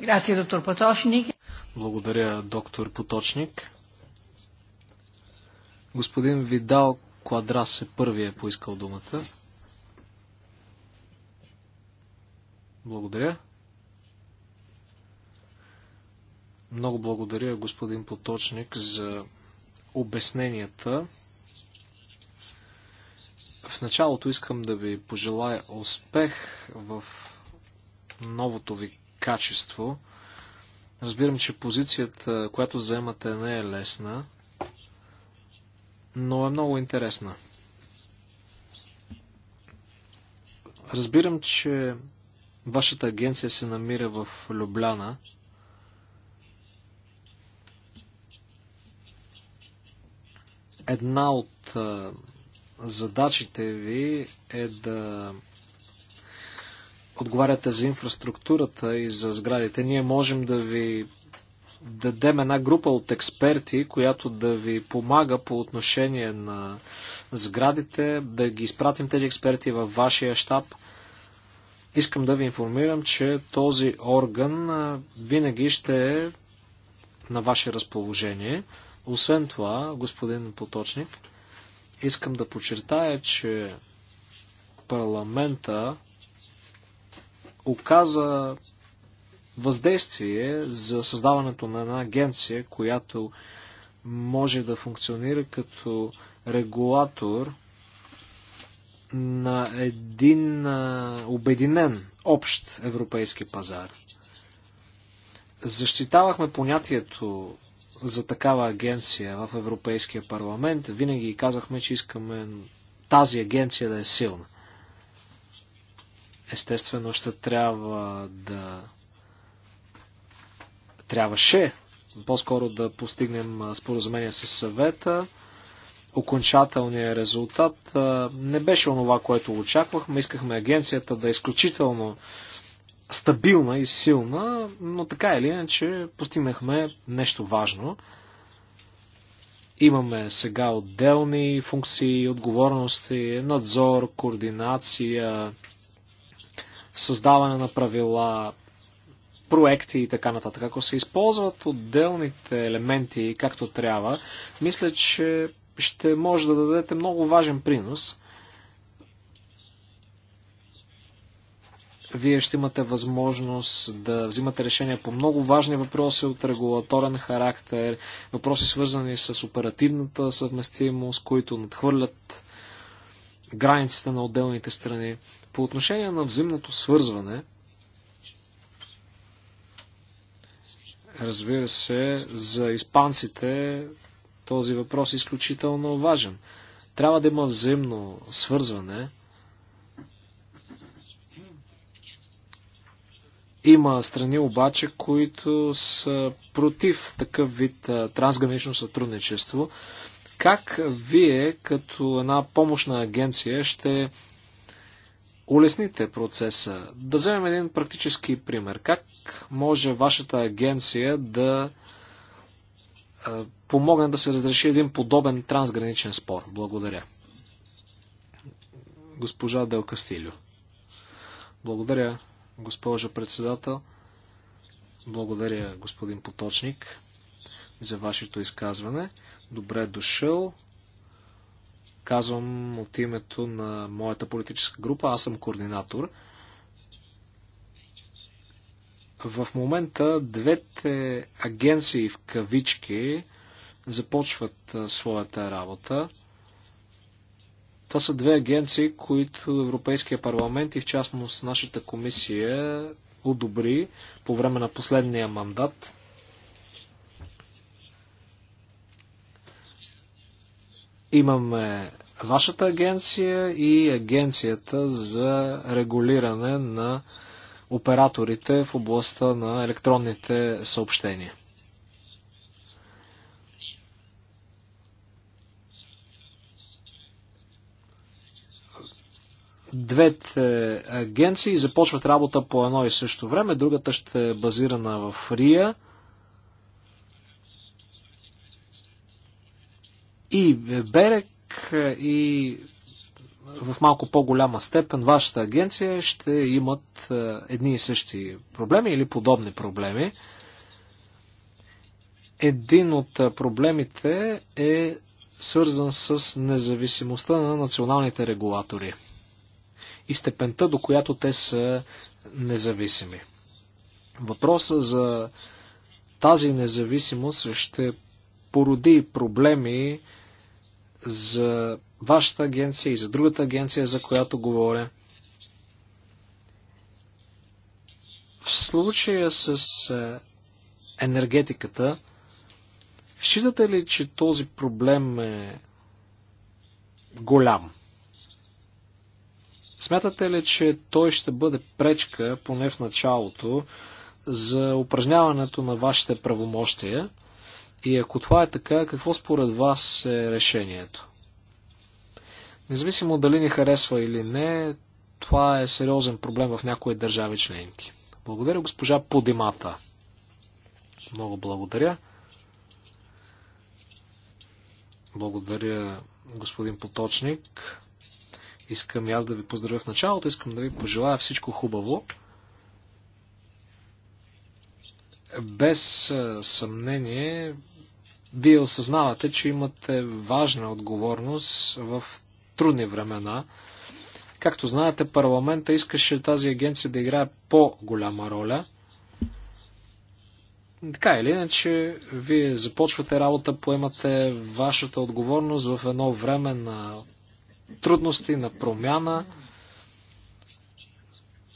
Грация, доктор Поточник. Благодаря, доктор Поточник. Господин Видал Квадрас е първия е поискал думата. Благодаря. Много благодаря, господин Поточник, за обясненията. В началото искам да ви пожелая успех в новото ви качество. Разбирам, че позицията, която заемате, не е лесна, но е много интересна. Разбирам, че вашата агенция се намира в Любляна. Една от задачите ви е да отговаряте за инфраструктурата и за сградите. Ние можем да ви дадем една група от експерти, която да ви помага по отношение на сградите, да ги изпратим тези експерти във вашия щаб. Искам да ви информирам, че този орган винаги ще е на ваше разположение. Освен това, господин Поточник, искам да подчертая, че парламента оказа въздействие за създаването на една агенция, която може да функционира като регулатор на един обединен общ европейски пазар. Защитавахме понятието за такава агенция в Европейския парламент. Винаги казахме, че искаме тази агенция да е силна. Естествено, ще трябва да. Трябваше по-скоро да постигнем споразумение с съвета. Окончателният резултат не беше онова, което очаквахме. Искахме агенцията да е изключително стабилна и силна, но така или иначе постигнахме нещо важно. Имаме сега отделни функции, отговорности, надзор, координация, създаване на правила, проекти и така нататък. Ако се използват отделните елементи както трябва, мисля, че ще може да дадете много важен принос Вие ще имате възможност да взимате решения по много важни въпроси от регулаторен характер, въпроси свързани с оперативната съвместимост, които надхвърлят границите на отделните страни. По отношение на взаимното свързване, разбира се, за испанците този въпрос е изключително важен. Трябва да има взаимно свързване Има страни обаче, които са против такъв вид трансгранично сътрудничество. Как вие, като една помощна агенция, ще улесните процеса? Да вземем един практически пример. Как може вашата агенция да помогне да се разреши един подобен трансграничен спор? Благодаря. Госпожа Дел Кастилю. Благодаря, госпожо председател. Благодаря, господин Поточник, за вашето изказване. Добре дошъл. Казвам от името на моята политическа група. Аз съм координатор. В момента двете агенции в кавички започват своята работа. Това са две агенции, които Европейския парламент и в частност нашата комисия одобри по време на последния мандат. Имаме вашата агенция и агенцията за регулиране на операторите в областта на електронните съобщения. двете е, агенции започват работа по едно и също време, другата ще е базирана в Рия. И е, Берек е, и в малко по-голяма степен вашата агенция ще имат едни и същи проблеми или подобни проблеми. Един от проблемите е свързан с независимостта на националните регулатори – и степента, до която те са независими. Въпроса за тази независимост ще породи проблеми за вашата агенция и за другата агенция, за която говоря. В случая с е, енергетиката, считате ли, че този проблем е голям? Смятате ли, че той ще бъде пречка, поне в началото, за упражняването на вашите правомощия? И ако това е така, какво според вас е решението? Независимо дали ни харесва или не, това е сериозен проблем в някои държави членки. Благодаря госпожа Подимата. Много благодаря. Благодаря господин Поточник. Искам и аз да ви поздравя в началото, искам да ви пожелая всичко хубаво. Без е, съмнение, вие осъзнавате, че имате важна отговорност в трудни времена. Както знаете, парламента искаше тази агенция да играе по-голяма роля. Така или иначе, вие започвате работа, поемате вашата отговорност в едно време на трудности, на промяна.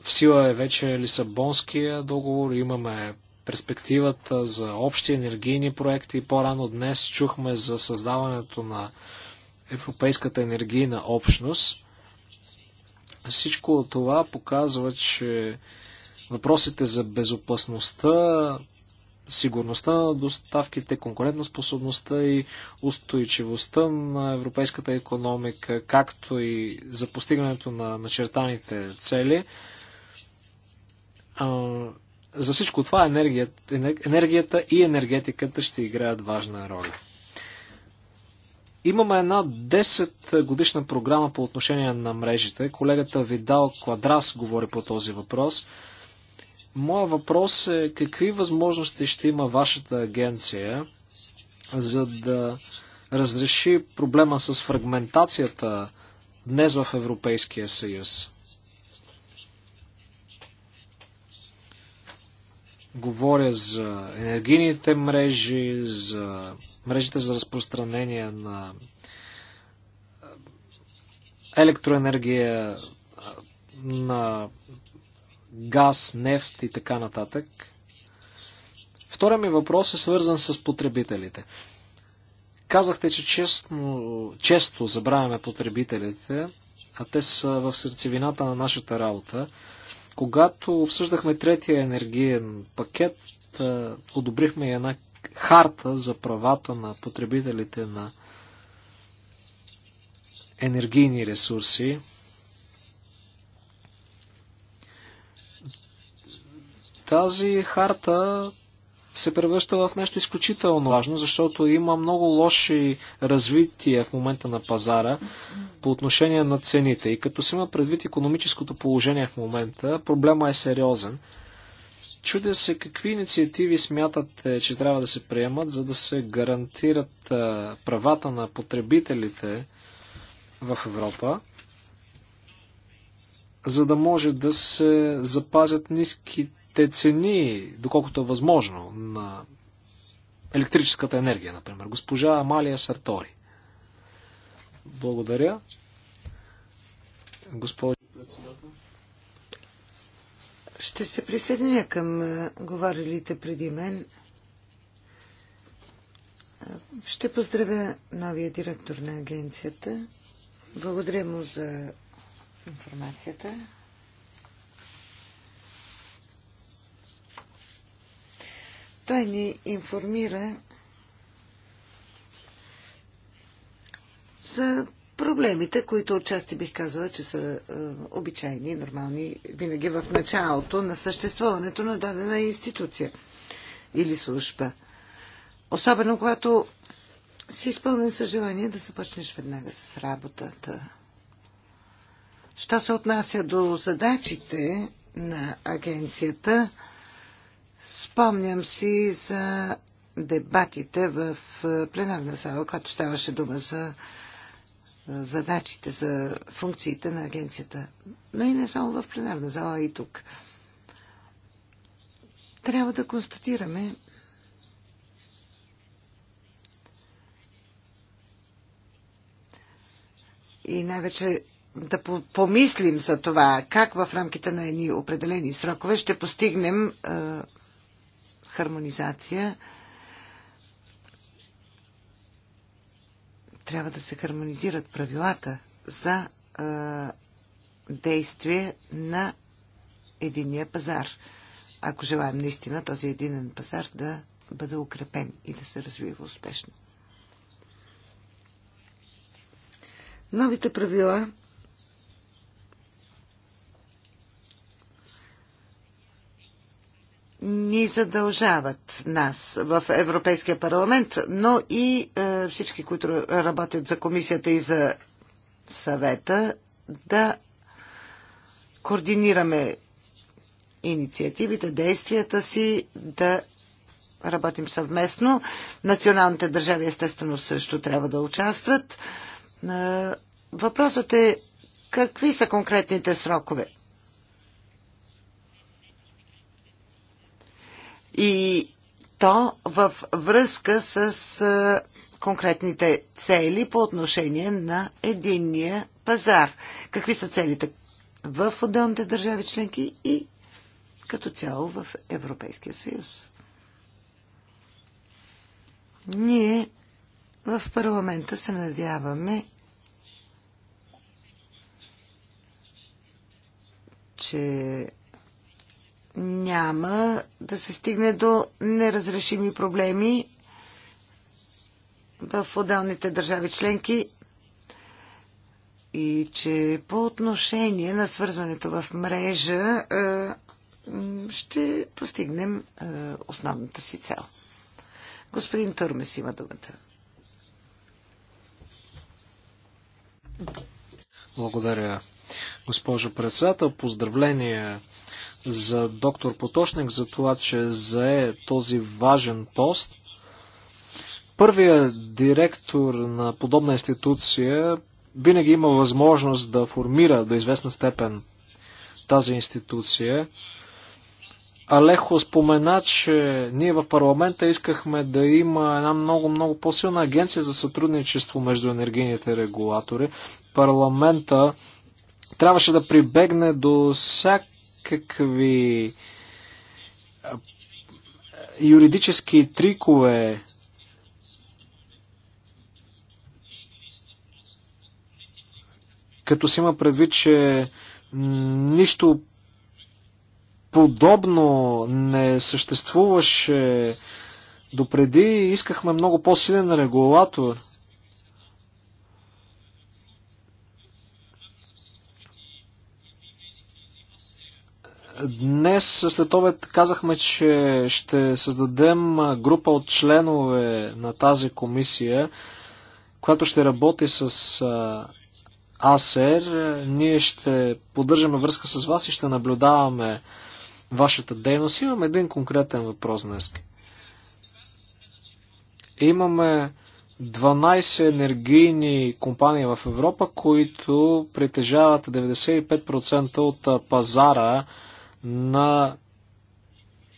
В сила е вече Лисабонския договор, имаме перспективата за общи енергийни проекти. По-рано днес чухме за създаването на Европейската енергийна общност. Всичко това показва, че въпросите за безопасността, сигурността на доставките, конкурентоспособността и устойчивостта на европейската економика, както и за постигането на начертаните цели. За всичко това енергията, енергията и енергетиката ще играят важна роля. Имаме една 10 годишна програма по отношение на мрежите. Колегата Видал Квадрас говори по този въпрос – Моя въпрос е какви възможности ще има вашата агенция, за да разреши проблема с фрагментацията днес в Европейския съюз? Говоря за енергийните мрежи, за мрежите за разпространение на електроенергия, на газ, нефт и така нататък. Втория ми въпрос е свързан с потребителите. Казахте, че честно, често забравяме потребителите, а те са в сърцевината на нашата работа. Когато обсъждахме третия енергиен пакет, одобрихме една харта за правата на потребителите на енергийни ресурси. Тази харта се превръща в нещо изключително важно, защото има много лоши развитие в момента на пазара по отношение на цените. И като се има предвид економическото положение в момента, проблема е сериозен. Чудя се какви инициативи смятате, че трябва да се приемат, за да се гарантират правата на потребителите в Европа, за да може да се запазят ниските те цени, доколкото е възможно, на електрическата енергия, например. Госпожа Амалия Сартори. Благодаря. Госпожа председател. Ще се присъединя към говорилите преди мен. Ще поздравя новия директор на агенцията. Благодаря му за информацията, Той ни информира за проблемите, които отчасти бих казала, че са е, обичайни, нормални, винаги в началото на съществуването на дадена институция или служба. Особено когато си изпълнен с желание да започнеш веднага с работата. Що се отнася до задачите на агенцията, Спомням си за дебатите в пленарна зала, когато ставаше дума за задачите, за функциите на агенцията. Но и не само в пленарна зала, а и тук. Трябва да констатираме, и най-вече да помислим за това, как в рамките на едни определени срокове ще постигнем хармонизация. Трябва да се хармонизират правилата за а, действие на единия пазар, ако желаем наистина този единен пазар да бъде укрепен и да се развива успешно. Новите правила ни задължават нас в Европейския парламент, но и е, всички, които работят за комисията и за съвета, да координираме инициативите, действията си, да работим съвместно. Националните държави естествено също трябва да участват. Е, въпросът е какви са конкретните срокове? И то в връзка с конкретните цели по отношение на единния пазар. Какви са целите в отделните държави членки и като цяло в Европейския съюз? Ние в парламента се надяваме, че няма да се стигне до неразрешими проблеми в отделните държави членки и че по отношение на свързването в мрежа е, ще постигнем е, основната си цел. Господин Турмес има думата. Благодаря, госпожо председател. Поздравления за доктор Поточник за това, че зае този важен пост. Първият директор на подобна институция винаги има възможност да формира до известна степен тази институция. Алехо спомена, че ние в парламента искахме да има една много-много по-силна агенция за сътрудничество между енергийните регулатори. Парламента трябваше да прибегне до всяка всякакви юридически трикове. Като си има предвид, че нищо подобно не съществуваше допреди, искахме много по-силен регулатор – Днес след обед казахме, че ще създадем група от членове на тази комисия, която ще работи с АСЕР. Ние ще поддържаме връзка с вас и ще наблюдаваме вашата дейност. Имам един конкретен въпрос днес. Имаме 12 енергийни компании в Европа, които притежават 95% от пазара на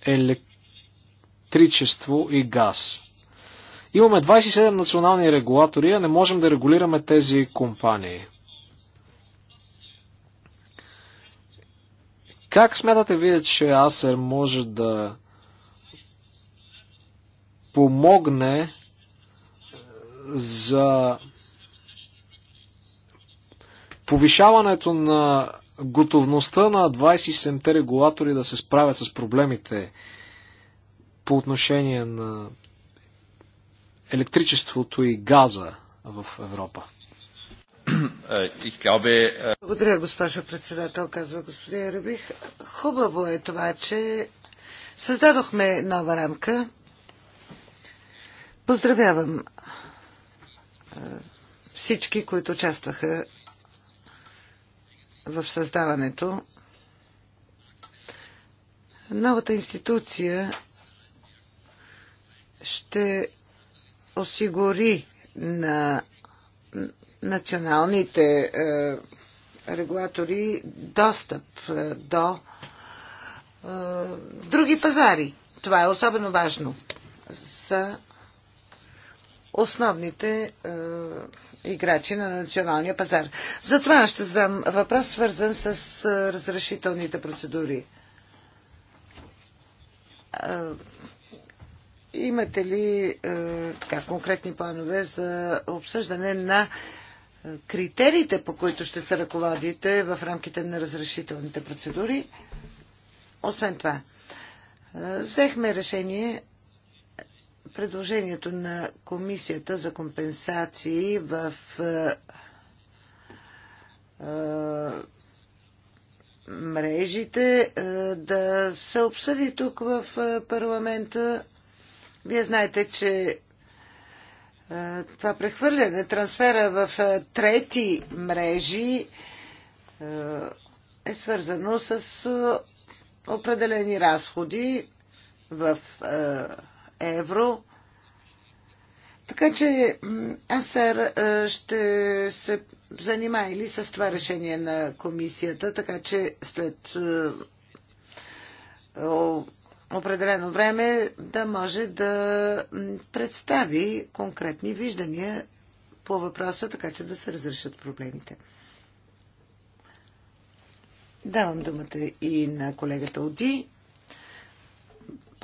електричество и газ. Имаме 27 национални регулатори, а не можем да регулираме тези компании. Как смятате вие, че Асер може да помогне за повишаването на готовността на 27-те регулатори да се справят с проблемите по отношение на електричеството и газа в Европа. Е, е, Благодаря, госпожо председател, казва господин Рубих. Хубаво е това, че създадохме нова рамка. Поздравявам е, всички, които участваха в създаването. Новата институция ще осигури на националните е, регулатори достъп е, до е, други пазари. Това е особено важно Са основните играчи на националния пазар. Затова ще задам въпрос, свързан с разрешителните процедури. Имате ли така, конкретни планове за обсъждане на критериите, по които ще се ръководите в рамките на разрешителните процедури? Освен това, взехме решение предложението на комисията за компенсации в е, е, мрежите е, да се обсъди тук в парламента. Вие знаете, че това прехвърляне, трансфера в трети мрежи е свързано с определени разходи в евро. Така че аз ще се занимая или с това решение на комисията, така че след определено време да може да представи конкретни виждания по въпроса, така че да се разрешат проблемите. Давам думата и на колегата Оди.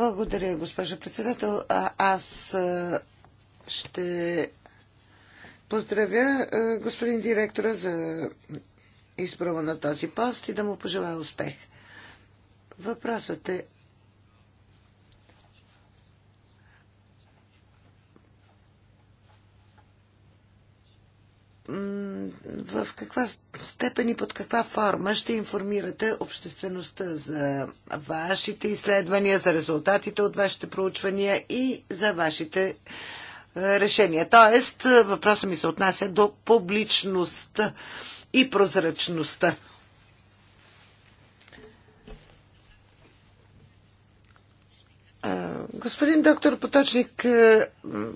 Благодаря, госпожа председател. А, аз а, ще поздравя а, господин директора за избрала на този пост и да му пожелая успех. Въпросът е в каква степен и под каква форма ще информирате обществеността за вашите изследвания, за резултатите от вашите проучвания и за вашите е, решения. Тоест, въпросът ми се отнася до публичността и прозрачността. Господин доктор Поточник,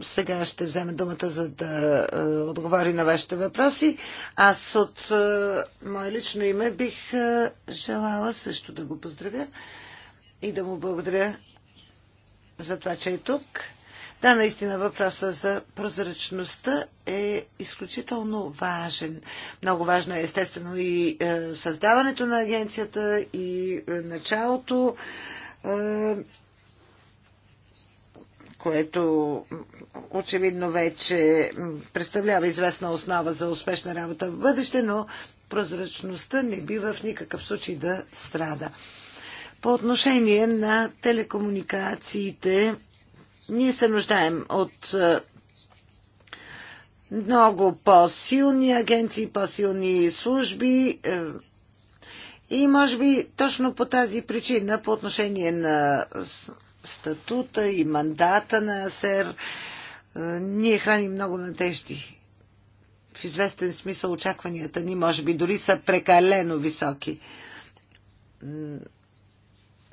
сега ще вземе думата, за да отговори на вашите въпроси. Аз от мое лично име бих желала също да го поздравя и да му благодаря за това, че е тук. Да, наистина въпроса за прозрачността е изключително важен. Много важно е естествено и създаването на агенцията и началото което очевидно вече представлява известна основа за успешна работа в бъдеще, но прозрачността не бива в никакъв случай да страда. По отношение на телекомуникациите, ние се нуждаем от е, много по-силни агенции, по-силни служби. Е, и може би точно по тази причина, по отношение на статута и мандата на АСЕР е, Ние храним много надежди. В известен смисъл очакванията ни, може би, дори са прекалено високи.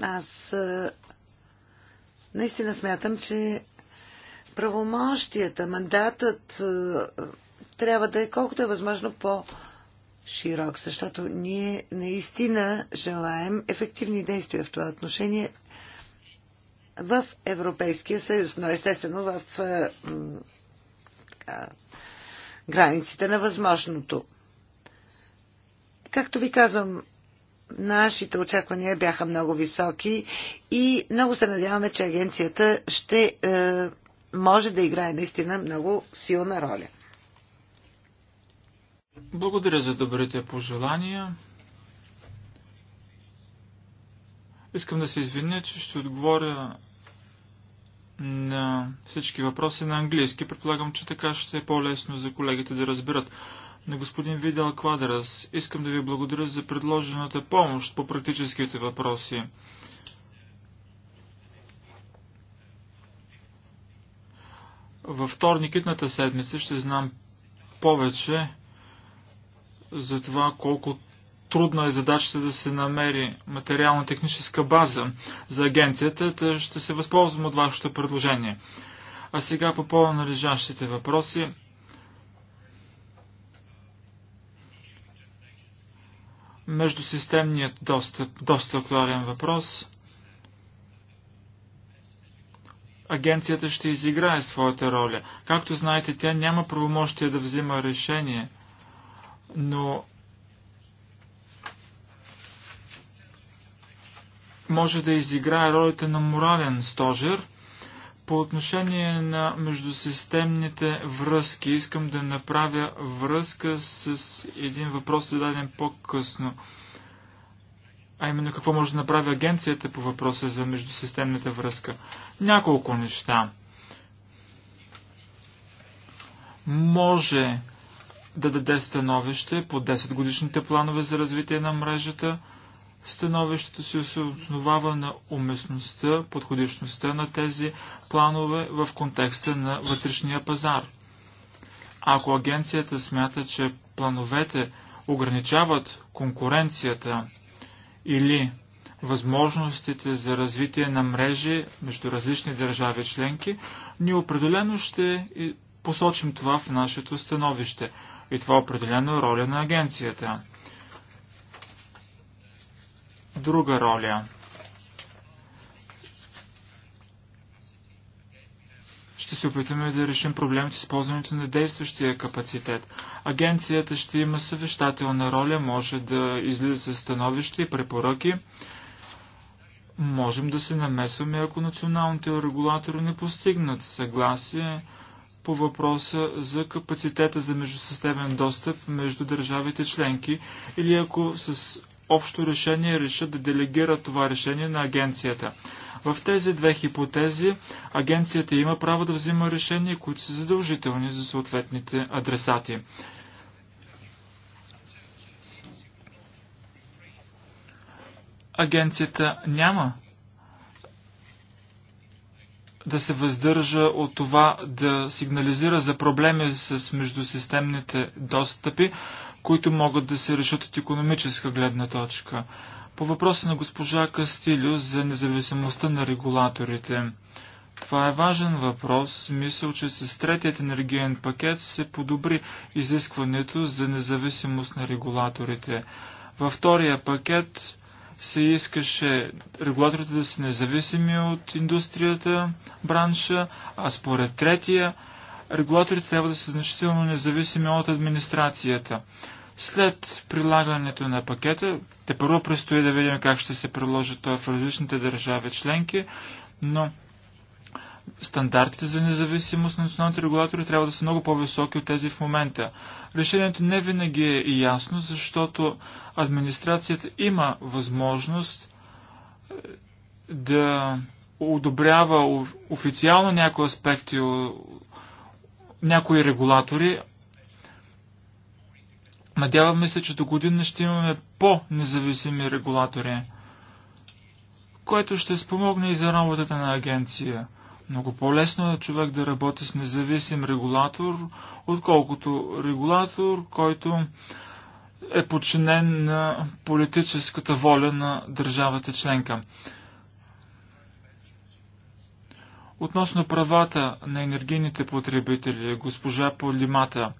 Аз е, наистина смятам, че правомощията, мандатът е, трябва да е колкото е възможно по- широк, защото ние наистина желаем ефективни действия в това отношение в Европейския съюз, но естествено в е, така, границите на възможното. Както ви казвам, нашите очаквания бяха много високи и много се надяваме, че агенцията ще е, може да играе наистина много силна роля. Благодаря за добрите пожелания. Искам да се извиня, че ще отговоря на всички въпроси на английски. Предполагам, че така ще е по-лесно за колегите да разберат. На господин Видел Квадрас, искам да ви благодаря за предложената помощ по практическите въпроси. Във вторник седмица ще знам повече за това колко трудна е задачата да се намери материално-техническа база за агенцията, да ще се възползвам от вашето предложение. А сега по повод на лежащите въпроси. Междусистемният достъп, доста актуален въпрос. Агенцията ще изиграе своята роля. Както знаете, тя няма правомощие да взима решение, но може да изиграе ролята на морален стожер. По отношение на междусистемните връзки, искам да направя връзка с един въпрос, зададен по-късно. А именно какво може да направи агенцията по въпроса за междусистемната връзка. Няколко неща. Може да даде становище по 10 годишните планове за развитие на мрежата – Становището си се основава на уместността, подходичността на тези планове в контекста на вътрешния пазар. Ако агенцията смята, че плановете ограничават конкуренцията или възможностите за развитие на мрежи между различни държави членки, ние определено ще посочим това в нашето становище. И това определено е роля на агенцията друга роля. Ще се опитаме да решим проблемите с ползването на действащия капацитет. Агенцията ще има съвещателна роля, може да излиза с становища и препоръки. Можем да се намесваме, ако националните регулатори не постигнат съгласие по въпроса за капацитета за междусъстебен достъп между държавите членки или ако с общо решение решат да делегират това решение на агенцията. В тези две хипотези агенцията има право да взима решения, които са задължителни за съответните адресати. Агенцията няма да се въздържа от това да сигнализира за проблеми с междусистемните достъпи, които могат да се решат от економическа гледна точка. По въпроса на госпожа Кастилю за независимостта на регулаторите. Това е важен въпрос. Мисля, че с третият енергиен пакет се подобри изискването за независимост на регулаторите. Във втория пакет се искаше регулаторите да са независими от индустрията, бранша, а според третия – регулаторите трябва да са значително независими от администрацията. След прилагането на пакета, те първо предстои да видим как ще се приложи това в различните държави членки, но стандартите за независимост на националните регулатори трябва да са много по-високи от тези в момента. Решението не винаги е и ясно, защото администрацията има възможност е, да одобрява официално някои аспекти някои регулатори. Надяваме се, че до година ще имаме по-независими регулатори, което ще спомогне и за работата на агенция. Много по-лесно е човек да работи с независим регулатор, отколкото регулатор, който е подчинен на политическата воля на държавата членка. Относно правата на енергийните потребители, госпожа Полимата,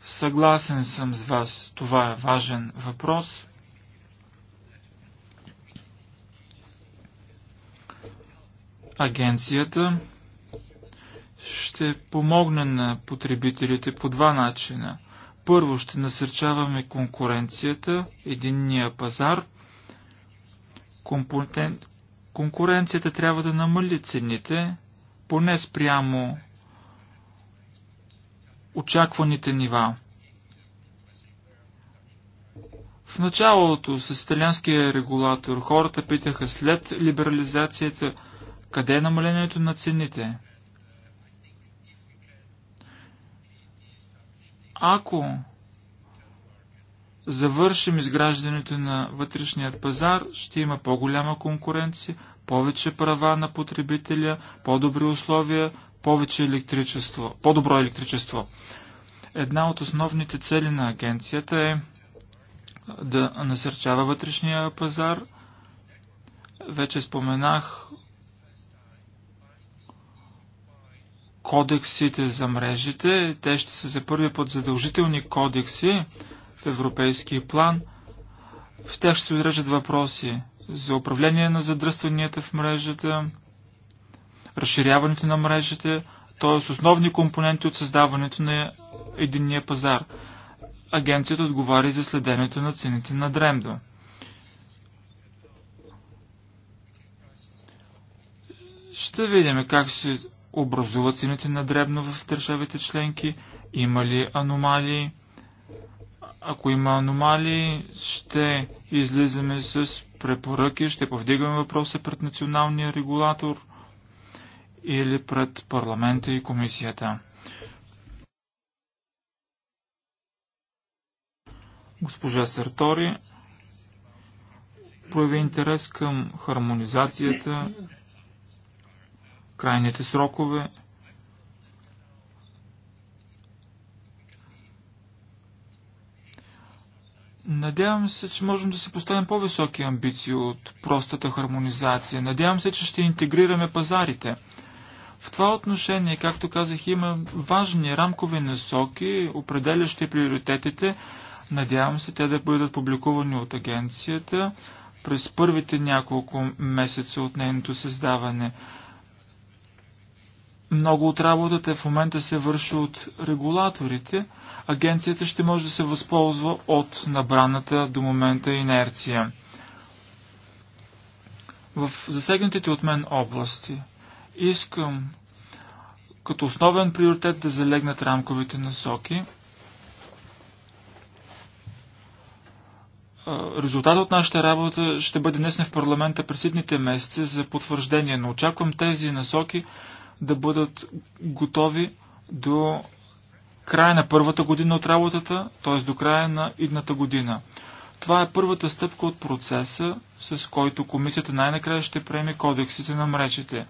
съгласен съм с вас, това е важен въпрос. Агенцията ще помогне на потребителите по два начина. Първо ще насърчаваме конкуренцията, единния пазар, компонент, конкуренцията трябва да намали цените, поне спрямо очакваните нива. В началото с италианския регулатор хората питаха след либерализацията къде е намалението на цените. Ако завършим изграждането на вътрешният пазар, ще има по-голяма конкуренция, повече права на потребителя, по-добри условия, повече електричество, по-добро електричество. Една от основните цели на агенцията е да насърчава вътрешния пазар. Вече споменах кодексите за мрежите. Те ще са за първи път задължителни кодекси, в европейски план. В тях ще се отрежат въпроси за управление на задръстванията в мрежата, разширяването на мрежата, т.е. основни компоненти от създаването на единния пазар. Агенцията отговаря и за следенето на цените на дремда. Ще видим как се образуват цените на дребно в държавите членки, има ли аномалии. Ако има аномалии, ще излизаме с препоръки, ще повдигаме въпроса пред националния регулатор или пред парламента и комисията. Госпожа Сартори прояви интерес към хармонизацията, крайните срокове, Надявам се, че можем да си поставим по-високи амбиции от простата хармонизация. Надявам се, че ще интегрираме пазарите. В това отношение, както казах, има важни рамкови насоки, определящи приоритетите. Надявам се те да бъдат публикувани от агенцията през първите няколко месеца от нейното създаване. Много от работата в момента се върши от регулаторите – агенцията ще може да се възползва от набраната до момента инерция. В засегнатите от мен области искам като основен приоритет да залегнат рамковите насоки. Резултат от нашата работа ще бъде днесен в парламента през следните месеци за потвърждение, но очаквам тези насоки да бъдат готови до края на първата година от работата, т.е. до края на идната година. Това е първата стъпка от процеса, с който комисията най-накрая ще приеме кодексите на мрежите.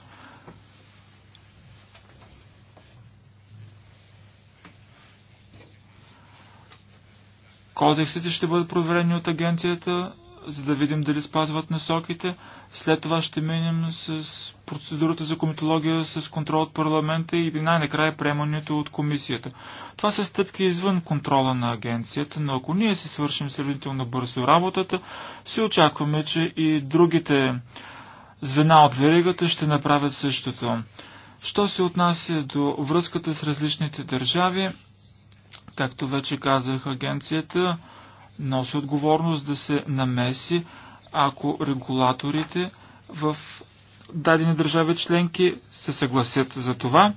Кодексите ще бъдат проверени от агенцията, за да видим дали спазват насоките, след това ще минем с процедурата за комитология, с контрол от парламента и най-накрая приемането от комисията. Това са стъпки извън контрола на агенцията, но ако ние си свършим сравнително бързо работата, се очакваме, че и другите звена от веригата ще направят същото. Що се отнася до връзката с различните държави, както вече казах, агенцията носи отговорност да се намеси, ако регулаторите в дадени държави членки се съгласят за това,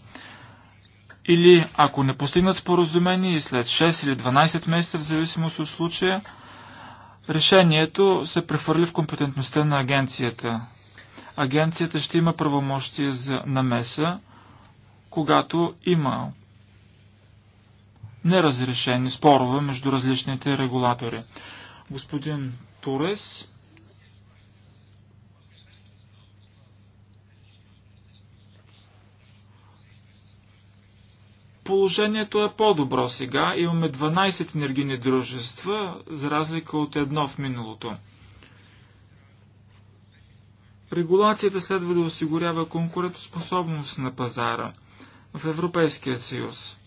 или ако не постигнат споразумение и след 6 или 12 месеца, в зависимост от случая, решението се прехвърли в компетентността на агенцията. Агенцията ще има правомощие за намеса, когато има неразрешени спорове между различните регулатори. Господин Турес Положението е по-добро сега. Имаме 12 енергийни дружества, за разлика от едно в миналото. Регулацията следва да осигурява конкурентоспособност на пазара в Европейския съюз.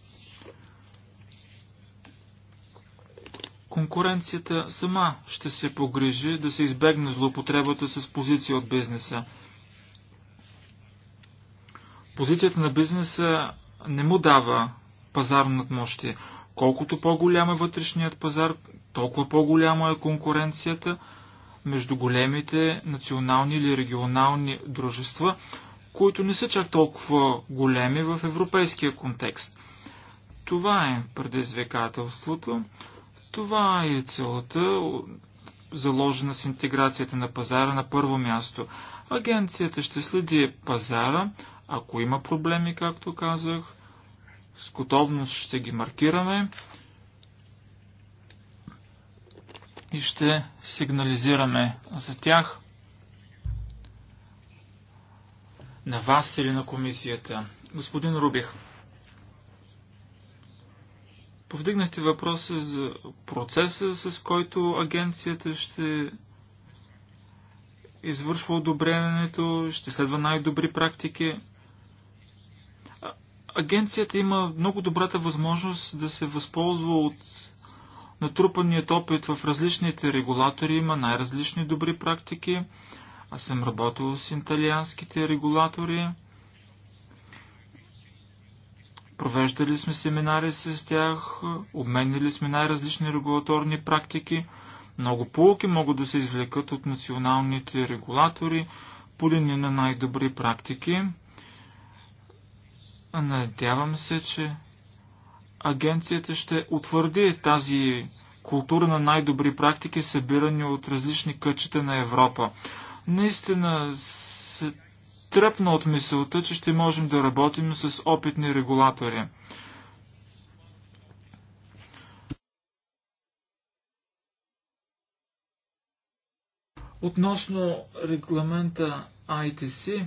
Конкуренцията сама ще се погрижи да се избегне злоупотребата с позиция от бизнеса. Позицията на бизнеса не му дава пазарно надмощие. Колкото по-голям е вътрешният пазар, толкова по-голяма е конкуренцията между големите национални или регионални дружества, които не са чак толкова големи в европейския контекст. Това е предизвикателството, това е целта, заложена с интеграцията на пазара на първо място. Агенцията ще следи пазара, ако има проблеми, както казах, с готовност ще ги маркираме и ще сигнализираме за тях на вас или на комисията. Господин Рубих, повдигнахте въпроса за процеса, с който агенцията ще извършва одобрението, ще следва най-добри практики. Агенцията има много добрата възможност да се възползва от натрупаният опит в различните регулатори. Има най-различни добри практики. Аз съм работил с италианските регулатори. Провеждали сме семинари с тях, обменили сме най-различни регулаторни практики. Много полуки могат да се извлекат от националните регулатори по линия на най-добри практики. Надявам се, че агенцията ще утвърди тази култура на най-добри практики, събирани от различни кътчета на Европа. Наистина се тръпна от мисълта, че ще можем да работим с опитни регулатори. Относно регламента ITC,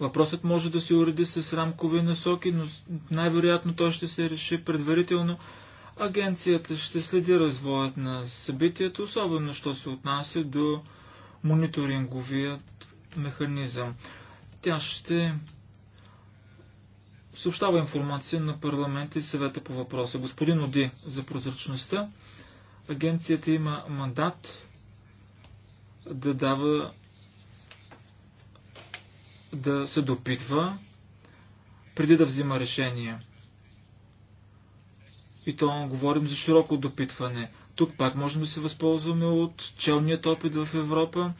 Въпросът може да се уреди с рамкови насоки, но най-вероятно той ще се реши предварително. Агенцията ще следи развоят на събитието, особено що се отнася до мониторинговият механизъм. Тя ще съобщава информация на парламента и съвета по въпроса. Господин Оди за прозрачността. Агенцията има мандат да дава да се допитва преди да взима решение. И то говорим за широко допитване. Тук пак можем да се възползваме от челният опит в Европа.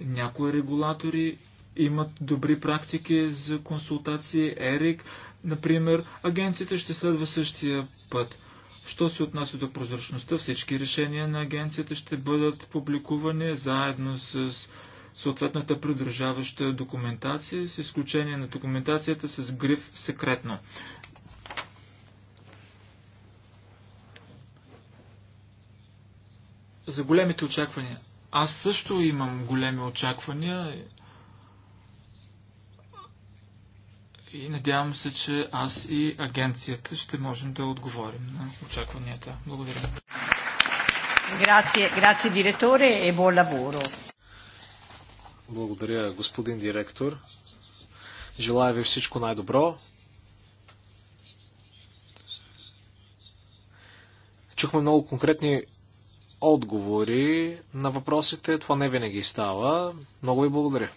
Някои регулатори имат добри практики за консултации. Ерик, например, агенцията ще следва същия път. Що се отнася до прозрачността, всички решения на агенцията ще бъдат публикувани заедно с съответната придружаваща документация, с изключение на документацията с гриф секретно. За големите очаквания. Аз също имам големи очаквания и надявам се, че аз и агенцията ще можем да отговорим на очакванията. Благодаря. Grazie, grazie direttore e buon lavoro. Благодаря, господин директор. Желая ви всичко най-добро. Чухме много конкретни отговори на въпросите. Това не винаги става. Много ви благодаря.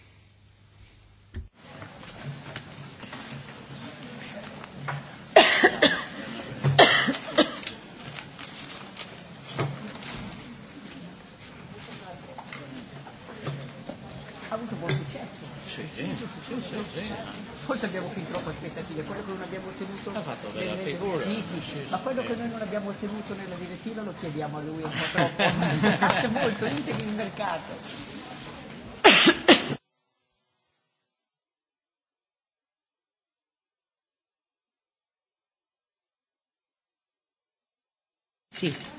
questo abbiamo fin troppo aspettative, quello che non abbiamo ottenuto nelle... figura, sì, sì, sì, ma quello che noi non abbiamo ottenuto nella direttiva lo chiediamo a lui un po' troppo, è molto integri il mercato. Sì.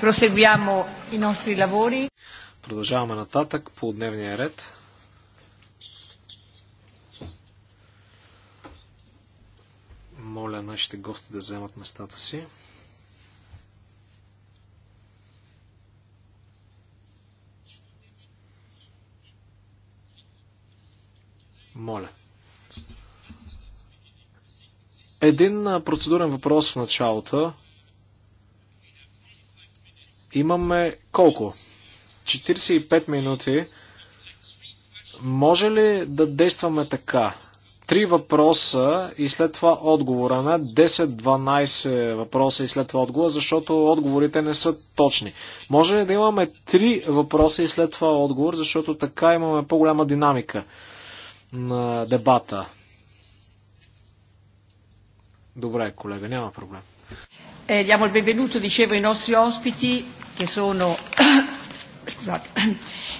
Proseguiamo i nostri lavori. Продължаваме нататък по дневния ред. Моля нашите гости да вземат местата си. Моля. Един процедурен въпрос в началото. Имаме колко? 45 минути. Може ли да действаме така? Три въпроса и след това отговора на 10-12 въпроса и след това отговора, защото отговорите не са точни. Може ли да имаме три въпроса и след това отговор, защото така имаме по-голяма динамика на дебата? Добре, колега, няма проблем. Eh, diamo il benvenuto, dicevo, ai nostri ospiti che sono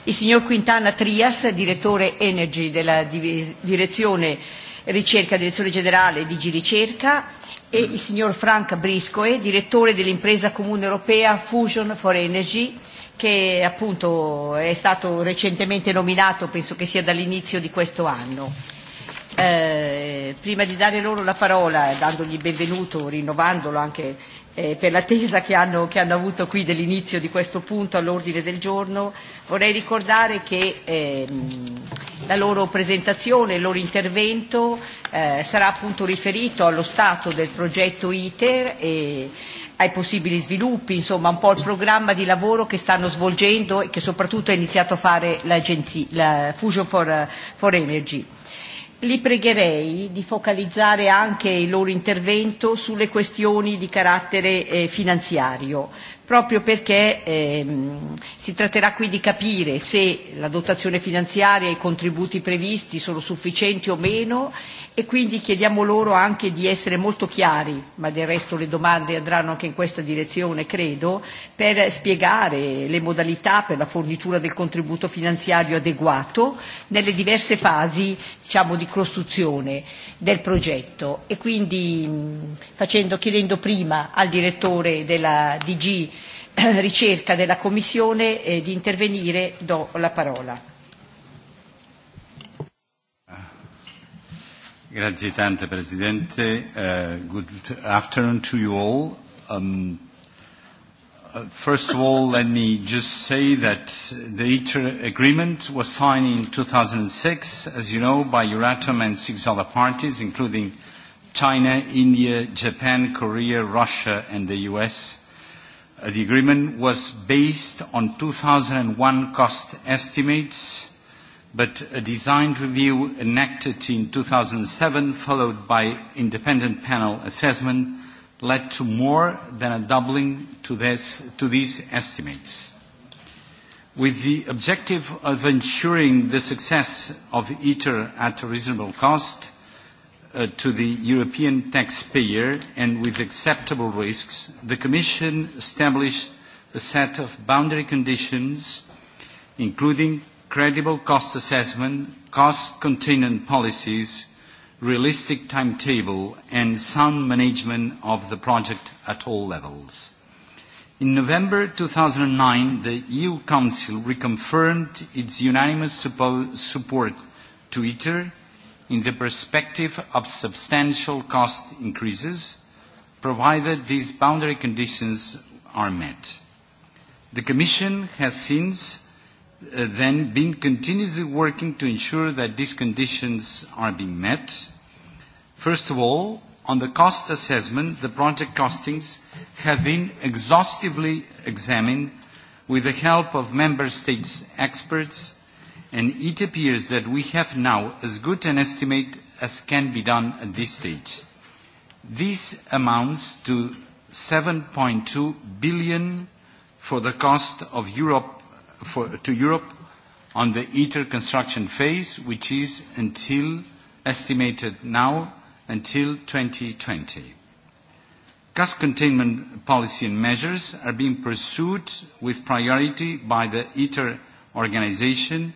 il signor Quintana Trias, direttore Energy della direzione ricerca, direzione generale di Ricerca, e il signor Frank Briscoe, direttore dell'impresa comune europea Fusion for Energy, che appunto è stato recentemente nominato, penso che sia dall'inizio di questo anno. Eh, prima di dare loro la parola, dandogli il benvenuto, rinnovandolo anche eh, per l'attesa che hanno, che hanno avuto qui dell'inizio di questo punto all'ordine del giorno, vorrei ricordare che ehm, la loro presentazione, il loro intervento eh, sarà appunto riferito allo stato del progetto ITER e ai possibili sviluppi, insomma un po' il programma di lavoro che stanno svolgendo e che soprattutto ha iniziato a fare l'agenzia, la Fusion for, for Energy. Li pregherei di focalizzare anche il loro intervento sulle questioni di carattere eh, finanziario, proprio perché ehm, si tratterà qui di capire se la dotazione finanziaria e i contributi previsti sono sufficienti o meno e quindi chiediamo loro anche di essere molto chiari, ma del resto le domande andranno anche in questa direzione, credo, per spiegare le modalità per la fornitura del contributo finanziario adeguato nelle diverse fasi diciamo, di costruzione del progetto e quindi facendo, chiedendo prima al direttore della DG ricerca della Commissione eh, di intervenire do la parola. Grazie tante Presidente. Uh, good afternoon to you all. Um, uh, first of all, let me just say that the ITER agreement was signed in 2006, as you know, by Euratom and six other parties, including China, India, Japan, Korea, Russia, and the U.S The agreement was based on 2001 cost estimates, but a design review enacted in 2007, followed by independent panel assessment, led to more than a doubling to these estimates. With the objective of ensuring the success of ITER at a reasonable cost, to the European taxpayer and with acceptable risks, the Commission established a set of boundary conditions, including credible cost assessment, cost containment policies, realistic timetable, and sound management of the project at all levels. In November 2009, the EU Council reconfirmed its unanimous support to ITER in the perspective of substantial cost increases, provided these boundary conditions are met. The Commission has since then been continuously working to ensure that these conditions are being met. First of all, on the cost assessment, the project costings have been exhaustively examined with the help of member states experts and it appears that we have now as good an estimate as can be done at this stage. This amounts to 7.2 billion for the cost of Europe for, to Europe on the ITER construction phase, which is until estimated now until 2020. Cost containment policy and measures are being pursued with priority by the ITER organization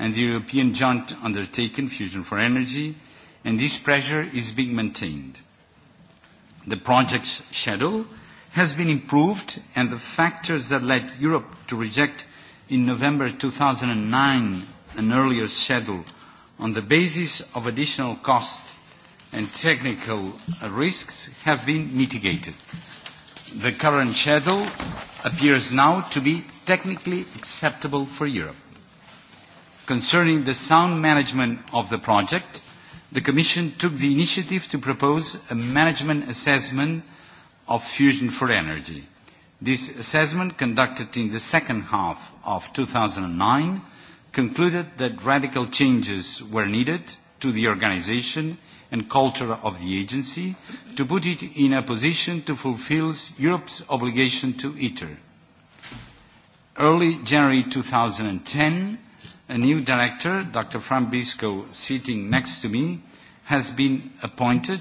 and the European joint undertaking, Fusion for Energy, and this pressure is being maintained. The project's schedule has been improved, and the factors that led Europe to reject in November 2009 an earlier schedule on the basis of additional cost and technical risks have been mitigated. The current schedule appears now to be technically acceptable for Europe concerning the sound management of the project, the Commission took the initiative to propose a management assessment of fusion for energy. This assessment, conducted in the second half of 2009, concluded that radical changes were needed to the organization and culture of the agency to put it in a position to fulfill Europe's obligation to ITER. Early January 2010, A new director, Dr. Frambisco, sitting next to me, has been appointed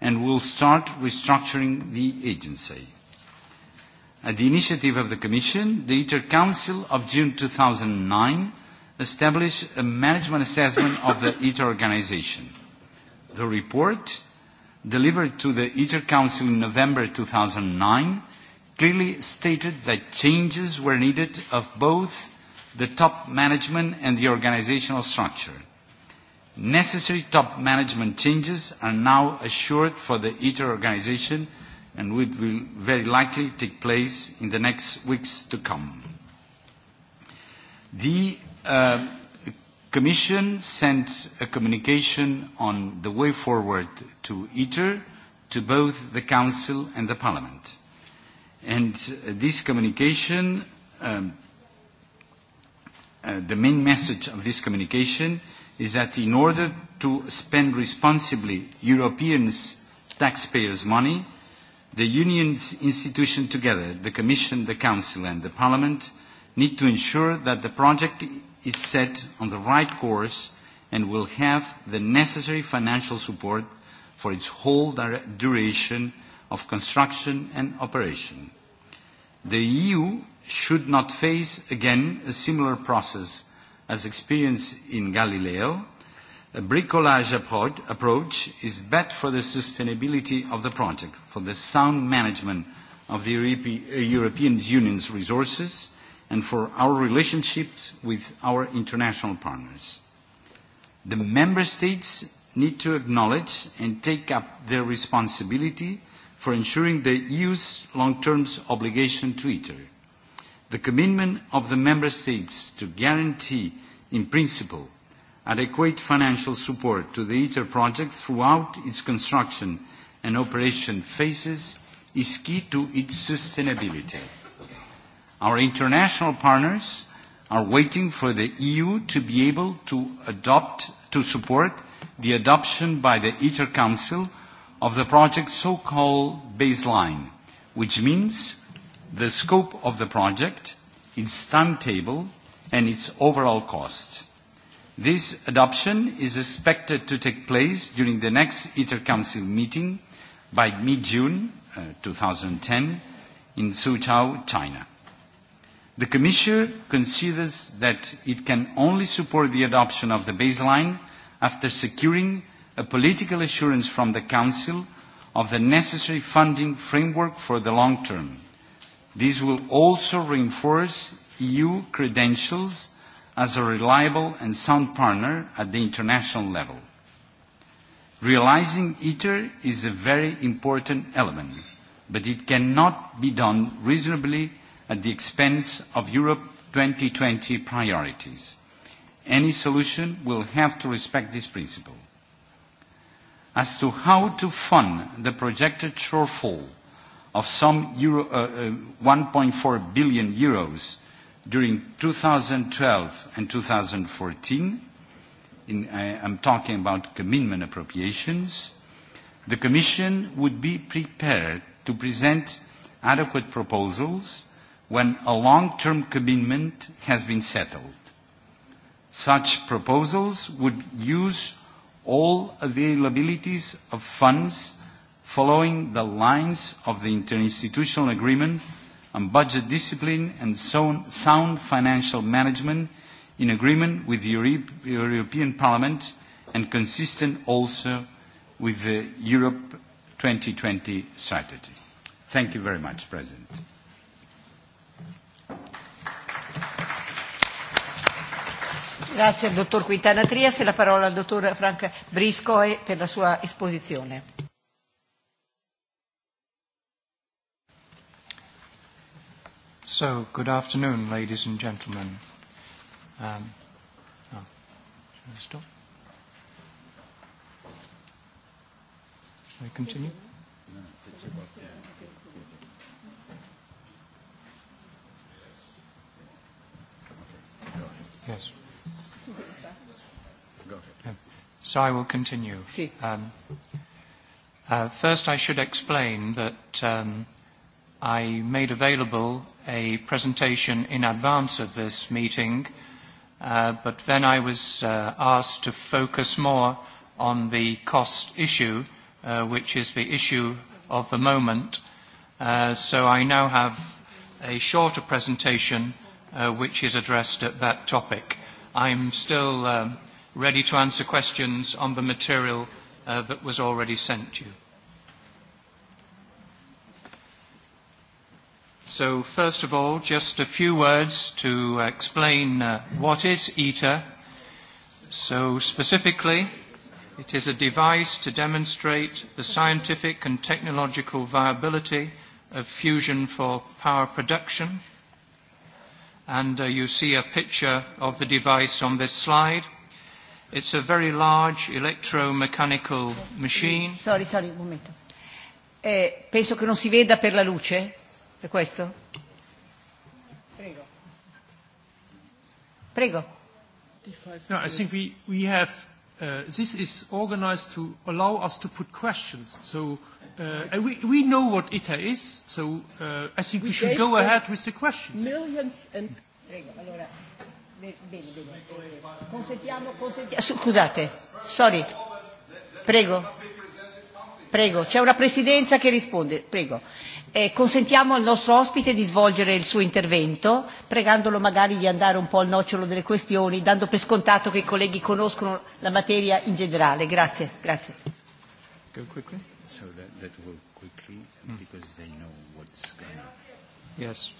and will start restructuring the agency. At the initiative of the Commission, the ITER Council of June 2009 established a management assessment of the ITER organization. The report, delivered to the ITER Council in November 2009, clearly stated that changes were needed of both the top management and the organizational structure. Necessary top management changes are now assured for the ITER organization and will very likely take place in the next weeks to come. The uh, Commission sent a communication on the way forward to ITER to both the Council and the Parliament. And this communication um, the main message of this communication is that in order to spend responsibly Europeans' taxpayers' money, the Union's institutions together, the Commission, the Council and the Parliament, need to ensure that the project is set on the right course and will have the necessary financial support for its whole duration of construction and operation. The EU should not face again a similar process as experienced in Galileo, a bricolage approach is bad for the sustainability of the project, for the sound management of the European Union's resources, and for our relationships with our international partners. The Member States need to acknowledge and take up their responsibility for ensuring the EU's long-term obligation to ITER The commitment of the Member States to guarantee, in principle, adequate financial support to the ITER project throughout its construction and operation phases is key to its sustainability. Our international partners are waiting for the EU to be able to adopt to support the adoption by the ITER Council of the project's so-called baseline, which means the scope of the project, its timetable, and its overall cost. This adoption is expected to take place during the next ITER Council meeting by mid-June 2010 in Suzhou, China. The Commission considers that it can only support the adoption of the baseline after securing a political assurance from the Council of the necessary funding framework for the long term This will also reinforce EU credentials as a reliable and sound partner at the international level. Realizing ITER is a very important element, but it cannot be done reasonably at the expense of Europe 2020 priorities. Any solution will have to respect this principle. As to how to fund the projected shortfall of some EUR 1.4 billion euros during 2012 and 2014, I, I'm talking about commitment appropriations, the Commission would be prepared to present adequate proposals when a long-term commitment has been settled. Such proposals would use all availabilities of funds following the lines of the interinstitutional agreement on budget discipline and sound financial management in agreement with the European Parliament and consistent also with the Europe 2020 strategy. Thank you very much, President. Grazie al dottor Quintana Trias e la parola al dottor Frank Briscoe per la sua esposizione. So, good afternoon, ladies and gentlemen. Um, oh, should I stop? I continue? Yes. So I will continue. Um, uh, first, I should explain that um, I made available a presentation in advance of this meeting, uh, but then I was uh, asked to focus more on the cost issue, uh, which is the issue of the moment. Uh, so I now have a shorter presentation uh, which is addressed at that topic. I'm still um, ready to answer questions on the material uh, that was already sent to you. So first of all, just a few words to explain uh, what is ITER. So specifically, it is a device to demonstrate the scientific and technological viability of fusion for power production. And uh, you see a picture of the device on this slide. It's a very large electromechanical machine. Sorry, sorry, un momento. Eh, penso che non si veda per la luce. È questo? Prego. Prego. No, I think we, we have, uh, this is organized to allow us to put questions. So uh, we, we know what ITA is, so uh, I think we, we should go ahead with the questions. Millions and... Prego, allora. Bene, bene. Consentiamo, consentiamo. Scusate, sorry. Prego. Prego, c'è una presidenza che risponde. Prego. Eh, consentiamo al nostro ospite di svolgere il suo intervento, pregandolo magari di andare un po' al nocciolo delle questioni, dando per scontato che i colleghi conoscono la materia in generale. Grazie. grazie. Yes.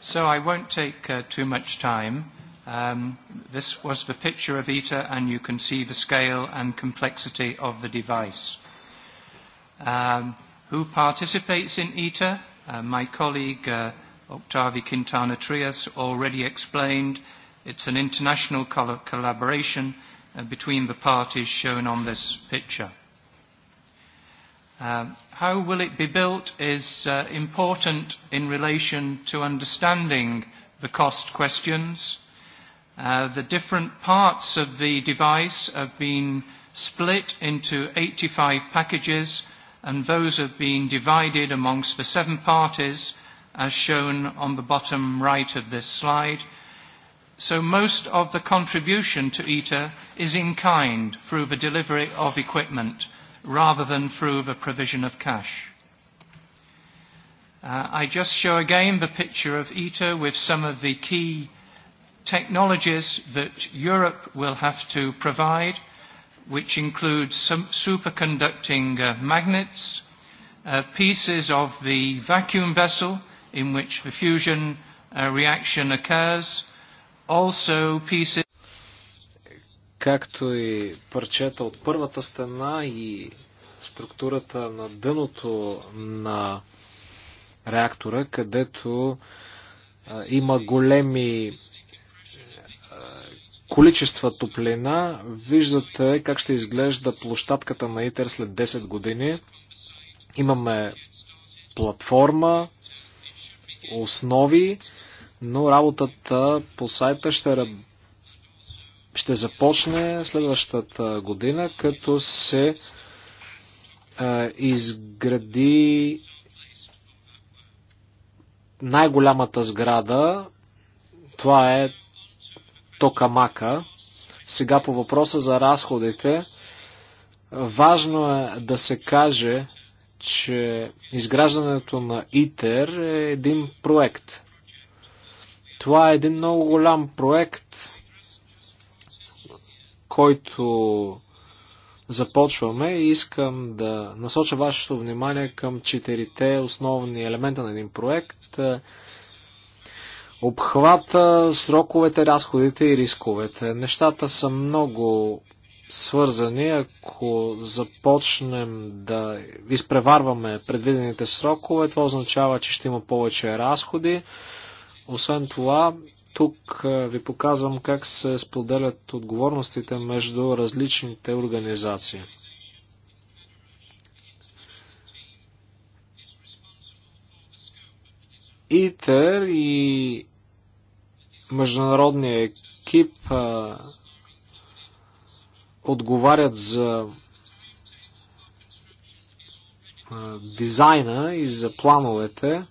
So I won't take uh, too much time. Um, this was the picture of ITER, and you can see the scale and complexity of the device. Um, who participates in ITER. Uh, my colleague uh, Octavi Quintana Trias already explained it's an international col- collaboration uh, between the parties shown on this picture. Uh, how will it be built is uh, important in relation to understanding the cost questions. Uh, the different parts of the device have been split into 85 packages and those have been divided amongst the seven parties as shown on the bottom right of this slide. So most of the contribution to ITER is in kind through the delivery of equipment rather than through the provision of cash. Uh, I just show again the picture of ITER with some of the key technologies that Europe will have to provide – which includes some superconducting uh, magnets, uh, pieces of the vacuum vessel in which the fusion uh, reaction occurs, also pieces както и парчета от първата стена и структурата на дъното на реактора, където а, има големи количества топлина. Виждате как ще изглежда площадката на ИТЕР след 10 години. Имаме платформа, основи, но работата по сайта ще, ще започне следващата година, като се е, изгради най-голямата сграда. Това е Токамака. Сега по въпроса за разходите. Важно е да се каже, че изграждането на ИТЕР е един проект. Това е един много голям проект, който започваме и искам да насоча вашето внимание към четирите основни елемента на един проект Обхвата, сроковете, разходите и рисковете. Нещата са много свързани. Ако започнем да изпреварваме предвидените срокове, това означава, че ще има повече разходи. Освен това, тук ви показвам как се споделят отговорностите между различните организации. ИТЕР и международния екип а, отговарят за а, дизайна и за плановете.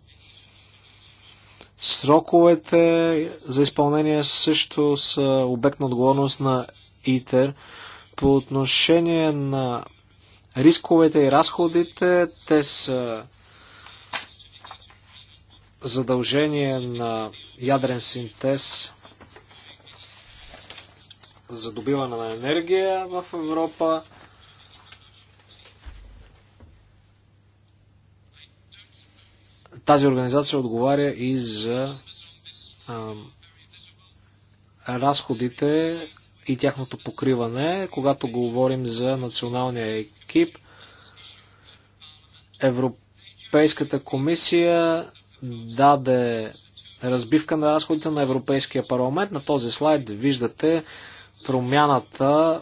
Сроковете за изпълнение също са обект на отговорност на ИТЕР. По отношение на рисковете и разходите, те са задължение на ядрен синтез за добиване на енергия в Европа. Тази организация отговаря и за а, разходите и тяхното покриване, когато говорим за националния екип. Европейската комисия даде разбивка на разходите на Европейския парламент. На този слайд виждате промяната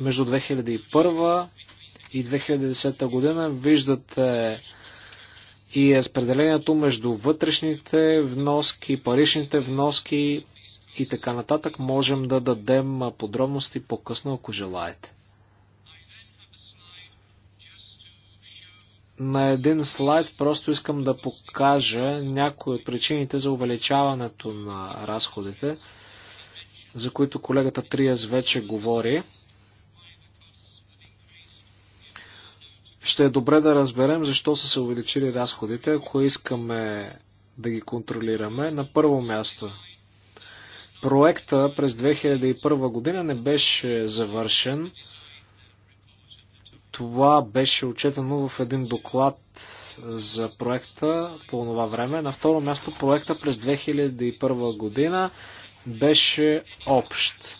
между 2001 и 2010 година. Виждате и разпределението между вътрешните вноски, паричните вноски и така нататък. Можем да дадем подробности по-късно, ако желаете. на един слайд просто искам да покажа някои от причините за увеличаването на разходите, за които колегата Триас вече говори. Ще е добре да разберем защо са се увеличили разходите, ако искаме да ги контролираме. На първо място, проекта през 2001 година не беше завършен. Това беше отчетено в един доклад е, за проекта по това време. На второ място проекта през 2001 година беше общ.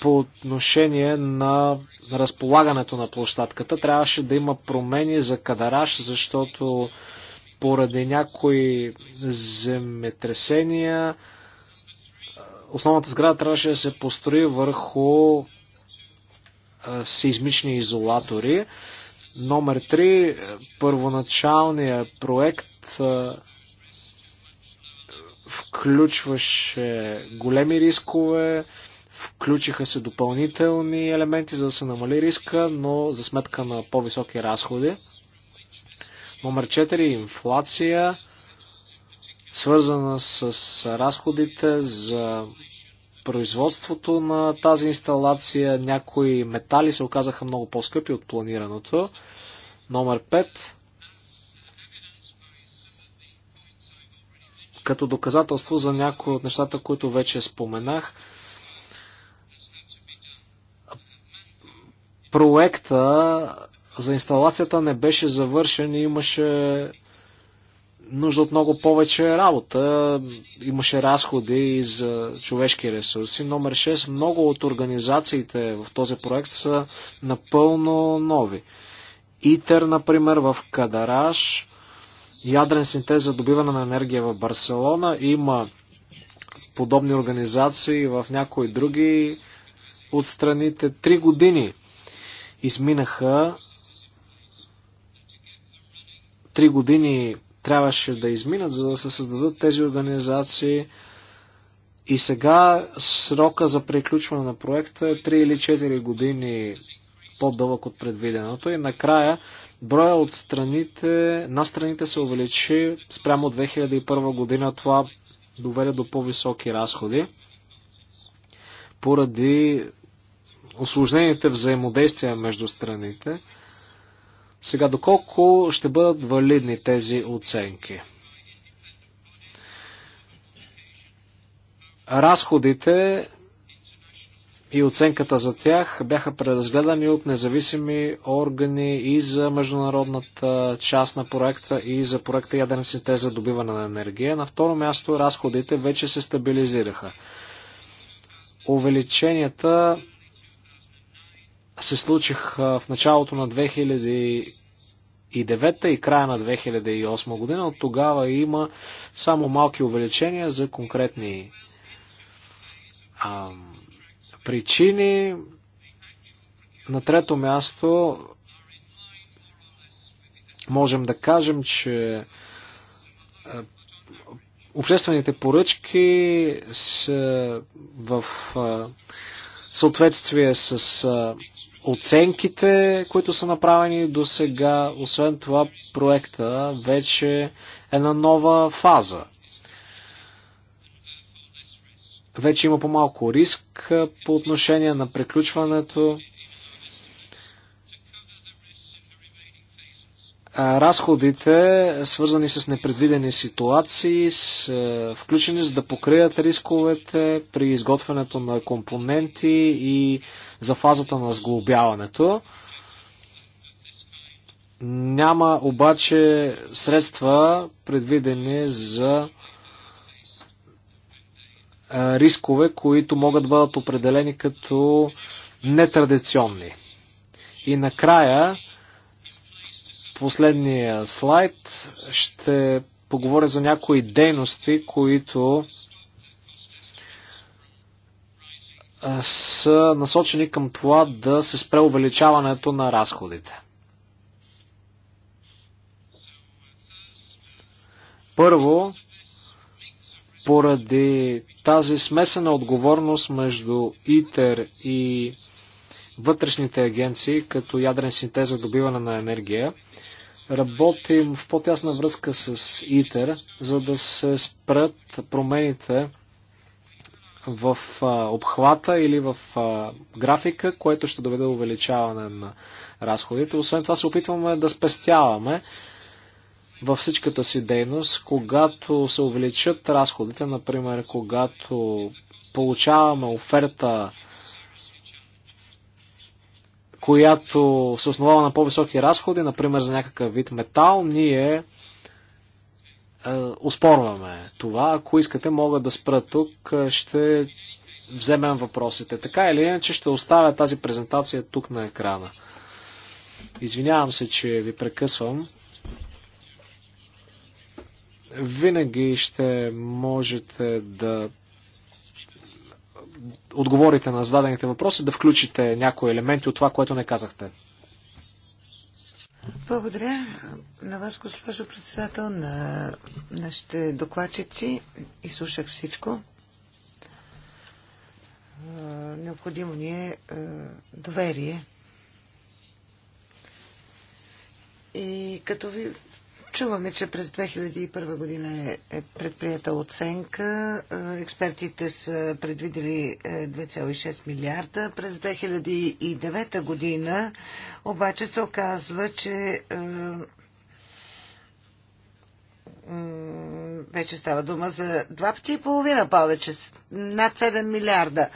По отношение на разполагането на площадката трябваше да има промени за кадараж, защото поради някои земетресения основната сграда трябваше да се построи върху сейсмични изолатори. Номер 3, първоначалният проект включваше големи рискове, включиха се допълнителни елементи, за да се намали риска, но за сметка на по-високи разходи. Номер 4, инфлация свързана с разходите за производството на тази инсталация. Някои метали се оказаха много по-скъпи от планираното. Номер 5. Като доказателство за някои от нещата, които вече споменах, проекта за инсталацията не беше завършен и имаше нужда от много повече работа. Имаше разходи и за човешки ресурси. Номер 6. Много от организациите в този проект са напълно нови. ИТЕР, например, в Кадараш, ядрен синтез за добиване на енергия в Барселона. Има подобни организации в някои други от страните. Три години изминаха три години трябваше да изминат, за да се създадат тези организации. И сега срока за приключване на проекта е 3 или 4 години по-дълъг от предвиденото. И накрая броя от страните, на страните се увеличи спрямо от 2001 година. Това доведе до по-високи разходи поради осложнените взаимодействия между страните. Сега, доколко ще бъдат валидни тези оценки? Разходите и оценката за тях бяха преразгледани от независими органи и за международната част на проекта и за проекта Яден синтеза за добиване на енергия. На второ място разходите вече се стабилизираха. Увеличенията се случиха в началото на 2009 и края на 2008 година. От тогава има само малки увеличения за конкретни а, причини. На трето място можем да кажем, че обществените поръчки са в съответствие с оценките, които са направени до сега, освен това проекта вече е на нова фаза. Вече има по-малко риск по отношение на приключването. разходите, свързани с непредвидени ситуации, са е, включени за да покрият рисковете при изготвянето на компоненти и за фазата на сглобяването. Няма обаче средства предвидени за е, рискове, които могат да бъдат определени като нетрадиционни. И накрая, последния слайд ще поговоря за някои дейности, които са насочени към това да се спре увеличаването на разходите. Първо, поради тази смесена отговорност между ИТЕР и вътрешните агенции, като ядрен синтез за добиване на енергия, Работим в по-тясна връзка с ИТЕР, за да се спрат промените в а, обхвата или в а, графика, което ще доведе до увеличаване на разходите. Освен това се опитваме да спестяваме във всичката си дейност, когато се увеличат разходите, например, когато получаваме оферта която се основава на по-високи разходи, например за някакъв вид метал, ние е, успорваме това. Ако искате, мога да спра тук. Е, ще вземем въпросите. Така или иначе ще оставя тази презентация тук на екрана. Извинявам се, че ви прекъсвам. Винаги ще можете да отговорите на зададените въпроси, да включите някои елементи от това, което не казахте. Благодаря на вас, госпожо председател, на нашите докладчици. Изслушах всичко. Е, необходимо ни е, е доверие. И като ви Чуваме, че през 2001 година е, е предприята оценка. Е, експертите са предвидели 2,6 е, милиарда. През 2009 година обаче се оказва, че вече става дума за два пъти и половина повече, над 7 милиарда.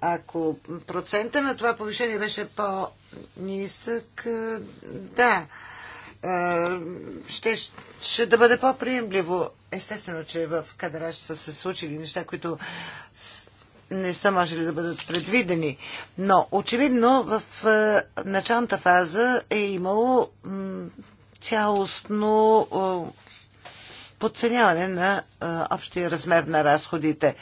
Ако процента на това повишение беше по-нисък, да, ще, ще да бъде по-приемливо. Естествено, че в Кадараш са се случили неща, които не са можели да бъдат предвидени. Но очевидно в началната фаза е имало цялостно подценяване на общия размер на разходите.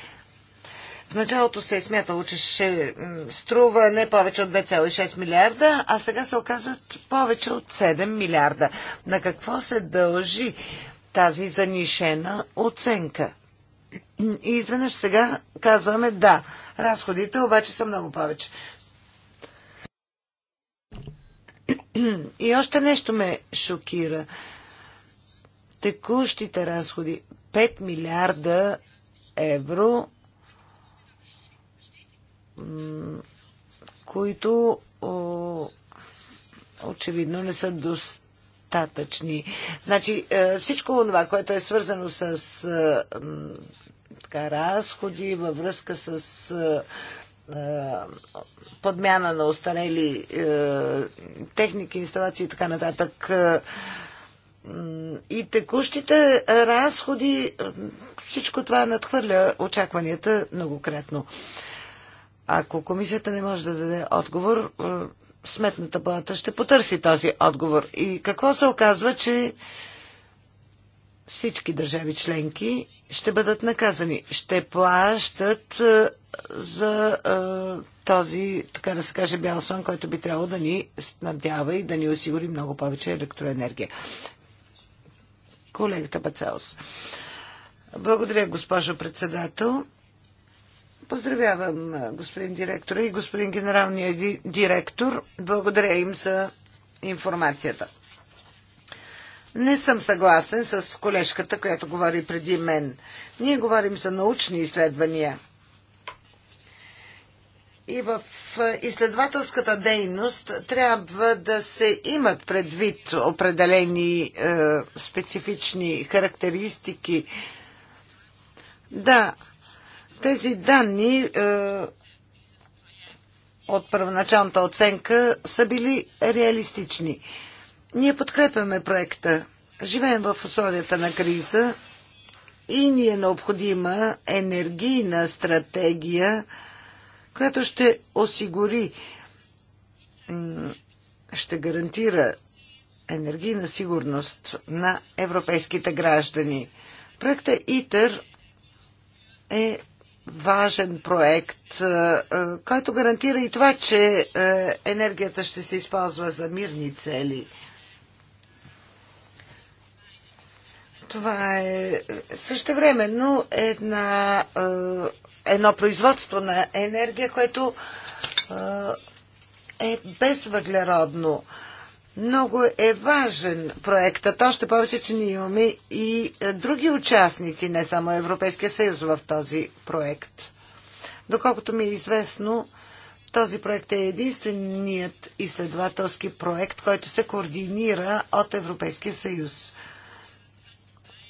В началото се е смятало, че ще струва не повече от 2,6 милиарда, а сега се оказва повече от 7 милиарда. На какво се дължи тази занишена оценка? И изведнъж сега казваме да, разходите обаче са много повече. И още нещо ме шокира. Текущите разходи 5 милиарда евро които очевидно не са достатъчни. Значи е, всичко това, което е свързано с е, така, разходи във връзка с е, подмяна на остарели техники, инсталации и така нататък. И текущите разходи, всичко това надхвърля очакванията многократно. Ако комисията не може да даде отговор, е, сметната палата ще потърси този отговор. И какво се оказва, че всички държави членки ще бъдат наказани. Ще плащат е, за е, този, така да се каже, бял сон, който би трябвало да ни снабдява и да ни осигури много повече електроенергия. Колегата Бацелс. Благодаря, госпожо председател. Поздравявам господин директора и господин генералния директор. Благодаря им за информацията. Не съм съгласен с колежката, която говори преди мен. Ние говорим за научни изследвания. И в изследователската дейност трябва да се имат предвид определени е, специфични характеристики. Да, тези данни е, от първоначалната оценка са били реалистични. Ние подкрепяме проекта. Живеем в условията на криза и ни е необходима енергийна стратегия, която ще осигури, ще гарантира енергийна сигурност на европейските граждани. Проектът ИТЕР е важен проект, е, е, който гарантира и това, че е, енергията ще се използва за мирни цели. Това е също но една, едно производство на енергия, което е безвъглеродно. въглеродно много е важен проектът, още повече, че ние имаме и е, други участници, не само Европейския съюз в този проект. Доколкото ми е известно, този проект е единственият изследователски проект, който се координира от Европейския съюз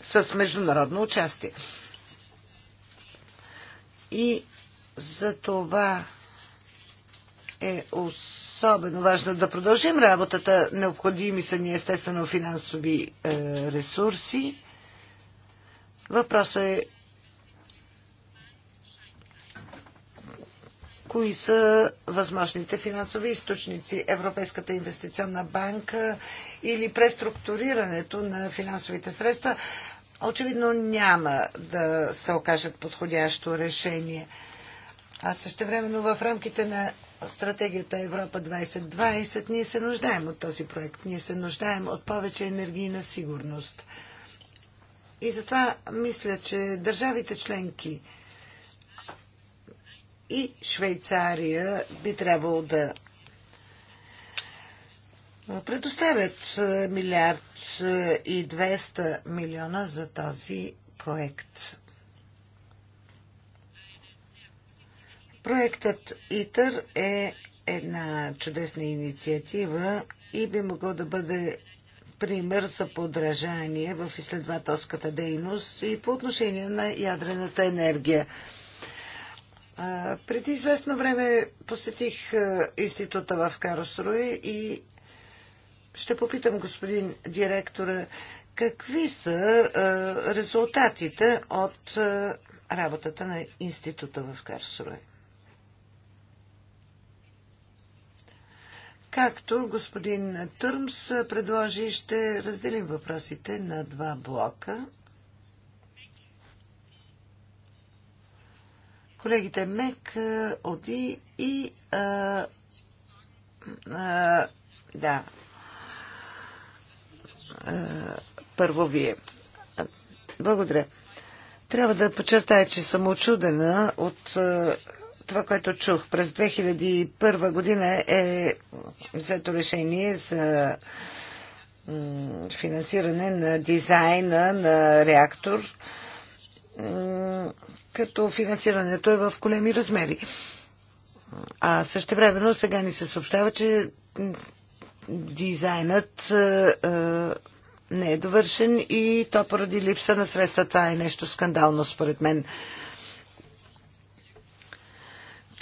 с международно участие. И за това е особено особено важно да продължим работата. Необходими са ни естествено финансови е, ресурси. Въпросът е кои са възможните финансови източници. Европейската инвестиционна банка или преструктурирането на финансовите средства очевидно няма да се окажат подходящо решение. А също времено в рамките на стратегията Европа 2020, ние се нуждаем от този проект. Ние се нуждаем от повече енергийна сигурност. И затова мисля, че държавите членки и Швейцария би трябвало да предоставят е, милиард е, и 200 милиона за този проект. Проектът ИТър е една чудесна инициатива и би могъл да бъде пример за подражание в изследователската дейност и по отношение на ядрената енергия. Преди известно време посетих института в Каросруе и ще попитам господин директора какви са резултатите от работата на института в Карсруе. Както господин Търмс предложи, ще разделим въпросите на два блока. Колегите Мек, Оди и а, а, да. А, първо вие. Благодаря. Трябва да подчертая, че съм очудена от това, което чух през 2001 година е взето решение за финансиране на дизайна на реактор, като финансирането е в големи размери. А също времено сега ни се съобщава, че дизайнът е, е, не е довършен и то поради липса на средства. Това е нещо скандално според мен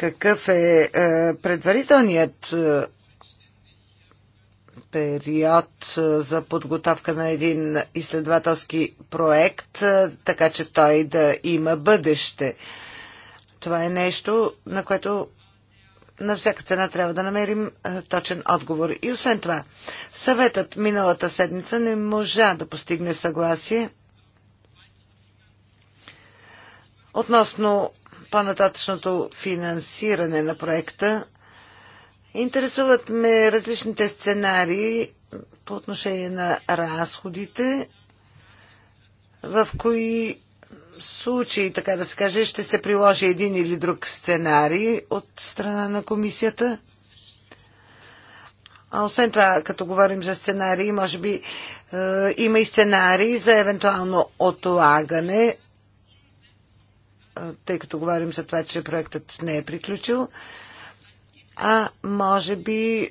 какъв е, е предварителният е, период е, за подготовка на един изследователски проект, така че той да има бъдеще. Това е нещо, на което на всяка цена трябва да намерим точен отговор. И освен това, съветът миналата седмица не можа да постигне съгласие относно по-нататъчното финансиране на проекта. Интересуват ме различните сценарии по отношение на разходите, в кои случаи, така да се каже, ще се приложи един или друг сценарий от страна на комисията. А освен това, като говорим за сценарии, може би е, има и сценарии за евентуално отлагане тъй като говорим за това, че проектът не е приключил, а може би е,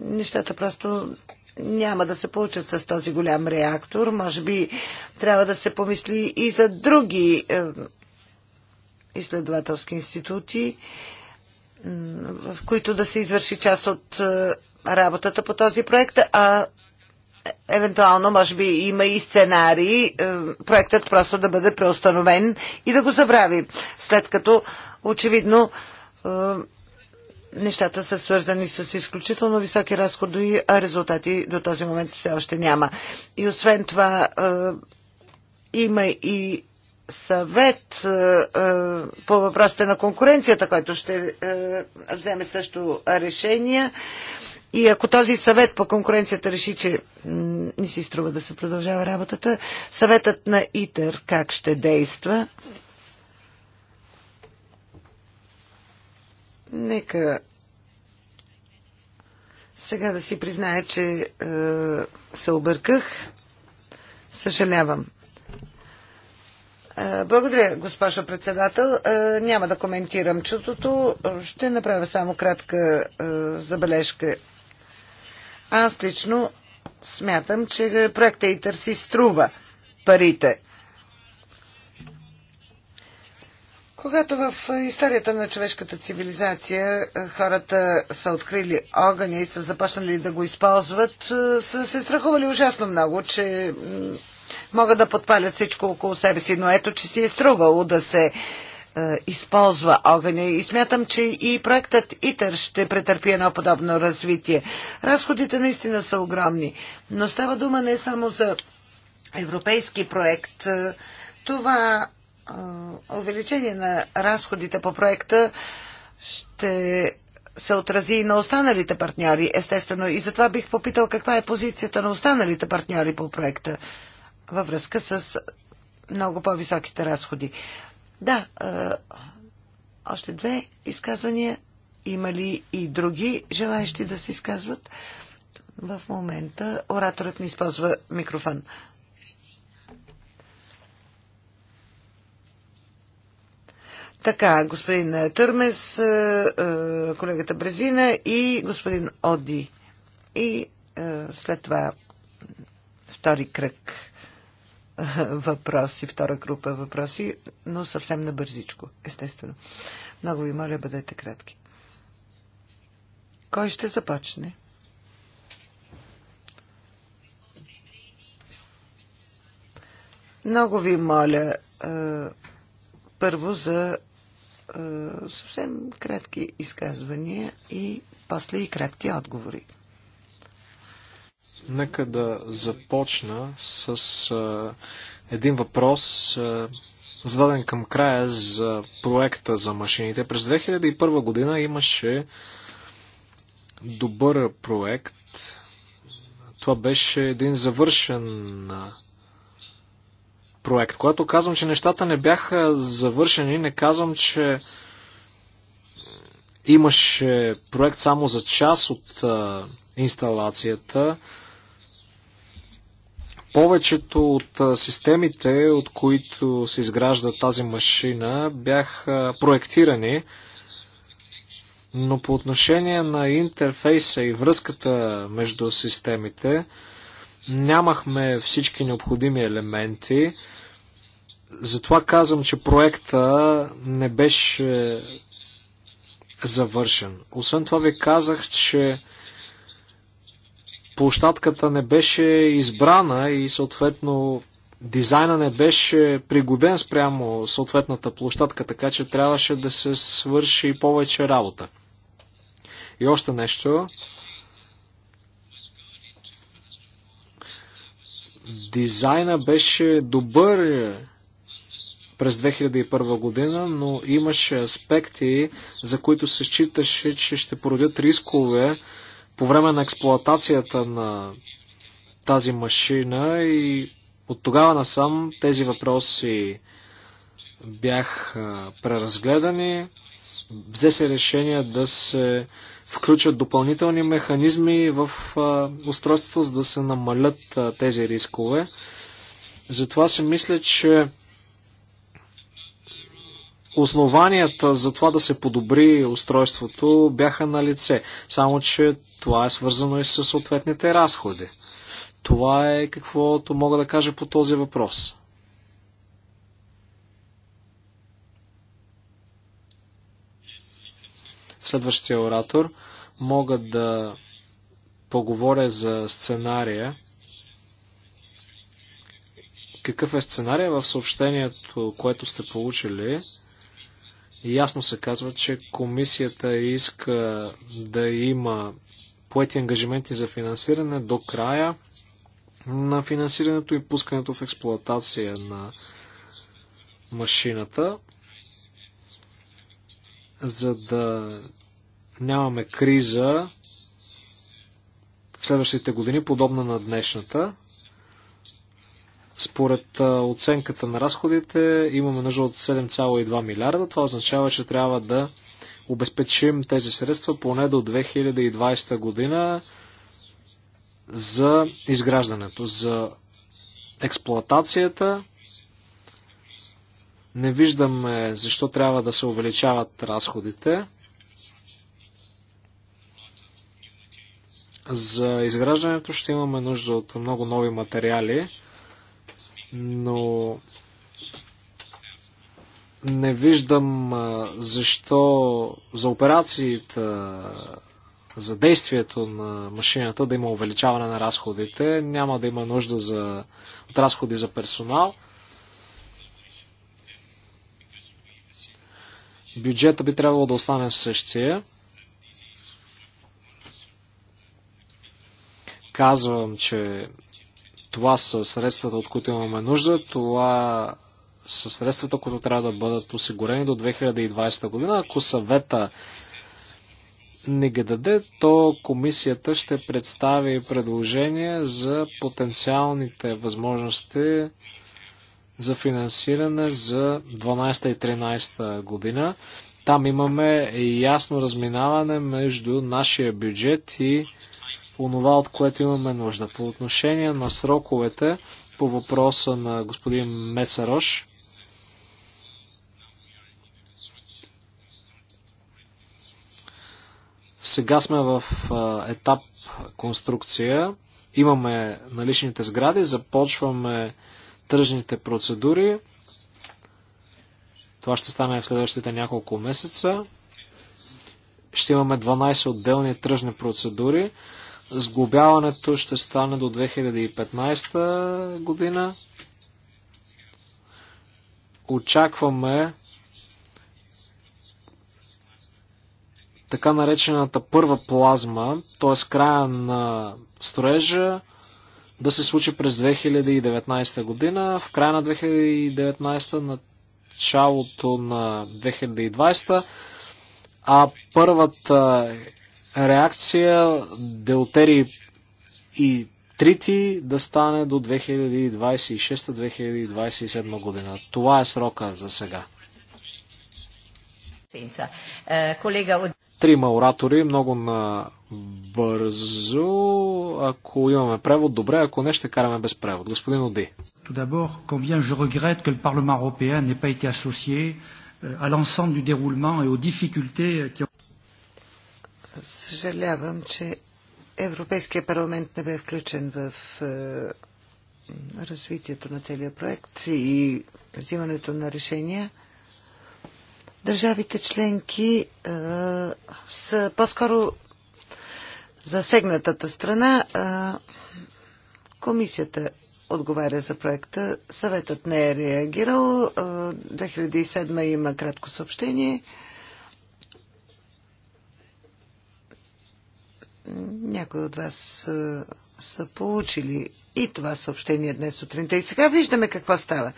нещата просто няма да се получат с този голям реактор. Може би трябва да се помисли и за други е, изследователски институти, в които да се извърши част от е, работата по този проект, а евентуално, може би, има и сценарии, е, проектът просто да бъде преустановен и да го забрави, след като очевидно е, нещата са свързани с изключително високи разходи, а резултати до този момент все още няма. И освен това, е, има и съвет по въпросите на конкуренцията, който ще вземе също решения. И ако този съвет по конкуренцията реши, че не си струва да се продължава работата, съветът на ИТЕР как ще действа? Нека сега да си призная, че е, се обърках. Съжалявам. Е, благодаря, госпожо председател. Е, няма да коментирам чутото. Ще направя само кратка е, забележка аз лично смятам, че проекта ИТЕР си струва парите. Когато в историята на човешката цивилизация е, хората са открили огъня и са започнали да го използват, е, са се страхували ужасно много, че могат да подпалят всичко около себе си, но ето, че си е струвало да се е, използва огъня и смятам, че и проектът ИТЕР ще претърпи едно подобно развитие. Разходите наистина са огромни, но става дума не само за европейски проект. Е, това е, увеличение на разходите по проекта ще се отрази и на останалите партньори, естествено. И затова бих попитал каква е позицията на останалите партньори по проекта във връзка с много по-високите разходи. Да, а, още две изказвания. Има ли и други желаещи да се изказват? В момента ораторът не използва микрофон. Така, господин Търмес, колегата Брезина и господин Оди. И след това втори кръг. въпроси, втора група въпроси, но съвсем набързичко, естествено. Много ви моля, бъдете кратки. Кой ще започне? Много ви моля, първо за съвсем кратки изказвания и после и кратки отговори. Нека да започна с а, един въпрос, а, зададен към края за проекта за машините. През 2001 година имаше добър проект. Това беше един завършен проект. Когато казвам, че нещата не бяха завършени, не казвам, че имаше проект само за част от а, инсталацията. Повечето от системите, от които се изгражда тази машина, бяха проектирани, но по отношение на интерфейса и връзката между системите, нямахме всички необходими елементи. Затова казвам, че проекта не беше завършен. Освен това ви казах, че площадката не беше избрана и съответно дизайна не беше пригоден спрямо съответната площадка, така че трябваше да се свърши повече работа. И още нещо. Дизайна беше добър през 2001 година, но имаше аспекти, за които се считаше, че ще породят рискове по време на експлоатацията на тази машина и от тогава насам тези въпроси бях преразгледани. Взе се решение да се включат допълнителни механизми в устройството, за да се намалят тези рискове. Затова си мисля, че Основанията за това да се подобри устройството бяха на лице, само че това е свързано и с съответните разходи. Това е каквото мога да кажа по този въпрос. Следващия оратор мога да поговоря за сценария. Какъв е сценария в съобщението, което сте получили? ясно се казва, че комисията иска да има поети ангажименти за финансиране до края на финансирането и пускането в експлоатация на машината, за да нямаме криза в следващите години, подобна на днешната. Според оценката на разходите имаме нужда от 7,2 милиарда. Това означава, че трябва да обезпечим тези средства поне до 2020 година за изграждането, за експлоатацията. Не виждаме защо трябва да се увеличават разходите. За изграждането ще имаме нужда от много нови материали но не виждам защо за операциите, за действието на машината да има увеличаване на разходите. Няма да има нужда за, от разходи за персонал. Бюджета би трябвало да остане същия. Казвам, че това са средствата, от които имаме нужда. Това са средствата, които трябва да бъдат осигурени до 2020 година. Ако съвета не ги даде, то комисията ще представи предложение за потенциалните възможности за финансиране за 12 и 13 година. Там имаме ясно разминаване между нашия бюджет и онова, от което имаме нужда. По отношение на сроковете, по въпроса на господин Месарош, сега сме в етап конструкция. Имаме наличните сгради, започваме тръжните процедури. Това ще стане в следващите няколко месеца. Ще имаме 12 отделни тръжни процедури. Сглобяването ще стане до 2015 година. Очакваме така наречената първа плазма, т.е. края на строежа, да се случи през 2019 година. В края на 2019, началото на 2020, а първата реакция Деотери и Трити да стане до 2026-2027 година. Това е срока за сега. Трима оратори, много на бързо. Ако имаме превод, добре, ако не, ще караме без превод. Господин Оди. Tout d'abord, combien je regrette que le Parlement européen n'ait pas été associé euh, à l'ensemble du déroulement et aux difficultés qui ont Съжалявам, че Европейския парламент не бе включен в е, развитието на целия проект и взимането на решения. Държавите членки е, са по-скоро засегнатата страна. Е, комисията отговаря за проекта. Съветът не е реагирал. Е, 2007 има кратко съобщение. Някои от вас а, са получили и това съобщение днес сутринта. И сега виждаме какво става.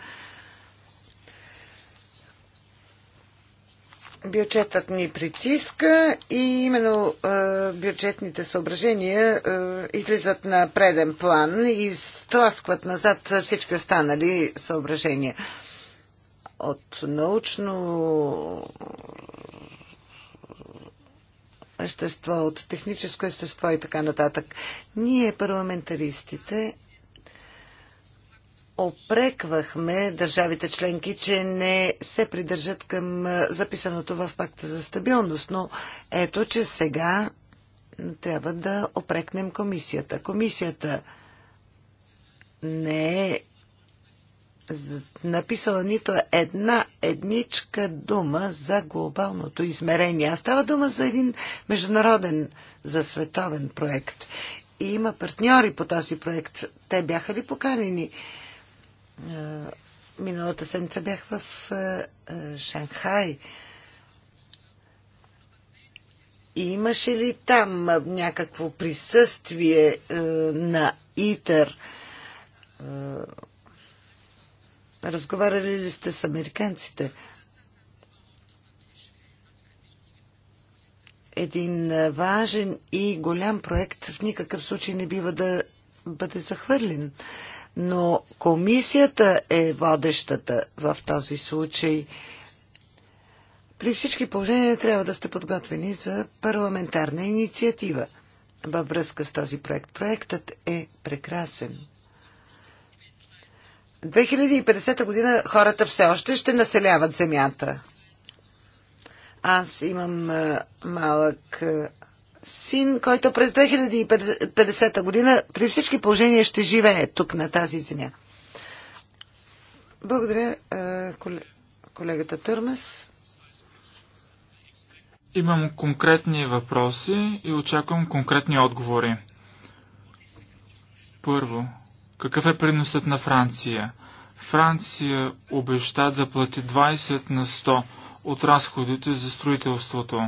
бюджетът ни притиска и именно а, бюджетните съображения а, излизат на преден план и стласкват назад всички останали съображения. От научно естество, от техническо естество и така нататък. Ние, парламентаристите, опреквахме държавите членки, че не се придържат към записаното в пакта за стабилност. Но ето, че сега трябва да опрекнем комисията. Комисията не е написала нито една едничка дума за глобалното измерение. А става дума за един международен, за световен проект. И има партньори по този проект. Те бяха ли поканени? Миналата седмица бях в Шанхай. И имаше ли там някакво присъствие на ИТЕР? Разговаряли ли сте с американците? Един важен и голям проект в никакъв случай не бива да бъде захвърлен. Но комисията е водещата в този случай. При всички положения трябва да сте подготвени за парламентарна инициатива във връзка с този проект. Проектът е прекрасен. 2050 година хората все още ще населяват Земята. Аз имам малък син, който през 2050 година при всички положения ще живее тук на тази земя. Благодаря, колегата Търмес. Имам конкретни въпроси и очаквам конкретни отговори. Първо, какъв е приносът на Франция? Франция обеща да плати 20 на 100 от разходите за строителството.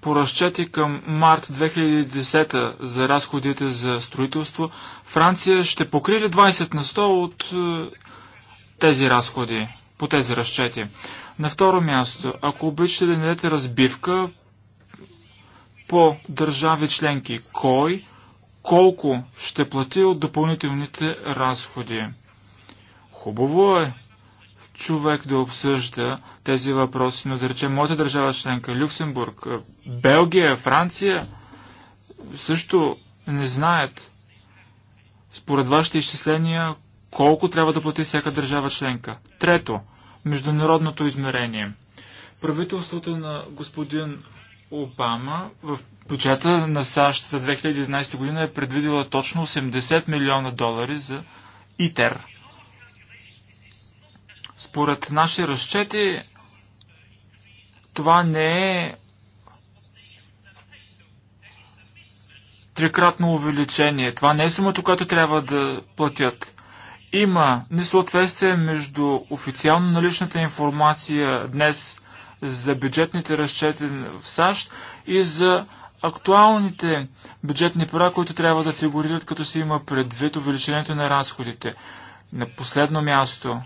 По разчети към март 2010 за разходите за строителство, Франция ще покрили 20 на 100 от е, тези разходи, по тези разчети. На второ място, ако обичате да не дадете разбивка по държави членки кой, колко ще плати от допълнителните разходи. Хубаво е човек да обсъжда тези въпроси, но да речем моята държава членка, Люксембург, Белгия, Франция също не знаят според вашите изчисления колко трябва да плати всяка държава членка. Трето, международното измерение. Правителството на господин Обама в бюджета на САЩ за 2011 година е предвидила точно 80 милиона долари за ИТЕР. Според наши разчети, това не е трикратно увеличение. Това не е сумата, която трябва да платят. Има несъответствие между официално наличната информация днес за бюджетните разчети в САЩ и за актуалните бюджетни пора, които трябва да фигурират, като се има предвид увеличението на разходите. На последно място,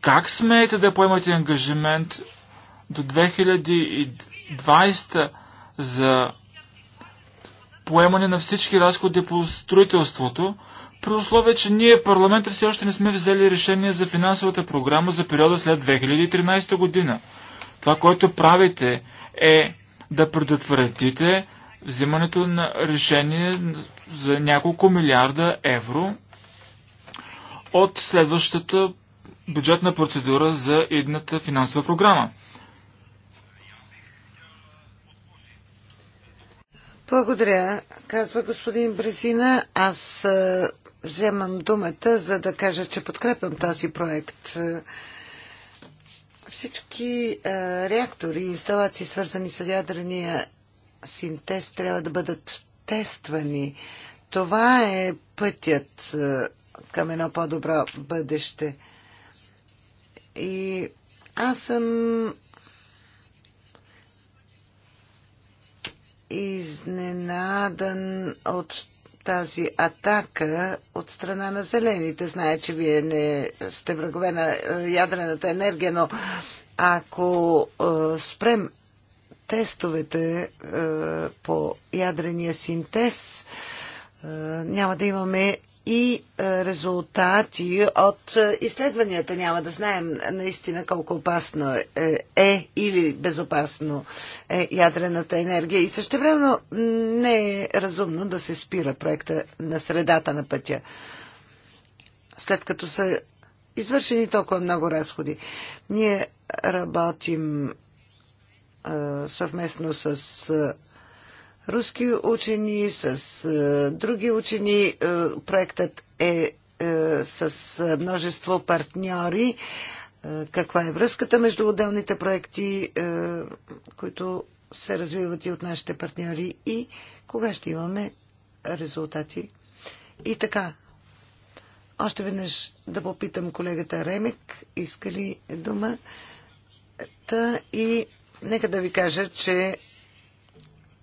как смеете да поемате ангажимент до 2020 за поемане на всички разходи по строителството, при условие, че ние парламента все още не сме взели решение за финансовата програма за периода след 2013 година. Това, което правите е да предотвратите взимането на решение за няколко милиарда евро от следващата бюджетна процедура за едната финансова програма. Благодаря, казва господин Брезина. Аз вземам думата, за да кажа, че подкрепям този проект. Всички реактори и инсталации, свързани с ядрения синтез, трябва да бъдат тествани. Това е пътят към едно по-добро бъдеще. И аз съм изненадан от тази атака от страна на зелените. Знае, че вие не сте врагове на е, ядрената енергия, но ако е, спрем тестовете е, по ядрения синтез, няма да имаме и е, резултати от е, изследванията. Няма да знаем наистина колко опасно е, е или безопасно е ядрената енергия. И също време не е разумно да се спира проекта на средата на пътя, след като са извършени толкова много разходи. Ние работим съвместно с руски учени, с е, други учени. Е, проектът е, е, с множество партньори. каква е връзката между отделните проекти, които се развиват и от нашите партньори и кога ще имаме резултати. И така, още веднъж да попитам колегата Ремек, иска ли дума. Та и нека да ви кажа, че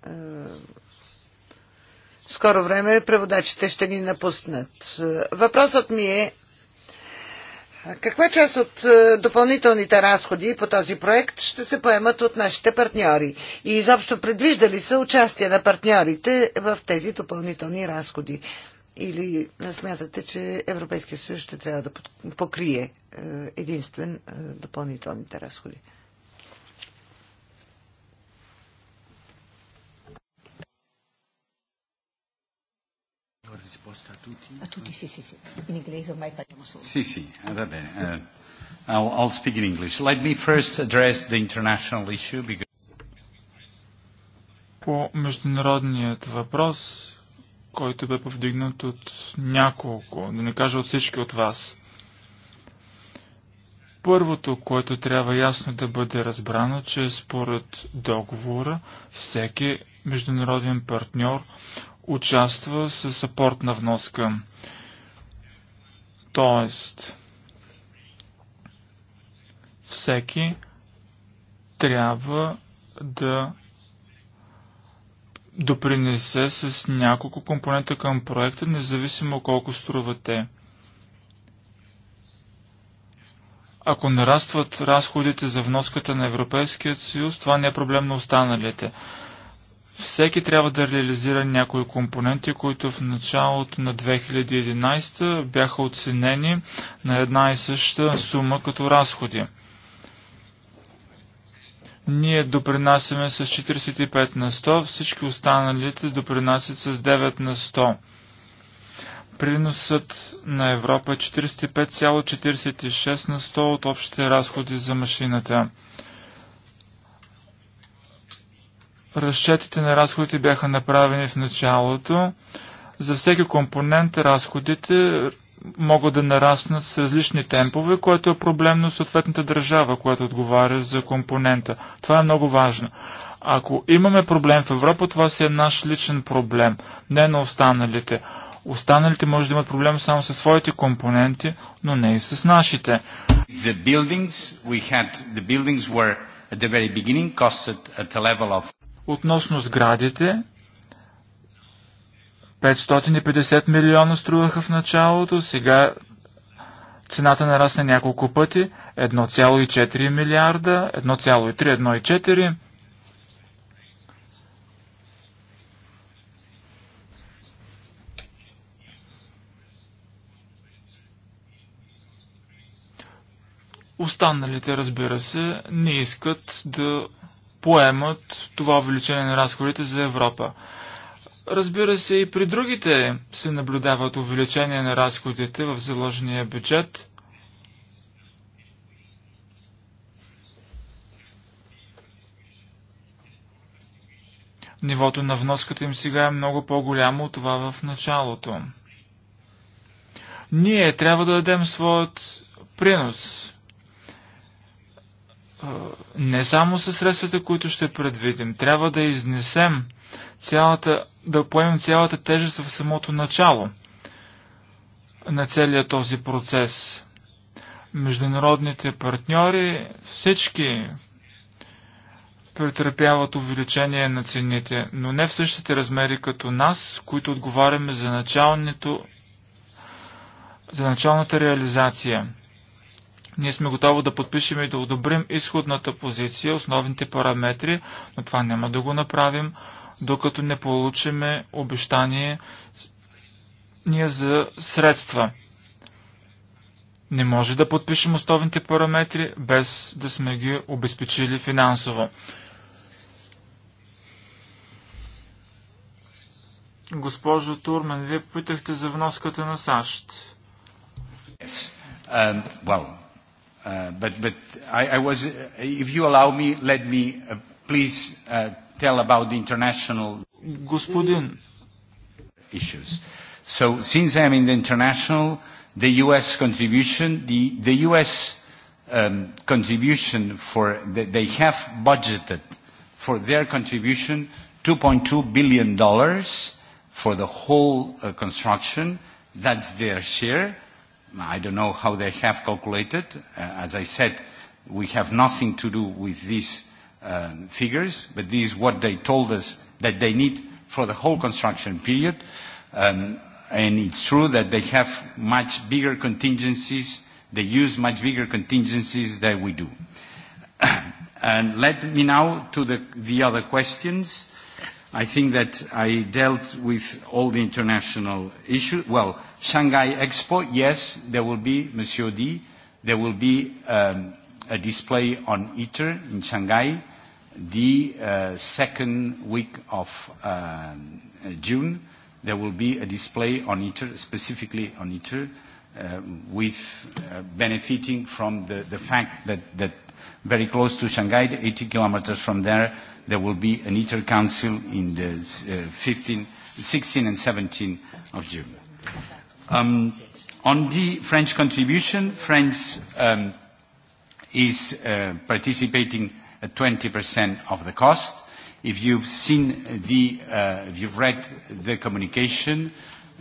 в е, скоро време преводачите ще ни напуснат. Е, въпросът ми е каква част от е, допълнителните разходи по този проект ще се поемат от нашите партньори? И изобщо предвижда ли се участие на партньорите в тези допълнителни разходи? Или смятате, че Европейския съюз ще трябва да покрие единствен допълнителните разходи? risposta a tutti? A tutti, sì, sì, sì. In inglese ormai parliamo solo. Sì, sì, eh, va bene. Uh, I'll, I'll speak in English. Let me first address the international issue because... По международният въпрос, който бе повдигнат от няколко, да не кажа от всички от вас. Първото, което трябва ясно да бъде разбрано, че според договора всеки международен партньор участва с апортна вноска. Тоест, всеки трябва да допринесе с няколко компонента към проекта, независимо колко струват те. Ако нарастват разходите за вноската на Европейския съюз, това не е проблем на останалите. Всеки трябва да реализира някои компоненти, които в началото на 2011 бяха оценени на една и съща сума като разходи. Ние допринасяме с 45 на 100, всички останалите допринасят с 9 на 100 приносът на Европа е 45,46 на 100 от общите разходи за машината. Разчетите на разходите бяха направени в началото. За всеки компонент разходите могат да нараснат с различни темпове, което е проблемно съответната държава, която отговаря за компонента. Това е много важно. Ако имаме проблем в Европа, това си е наш личен проблем, не на останалите. Останалите може да имат проблем само със своите компоненти, но не и с нашите. The buildings we had, the buildings were at the very beginning costed at a level of Относно сградите, 550 милиона струваха в началото, сега цената нарасна няколко пъти, 1,4 милиарда, 1,3, 1,4. Останалите, разбира се, не искат да поемат това увеличение на разходите за Европа. Разбира се, и при другите се наблюдават увеличение на разходите в заложения бюджет. Нивото на вноската им сега е много по-голямо от това в началото. Ние трябва да дадем своят принос не само със средствата, които ще предвидим, трябва да изнесем цялата, да поемем цялата тежест в самото начало на целият този процес. Международните партньори, всички претърпяват увеличение на цените, но не в същите размери като нас, които отговаряме за, началното, за началната реализация – ние сме готови да подпишем и да одобрим изходната позиция, основните параметри, но това няма да го направим, докато не получиме обещание ние за средства. Не може да подпишем основните параметри без да сме ги обезпечили финансово. Госпожо Турман, вие попитахте за вноската на САЩ. Yes. Um, well, but but I, I was, if you allow me, let me uh, please uh, tell about the international Господин. issues. So since I'm in the international, the U.S. contribution, the, the U.S. Um, contribution for, the, they have budgeted for their contribution $2.2 billion for the whole uh, construction. That's their share I don't know how they have calculated. as I said, we have nothing to do with these figures, but this is what they told us that they need for the whole construction period. and it's true that they have much bigger contingencies, they use much bigger contingencies than we do. and let me now to the, the other questions. I think that I dealt with all the international issues. Well, Shanghai Expo, yes, there will be Monsieur D. There will be a display on ITER in Shanghai the second week of June. There will be a display on ITER, specifically on ITER, with benefiting from the, the fact that, that very close to Shanghai, 80 kilometers from there, there will be an ITER council in the uh, 15, 16 and 17 of June. Um, on the French contribution, France um, is uh, participating at 20% of the cost. If you've seen the, uh, if you've read the communication,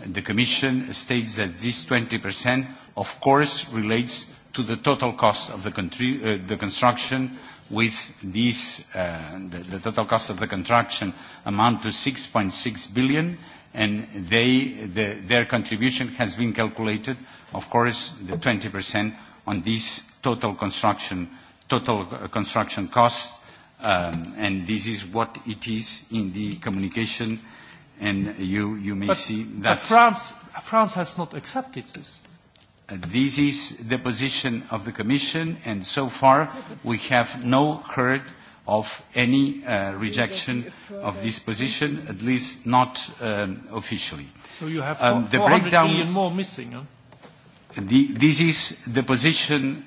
the Commission states that this 20%, of course, relates to the total cost of the, uh, the construction with these, uh, the, the total cost of the construction amount to 6.6 billion and they, the, their contribution has been calculated, of course, the 20% on this total construction, total construction cost, um, and this is what it is in the communication, and you, you may but, see that... But France, France has not accepted this. This is the position of the Commission, and so far we have no heard of any uh, rejection of this position, at least not officially. So you have four, 400 million more missing. Huh? this is the position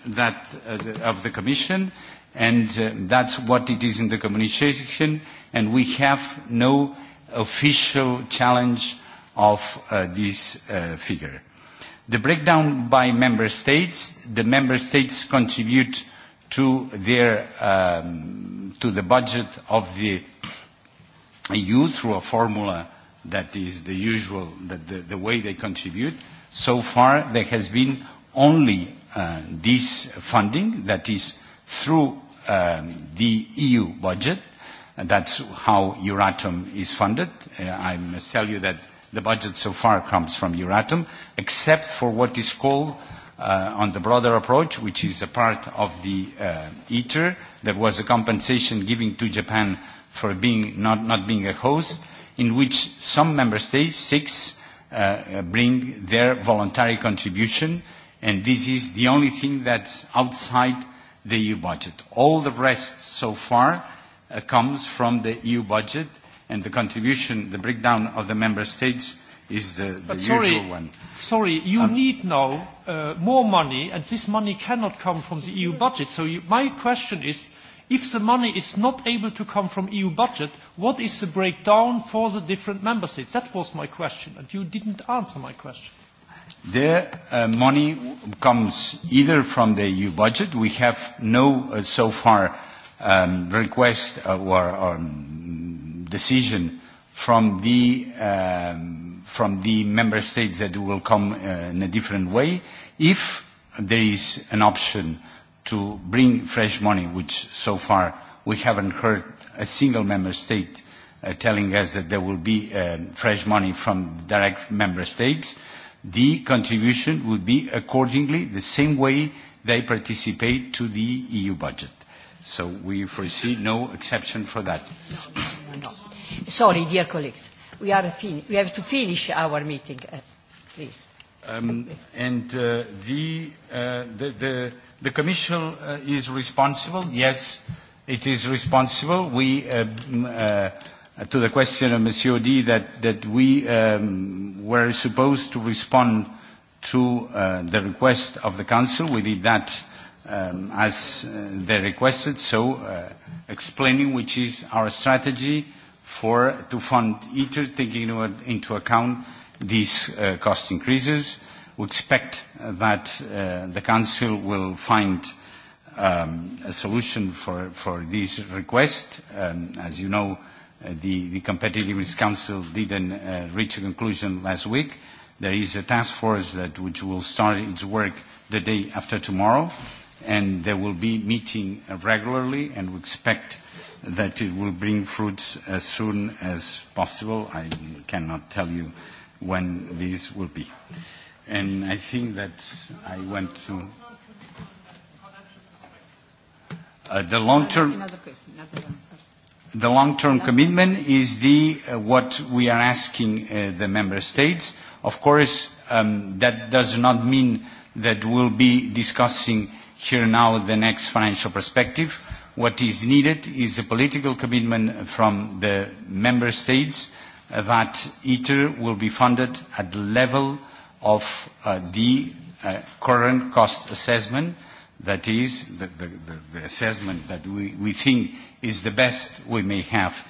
of the Commission, and that's what it is in the communication, and we have no official challenge of this figure. The breakdown by member states, the member states contribute to their um, to the budget of the EU through a formula that is the usual that the, the way they contribute. So far, there has been only uh, this funding that is through um, the EU budget. And that's how Euratom is funded. Uh, I must tell you that the budget so far comes from Euratom, except for what is called on the broader approach, which is a part of the ITER. There was a compensation given to Japan for not, being a host, in which some member states, six, bring their voluntary contribution, and this is the only thing that's outside the EU budget. All the rest so far comes from the EU budget, and the contribution, the breakdown of the member states is the, the but sorry, usual one. Sorry, you um, need now uh, more money, and this money cannot come from the EU budget. So you, my question is, if the money is not able to come from EU budget, what is the breakdown for the different member states? That was my question, and you didn't answer my question. The uh, money comes either from the EU budget. We have no, uh, so far, um, request or, or um, decision from the um, from the member states that will come uh, in a different way. If there is an option to bring fresh money, which so far we haven't heard a single member state uh, telling us that there will be uh, fresh money from direct member states, the contribution would be accordingly the same way they participate to the EU budget. So we foresee no exception for that. No, no, no. Sorry, dear colleagues we, are fin- we have to finish our meeting, uh, please. Um, and uh, the, uh, the, the, the Commission uh, is responsible. Yes, it is responsible. We, uh, uh, to the question of Monsieur D, that, that we um, were supposed to respond to uh, the request of the Council. We did that um, as uh, they requested, so uh, explaining which is our strategy for to fund ITER, taking into account these cost increases. We expect that the Council will find a solution for, this request. as you know, the, the Competitiveness Council didn't reach a conclusion last week. There is a task force that which will start its work the day after tomorrow, and they will be meeting regularly, and we expect that it will bring fruits as soon as possible. I cannot tell you when these will be. And I think that I went to uh, the long-term. The long-term commitment is the uh, what we are asking uh, the member states. Of course, um, that does not mean that we'll be discussing here now the next financial perspective What is needed is a political commitment from the member states that ITER will be funded at the level of the current cost assessment. That is the assessment that we think is the best we may have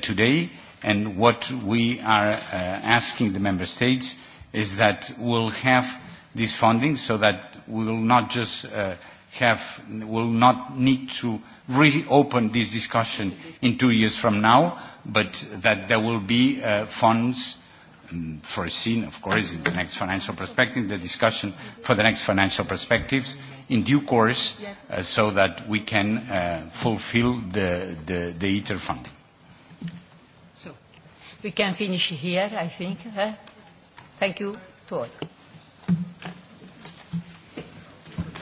today. and What we are asking the member states is that we'll have this funding so that we will not just have, will not need to reopen this discussion in two years from now, but that there will be uh, funds foreseen, of course, in the next financial perspective, the discussion for the next financial perspectives in due course, uh, so that we can uh, fulfill the, the, the ITER funding. So, we can finish here, I think. Huh? Thank you to all.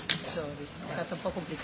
Sorry,